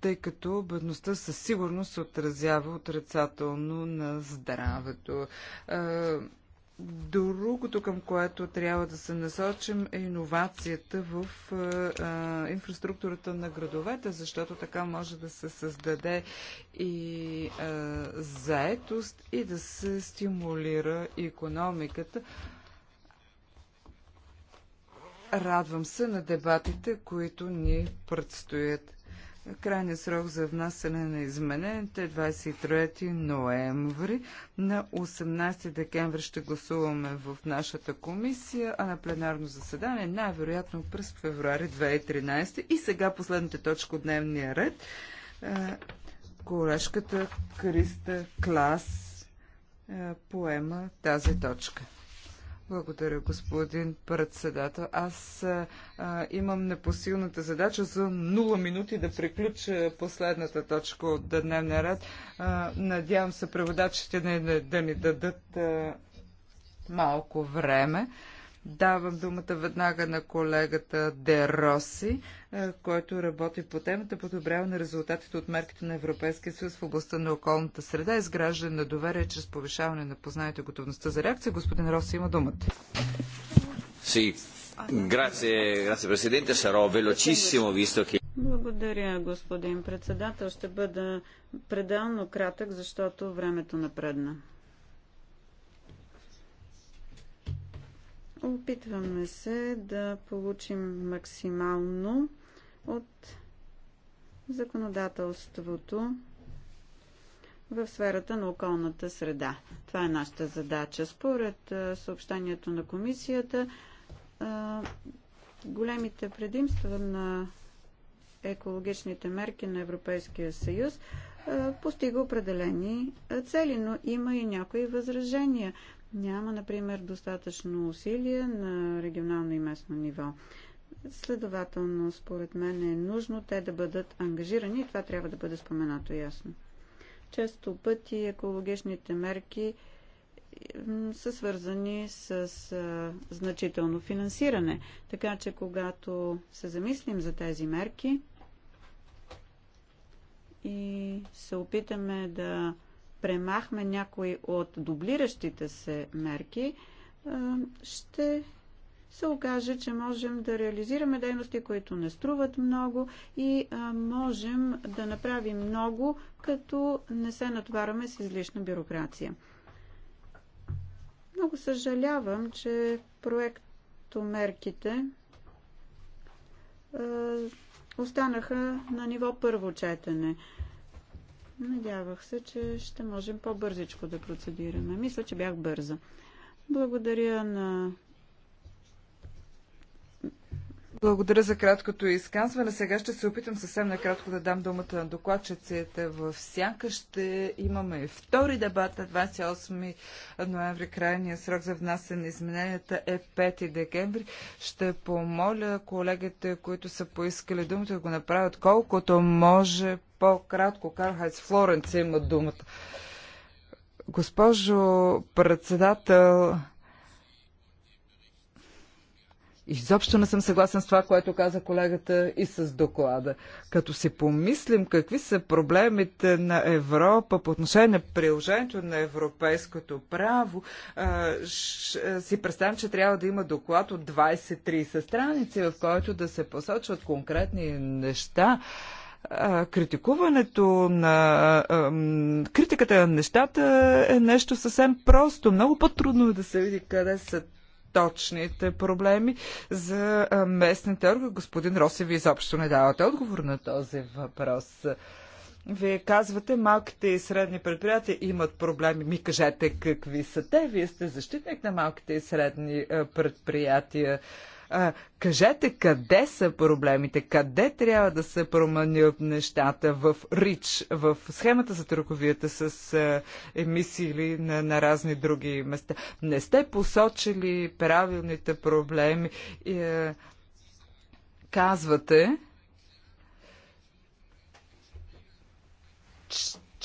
тъй като бедността със сигурност се отразява отрицателно на здравето. Другото, към което трябва да се насочим е иновацията в а, инфраструктурата на градовете, защото така може да се създаде и а, заетост и да се стимулира економиката. Радвам се на дебатите, които ни предстоят. Крайният срок за внасяне на измененията е 23 ноември. На 18 декември ще гласуваме в нашата комисия, а на пленарно заседание най-вероятно през февруари 2013. И сега последната точка от дневния ред. Е, Колешката Криста Клас е, поема тази точка. Благодаря, господин председател. Аз а, имам непосилната задача за 0 минути да приключа последната точка от дневния ред. А, надявам се преводачите да, да ни дадат а, малко време. Давам думата веднага на колегата Де Роси, е, който работи по темата подобряване на резултатите от мерките на Европейския съюз в областта на околната среда, изграждане на доверие чрез повишаване на познанието и готовността за реакция. Господин Роси има думата. Си. Грация, грация, Presidente, Саро, велочисимо, visto Благодаря, господин председател. Ще бъда пределно кратък, защото времето напредна. Опитваме се да получим максимално от законодателството в сферата на околната среда. Това е нашата задача. Според съобщението на комисията, големите предимства на екологичните мерки на Европейския съюз постига определени цели, но има и някои възражения няма, например, достатъчно усилие на регионално и местно ниво. Следователно, според мен е нужно те да бъдат ангажирани и това трябва да бъде споменато ясно. Често пъти екологичните мерки са свързани с значително финансиране. Така че, когато се замислим за тези мерки и се опитаме да премахме някои от дублиращите се мерки, ще се окаже, че можем да реализираме дейности, които не струват много и можем да направим много, като не се натвараме с излишна бюрокрация. Много съжалявам, че проектомерките останаха на ниво първо четене. Надявах се, че ще можем по-бързичко да процедираме. Мисля, че бях бърза. Благодаря на благодаря за краткото изказване. Сега ще се опитам съвсем накратко да дам думата на докладчиците в сянка. Ще имаме втори дебат на 28 ноември. Крайният срок за внасяне на измененията е 5 декември. Ще помоля колегите, които са поискали думата, да го направят колкото може по-кратко. Карл Хайц Флоренц има думата. Госпожо председател, Изобщо не съм съгласен с това, което каза колегата и с доклада. Като си помислим какви са проблемите на Европа по отношение на приложението на европейското право, си представям, че трябва да има доклад от 20-30 страници, в който да се посочват конкретни неща критикуването на критиката на нещата е нещо съвсем просто. Много по-трудно е да се види къде са точните проблеми за местните органи. Господин Роси, ви изобщо не давате отговор на този въпрос. Вие казвате, малките и средни предприятия имат проблеми. Ми кажете какви са те. Вие сте защитник на малките и средни предприятия. А, кажете къде са проблемите, къде трябва да се променят нещата в РИЧ, в схемата за търговията с а, емисии или на, на разни други места. Не сте посочили правилните проблеми. И, а, казвате,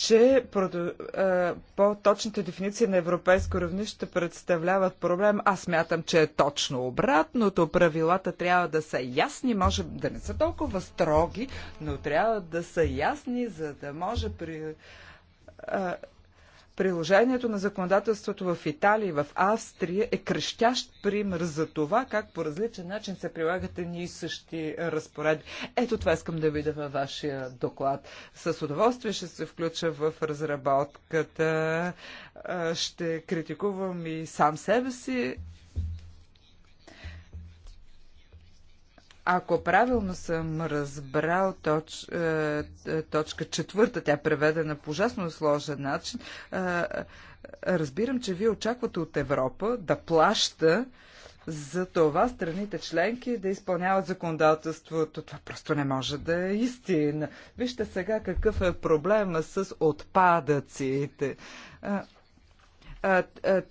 че по-точните дефиниции на европейско равнище представляват проблем. Аз мятам, че е точно обратното. Правилата трябва да са ясни, може да не са толкова строги, но трябва да са ясни, за да може при Приложението на законодателството в Италия и в Австрия е крещящ пример за това, как по различен начин се прилагат едни и същи разпоредби. Ето това искам да видя във вашия доклад. С удоволствие ще се включа в разработката. Ще критикувам и сам себе си Ако правилно съм разбрал точ, е, е, точка четвърта, тя е преведена по ужасно сложен начин, е, разбирам, че вие очаквате от Европа да плаща за това страните членки да изпълняват законодателството. Това просто не може да е истина. Вижте сега какъв е проблема с отпадъците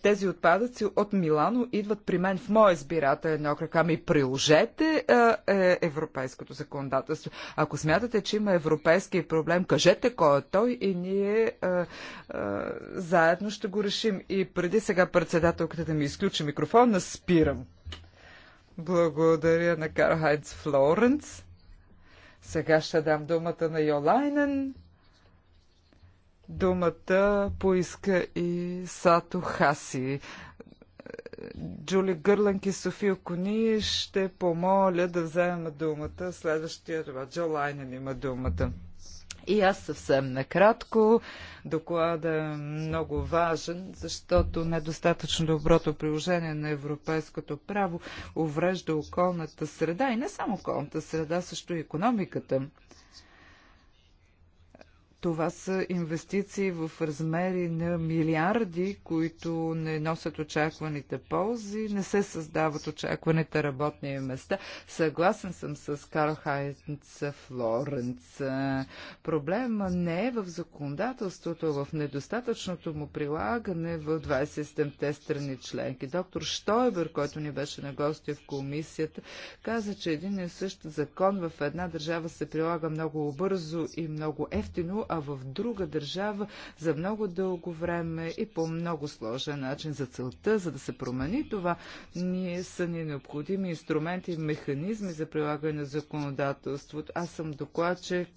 тези отпадъци от Милано идват при мен в моя избирателен окръг. Ами приложете е, европейското законодателство. Ако смятате, че има европейски проблем, кажете кой е той и ние заедно ще го решим. И преди сега председателката да ми изключи микрофона, спирам. Благодаря на Карл Хайнц Флоренц. Сега ще дам думата на Йолайнен. Думата поиска и Сато Хаси. Джули Гърланг и София Кони ще помоля да вземем думата. Следващия Джо Лайнен има думата. И аз съвсем накратко. Докладът е много важен, защото недостатъчно доброто приложение на европейското право уврежда околната среда и не само околната среда, също и економиката. Това са инвестиции в размери на милиарди, които не носят очакваните ползи, не се създават очакваните работни места. Съгласен съм с Карл Хайнц Флоренц. Проблема не е в законодателството, в недостатъчното му прилагане в 27-те страни членки. Доктор Штойбер, който ни беше на гости в комисията, каза, че един и същ закон в една държава се прилага много бързо и много ефтино, а в друга държава за много дълго време и по много сложен начин. За целта, за да се промени това, ние са ни необходими инструменти и механизми за прилагане на законодателството. Аз съм докладчик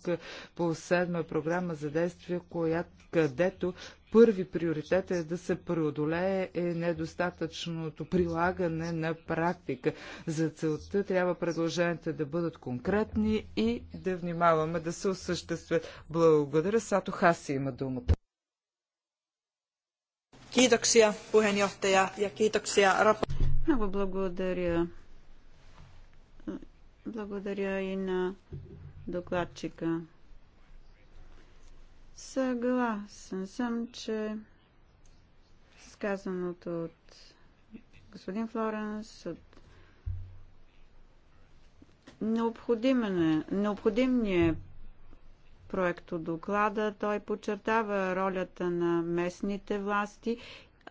по седма програма за действие, която където първи приоритет е да се преодолее е недостатъчното прилагане на практика. За целта трябва предложенията да бъдат конкретни и да внимаваме да се осъществят. Благодаря. Сато Хаси има думата. Kiitoksia puheenjohtaja Много благодаря. Благодаря и на докладчика. Съгласен съм, че сказаното от господин Флоренс, от необходимния е, е проекто доклада. Той подчертава ролята на местните власти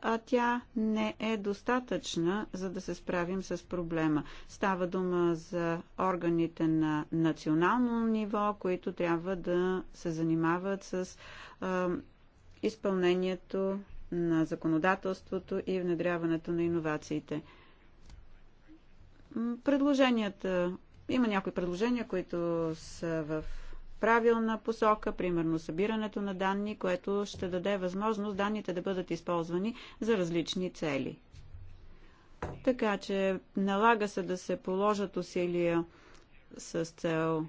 а тя не е достатъчна, за да се справим с проблема. Става дума за органите на национално ниво, които трябва да се занимават с а, изпълнението на законодателството и внедряването на иновациите. Предложенията. Има някои предложения, които са в правилна посока, примерно събирането на данни, което ще даде възможност данните да бъдат използвани за различни цели. Така че налага се да се положат усилия с цел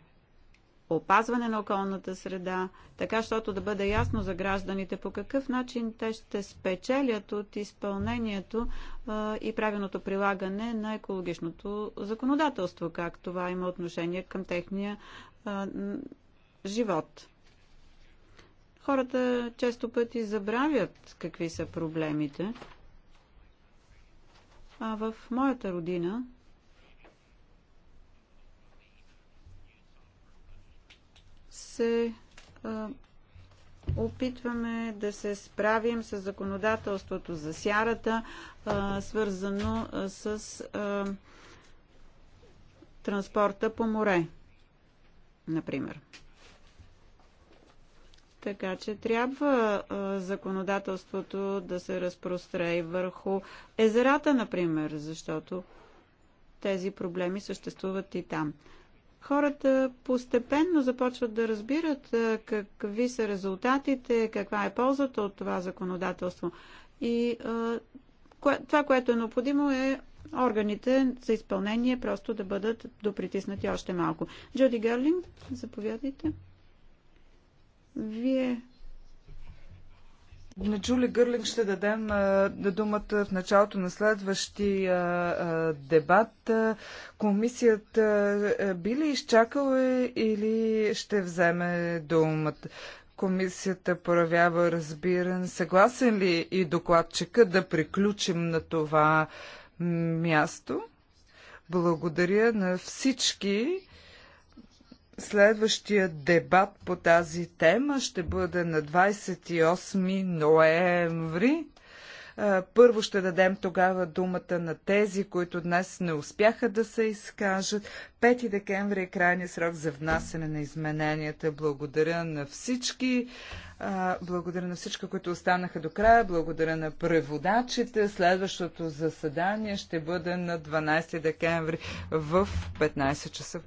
опазване на околната среда, така щото да бъде ясно за гражданите по какъв начин те ще спечелят от изпълнението а, и правилното прилагане на екологичното законодателство, как това има отношение към техния а, живот. Хората често пъти забравят какви са проблемите. А в моята родина се а, опитваме да се справим с законодателството за сярата, а, свързано с а, транспорта по море, например. Така че трябва а, законодателството да се разпростре и върху езерата, например, защото тези проблеми съществуват и там. Хората постепенно започват да разбират а, какви са резултатите, каква е ползата от това законодателство. И а, кое, това, което е необходимо е органите за изпълнение просто да бъдат допритиснати още малко. Джоди Гърлинг, заповядайте. Вие на Джули Гърлинг ще дадем а, думата в началото на следващия дебат. Комисията би ли изчакала е, или ще вземе думата? Комисията проявява разбиран. Съгласен ли и докладчика да приключим на това място? Благодаря на всички Следващия дебат по тази тема ще бъде на 28 ноември. Първо ще дадем тогава думата на тези, които днес не успяха да се изкажат. 5 декември е крайният срок за внасене на измененията. Благодаря на всички. Благодаря на всички, които останаха до края. Благодаря на преводачите. Следващото заседание ще бъде на 12 декември в 15 часа.